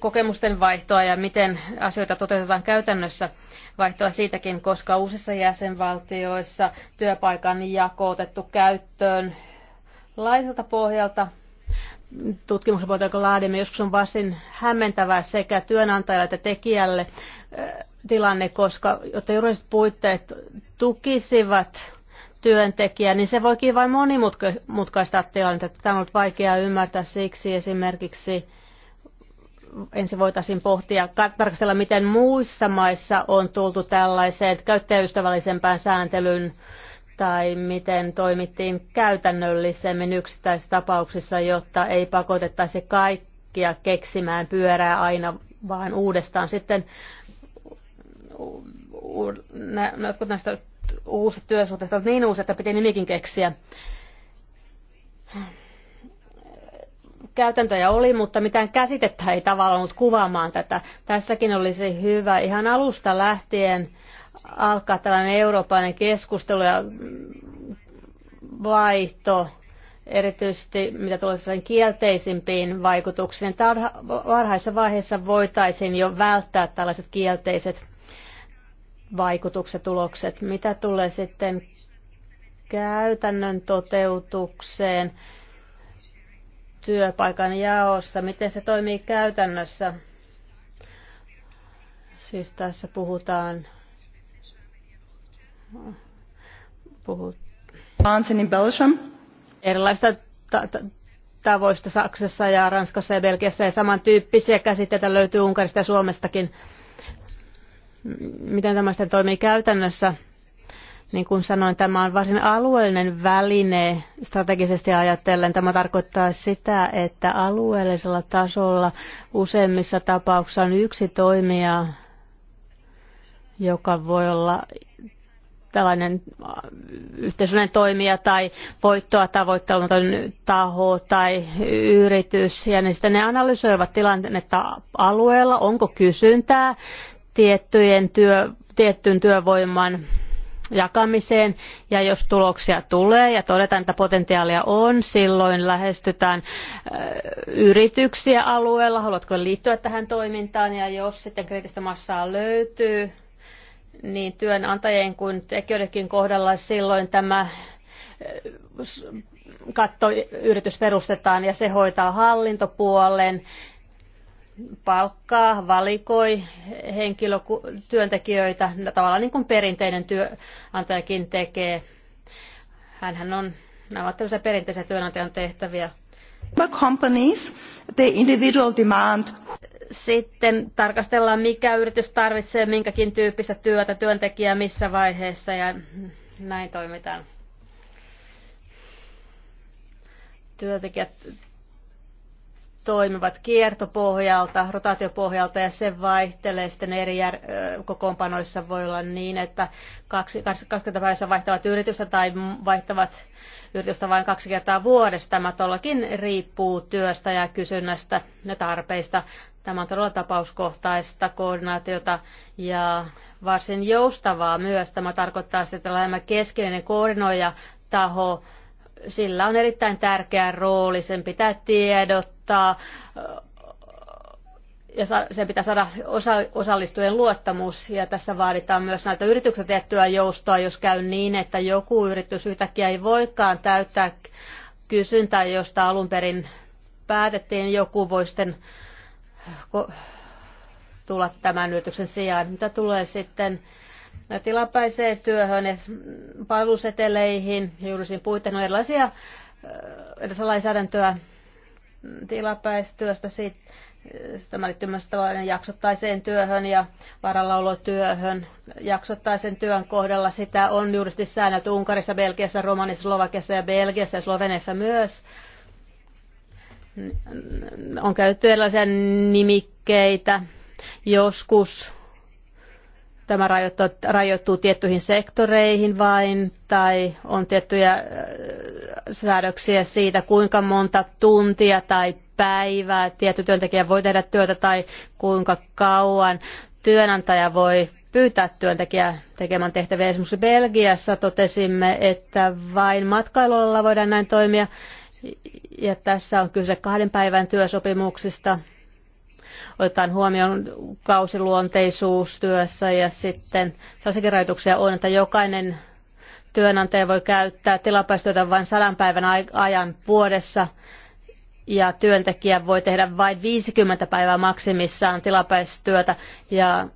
kokemusten vaihtoa ja miten asioita toteutetaan käytännössä vaihtoa siitäkin, koska uusissa jäsenvaltioissa työpaikan jako otettu käyttöön laiselta pohjalta tutkimuksen puolta, jonka laadimme, joskus on varsin hämmentävää sekä työnantajalle että tekijälle tilanne, koska jotta juridiset puitteet tukisivat työntekijää, niin se voikin vain monimutkaistaa tilannetta. Tämä on ollut vaikeaa ymmärtää siksi esimerkiksi ensin voitaisiin pohtia, tarkastella, miten muissa maissa on tultu tällaiseen käyttäjäystävällisempään sääntelyyn tai miten toimittiin käytännöllisemmin tapauksissa, jotta ei pakotettaisi kaikkia keksimään pyörää aina vaan uudestaan. Sitten jotkut näistä uusista työsuhteista ovat niin uusia, että piti nimikin keksiä. Käytäntöjä oli, mutta mitään käsitettä ei tavallaan ollut kuvaamaan tätä. Tässäkin olisi hyvä ihan alusta lähtien alkaa tällainen eurooppalainen keskustelu ja vaihto, erityisesti mitä tulee sen kielteisimpiin vaikutuksiin. Varhaisessa vaiheessa voitaisiin jo välttää tällaiset kielteiset vaikutukset, tulokset. Mitä tulee sitten käytännön toteutukseen työpaikan jaossa, miten se toimii käytännössä? Siis tässä puhutaan puhut in Erilaista tavoista Saksassa ja Ranskassa ja Belgiassa ja samantyyppisiä käsitteitä löytyy Unkarista ja Suomestakin. Miten tämä sitten toimii käytännössä? Niin kuin sanoin, tämä on varsin alueellinen väline strategisesti ajatellen. Tämä tarkoittaa sitä, että alueellisella tasolla useimmissa tapauksissa on yksi toimija, joka voi olla tällainen äh, yhteisöllinen toimija tai voittoa tavoittelematon taho tai yritys, ja ne, sitten ne analysoivat tilannetta alueella, onko kysyntää tiettyjen työ, tiettyyn työvoiman jakamiseen ja jos tuloksia tulee ja todetaan, että potentiaalia on, silloin lähestytään äh, yrityksiä alueella, haluatko liittyä tähän toimintaan ja jos sitten kriittistä massaa löytyy, niin työnantajien kuin tekijöidenkin kohdalla silloin tämä kattoyritys perustetaan ja se hoitaa hallintopuolen, palkkaa, valikoi henkilötyöntekijöitä, työntekijöitä, no, tavallaan niin kuin perinteinen työnantajakin tekee. Hänhän on, nämä ovat perinteisiä työnantajan tehtäviä sitten tarkastellaan, mikä yritys tarvitsee minkäkin tyyppistä työtä, työntekijää missä vaiheessa ja näin toimitaan. Työntekijät toimivat kiertopohjalta, rotaatiopohjalta ja se vaihtelee sitten eri jär- kokoonpanoissa. Voi olla niin, että kaksi, kaksi kertaa päivässä vaihtavat yritystä tai vaihtavat yritystä vain kaksi kertaa vuodessa. Tämä tollakin riippuu työstä ja kysynnästä ja tarpeista. Tämä on todella tapauskohtaista koordinaatiota ja varsin joustavaa myös. Tämä tarkoittaa sitä, että lähemmä keskeinen koordinoija taho sillä on erittäin tärkeä rooli, sen pitää tiedottaa ja sen pitää saada osa, osallistujien luottamus ja tässä vaaditaan myös näitä yrityksiä tiettyä joustoa, jos käy niin, että joku yritys yhtäkkiä ei voikaan täyttää kysyntää, josta alun perin päätettiin, niin joku voi sitten tulla tämän yrityksen sijaan. Mitä tulee sitten tilapäiseen työhön ja palveluseteleihin, juurisiin puitteen no on erilaisia edes lainsäädäntöä tilapäistyöstä. Siitä, tämä liittyy myös jaksottaiseen työhön ja varallaolotyöhön. Jaksottaisen työn kohdalla sitä on juuri säännöt Unkarissa, Belgiassa, Romanissa, Slovakiassa ja Belgiassa ja Sloveniassa myös. On käytetty erilaisia nimikkeitä. Joskus tämä rajoittuu, rajoittuu tiettyihin sektoreihin vain, tai on tiettyjä äh, säädöksiä siitä, kuinka monta tuntia tai päivää tietty työntekijä voi tehdä työtä, tai kuinka kauan työnantaja voi pyytää työntekijää tekemään tehtäviä. Esimerkiksi Belgiassa totesimme, että vain matkailualalla voidaan näin toimia, ja tässä on kyse kahden päivän työsopimuksista – otetaan huomioon kausiluonteisuus työssä ja sitten sellaisiakin rajoituksia on, että jokainen työnantaja voi käyttää tilapäistyötä vain sadan päivän ajan vuodessa ja työntekijä voi tehdä vain 50 päivää maksimissaan tilapäistyötä ja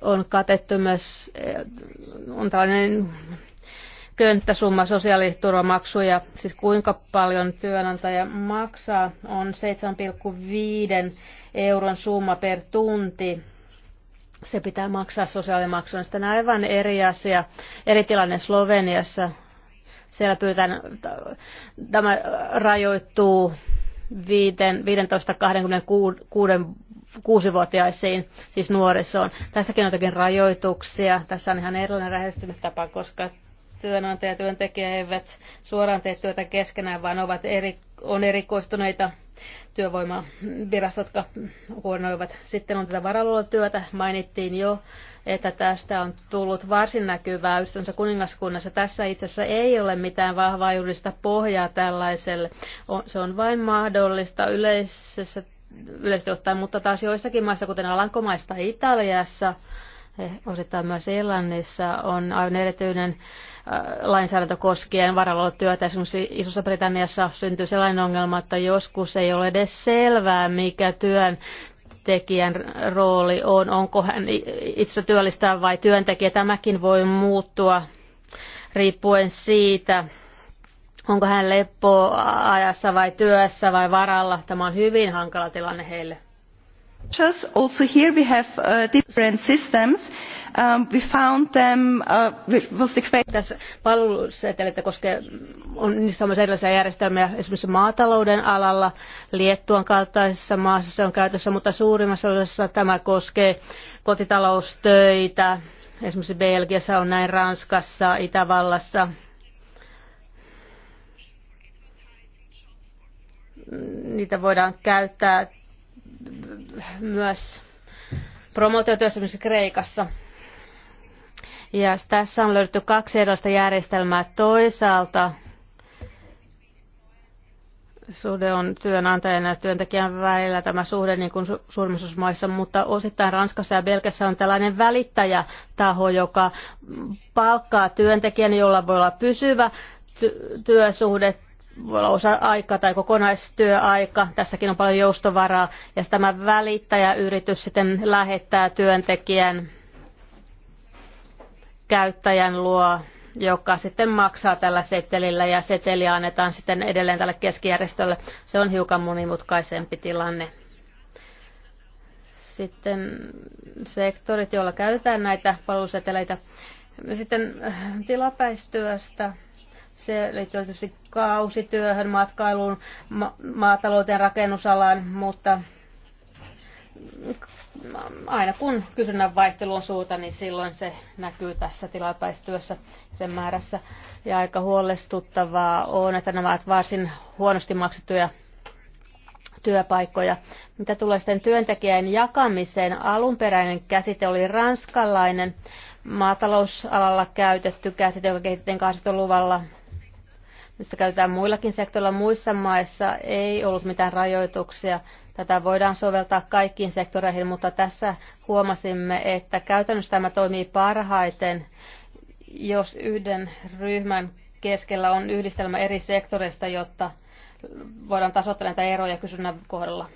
on katettu myös eh, on tällainen könttäsumma sosiaaliturvamaksuja, siis kuinka paljon työnantaja maksaa, on 7,5 euron summa per tunti. Se pitää maksaa sosiaalimaksuun. Sitten aivan eri asia, eri tilanne Sloveniassa. Siellä pyytään, tämä rajoittuu 15-26-vuotiaisiin, siis nuorisoon. Tässäkin on jotakin rajoituksia. Tässä on ihan erilainen lähestymistapa, koska työnantaja ja työntekijä eivät suoraan tee työtä keskenään, vaan ovat eri, on erikoistuneita työvoimavirastot, jotka huonoivat. Sitten on tätä varaluotyötä. mainittiin jo, että tästä on tullut varsin näkyvää ystävänsä kuningaskunnassa. Tässä itse asiassa ei ole mitään vahvaa juridista pohjaa tällaiselle. se on vain mahdollista yleisessä, yleisesti ottaen, mutta taas joissakin maissa, kuten Alankomaista Italiassa, eh, osittain myös Irlannissa, on aivan erityinen lainsäädäntö koskien varallaolotyötä. Esimerkiksi Isossa Britanniassa syntyy sellainen ongelma, että joskus ei ole edes selvää, mikä työn tekijän rooli on, onko hän itse työllistää vai työntekijä. Tämäkin voi muuttua riippuen siitä, onko hän leppoajassa vai työssä vai varalla. Tämä on hyvin hankala tilanne heille. Also here we have uh, different systems Um, we found them uh, Tässä palveluseteleitä koskee, on niissä on myös erilaisia järjestelmiä esimerkiksi maatalouden alalla, Liettuan kaltaisessa maassa se on käytössä, mutta suurimmassa osassa tämä koskee kotitaloustöitä, esimerkiksi Belgiassa on näin, Ranskassa, Itävallassa, niitä voidaan käyttää myös promootiotyössä esimerkiksi Kreikassa. Ja tässä on löydetty kaksi erilaista järjestelmää. Toisaalta suhde on työnantajan ja työntekijän välillä tämä suhde niin kuin su- maissa, mutta osittain Ranskassa ja Belgiassa on tällainen välittäjätaho, joka palkkaa työntekijän, jolla voi olla pysyvä ty- työsuhde, voi olla osa-aika tai kokonaistyöaika. Tässäkin on paljon joustovaraa ja tämä välittäjäyritys sitten lähettää työntekijän käyttäjän luo, joka sitten maksaa tällä setelillä ja seteli annetaan sitten edelleen tälle keskijärjestölle. Se on hiukan monimutkaisempi tilanne. Sitten sektorit, joilla käytetään näitä palveluseteleitä. Sitten äh, tilapäistyöstä. Se liittyy tietysti kausityöhön, matkailuun, ma- maatalouteen, rakennusalaan, mutta aina kun kysynnän vaihtelu on suurta, niin silloin se näkyy tässä tilapäistyössä sen määrässä. Ja aika huolestuttavaa on, että nämä ovat varsin huonosti maksettuja työpaikkoja. Mitä tulee sitten työntekijän jakamiseen, alunperäinen käsite oli ranskalainen maatalousalalla käytetty käsite, joka kehitettiin 80-luvulla mistä käytetään muillakin sektoilla. Muissa maissa ei ollut mitään rajoituksia. Tätä voidaan soveltaa kaikkiin sektoreihin, mutta tässä huomasimme, että käytännössä tämä toimii parhaiten, jos yhden ryhmän keskellä on yhdistelmä eri sektoreista, jotta voidaan tasoittaa näitä eroja kysynnän kohdalla.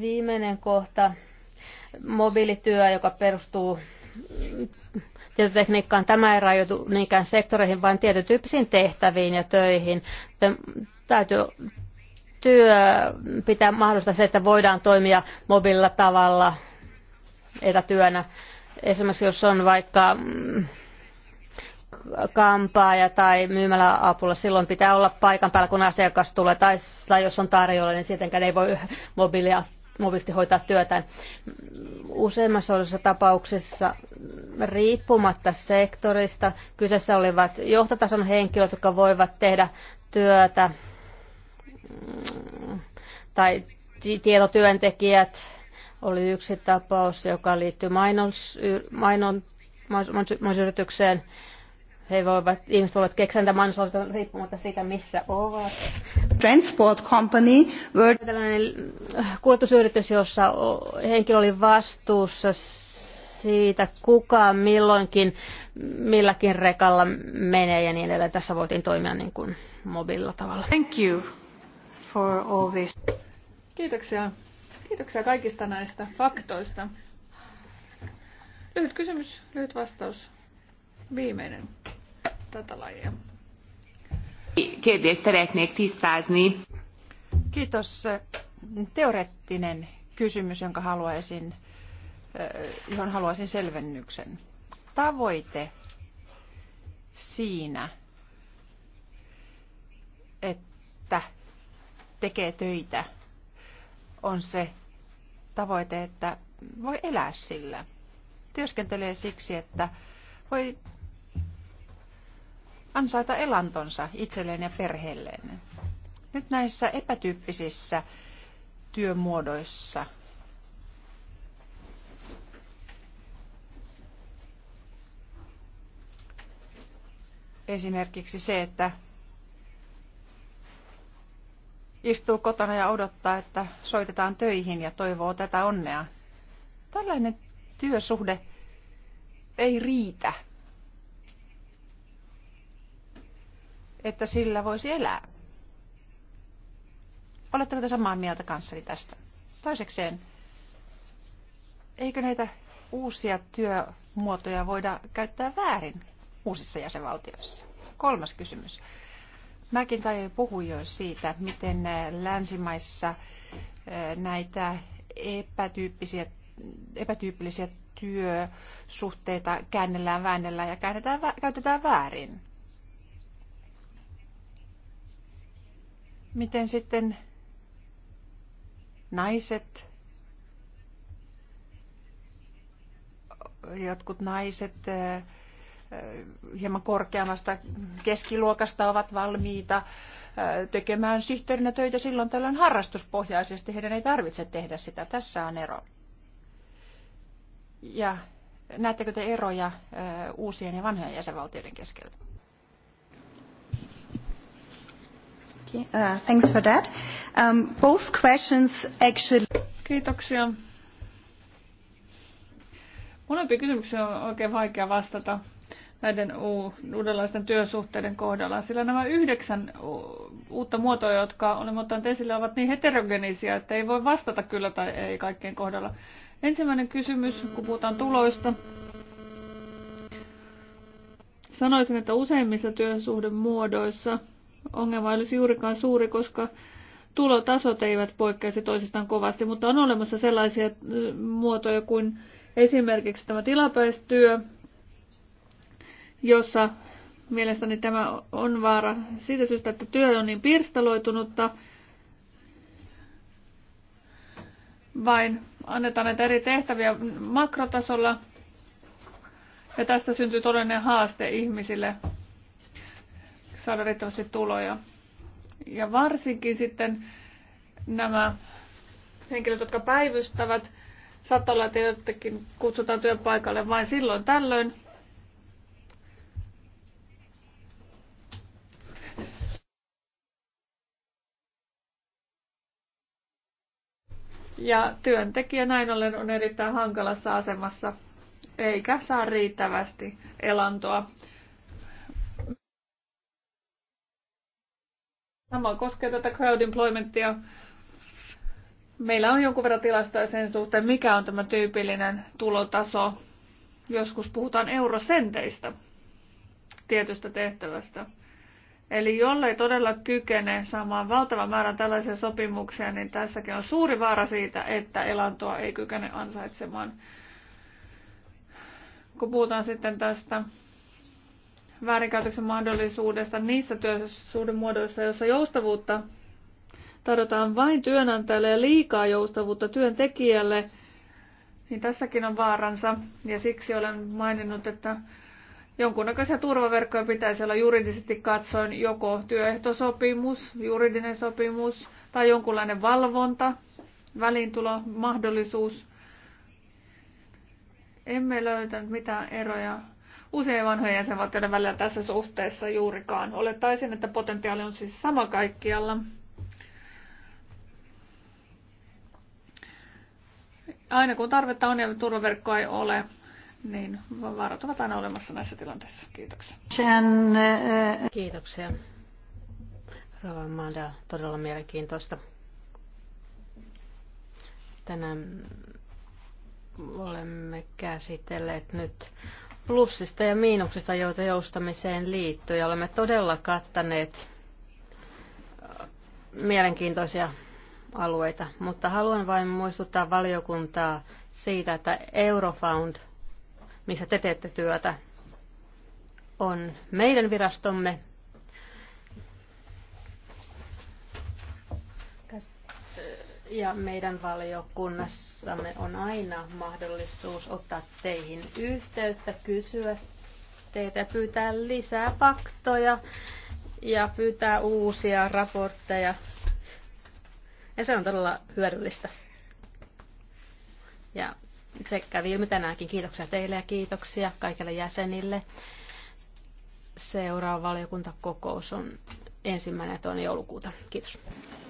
Viimeinen kohta, mobiilityö, joka perustuu tietotekniikkaan. Tämä ei rajoitu niinkään sektoreihin, vaan tietotyyppisiin tehtäviin ja töihin. Täytyy työ pitää mahdollista se, että voidaan toimia mobiililla tavalla etätyönä. Esimerkiksi jos on vaikka mm, kampaaja tai myymäläapulla, silloin pitää olla paikan päällä, kun asiakas tulee, tai, tai jos on tarjolla, niin sittenkään ei voi mobiilia mobiilisti hoitaa työtään. Useimmassa osassa tapauksessa riippumatta sektorista kyseessä olivat johtotason henkilöt, jotka voivat tehdä työtä tai tietotyöntekijät. Oli yksi tapaus, joka liittyy mainos, mainon, mainosyritykseen. Mainos, mainos, mainos, mainos, mainos, mainos, mainos, he voivat, ihmiset voivat keksiä niitä mainoslauseita riippumatta siitä, missä ovat. Transport Company. Word. Tällainen kuljetusyritys, jossa henkilö oli vastuussa siitä, kuka milloinkin milläkin rekalla menee ja niin edelleen. Tässä voitiin toimia niin kuin mobiililla tavalla. Thank you for all this. Kiitoksia. Kiitoksia kaikista näistä faktoista. Lyhyt kysymys, lyhyt vastaus. Viimeinen. Kérdést szeretnék tisztázni. Kiitos. Teoreettinen kysymys, jonka haluaisin, eh, johon haluaisin selvennyksen. Tavoite siinä, että tekee töitä, on se tavoite, että voi elää sillä. Työskentelee siksi, että voi ansaita elantonsa itselleen ja perheelleen. Nyt näissä epätyyppisissä työmuodoissa esimerkiksi se, että istuu kotona ja odottaa, että soitetaan töihin ja toivoo tätä onnea. Tällainen työsuhde ei riitä että sillä voisi elää. Oletteko te samaa mieltä kanssani tästä? Toisekseen, eikö näitä uusia työmuotoja voida käyttää väärin uusissa jäsenvaltioissa? Kolmas kysymys. Mäkin tai puhui jo siitä, miten länsimaissa näitä epätyyppisiä, epätyypillisiä työsuhteita käännellään, väännellään ja käännetään, käytetään väärin. Miten sitten naiset, jotkut naiset äh, äh, hieman korkeammasta keskiluokasta ovat valmiita äh, tekemään sihteerinä töitä silloin tällöin harrastuspohjaisesti. Heidän ei tarvitse tehdä sitä. Tässä on ero. Ja näettekö te eroja uusien ja vanhojen jäsenvaltioiden keskellä? Uh, thanks for that. Um, both questions actually... Kiitoksia. on oikein vaikea vastata näiden uudenlaisten työsuhteiden kohdalla, sillä nämä yhdeksän uutta muotoa, jotka olemme ottaneet esille, ovat niin heterogenisia, että ei voi vastata kyllä tai ei kaikkien kohdalla. Ensimmäinen kysymys, kun puhutaan tuloista. Sanoisin, että useimmissa työsuhdemuodoissa muodoissa ongelma ei olisi juurikaan suuri, koska tulotasot eivät poikkeaisi toisistaan kovasti, mutta on olemassa sellaisia äh, muotoja kuin esimerkiksi tämä tilapäistyö, jossa mielestäni tämä on vaara siitä syystä, että työ on niin pirstaloitunutta, vain annetaan näitä eri tehtäviä makrotasolla, ja tästä syntyy todellinen haaste ihmisille saada riittävästi tuloja. Ja varsinkin sitten nämä henkilöt, jotka päivystävät, saattaa olla, että jotenkin kutsutaan työpaikalle vain silloin tällöin. Ja työntekijä näin ollen on erittäin hankalassa asemassa, eikä saa riittävästi elantoa Sama koskee tätä crowd employmentia. Meillä on jonkun verran tilastoja sen suhteen, mikä on tämä tyypillinen tulotaso. Joskus puhutaan eurosenteistä tietystä tehtävästä. Eli jollei todella kykene saamaan valtavan määrän tällaisia sopimuksia, niin tässäkin on suuri vaara siitä, että elantoa ei kykene ansaitsemaan. Kun puhutaan sitten tästä väärinkäytöksen mahdollisuudesta niissä työsuhdemuodoissa, joissa joustavuutta tarjotaan vain työnantajalle ja liikaa joustavuutta työntekijälle, niin tässäkin on vaaransa. Ja siksi olen maininnut, että jonkunnäköisiä turvaverkkoja pitäisi olla juridisesti katsoen joko työehtosopimus, juridinen sopimus tai jonkunlainen valvonta, välintulo, mahdollisuus. Emme löytänyt mitään eroja usein vanhojen jäsenvaltioiden välillä tässä suhteessa juurikaan. Olettaisin, että potentiaali on siis sama kaikkialla. Aina kun tarvetta on ja turvaverkkoa ei ole, niin varat ovat aina olemassa näissä tilanteissa. Kiitoksia. Eh, Kiitoksia. Rova Mada, todella mielenkiintoista. Tänään olemme käsitelleet nyt plussista ja miinuksista, joita joustamiseen liittyy. Ja olemme todella kattaneet äh, mielenkiintoisia alueita, mutta haluan vain muistuttaa valiokuntaa siitä, että Eurofound, missä te teette työtä, on meidän virastomme Ja meidän valiokunnassamme on aina mahdollisuus ottaa teihin yhteyttä, kysyä teitä, pyytää lisää faktoja ja pyytää uusia raportteja. Ja se on todella hyödyllistä. Ja se kävi ilmi tänäänkin. Kiitoksia teille ja kiitoksia kaikille jäsenille. Seuraava valiokuntakokous on ensimmäinen toinen joulukuuta. Kiitos.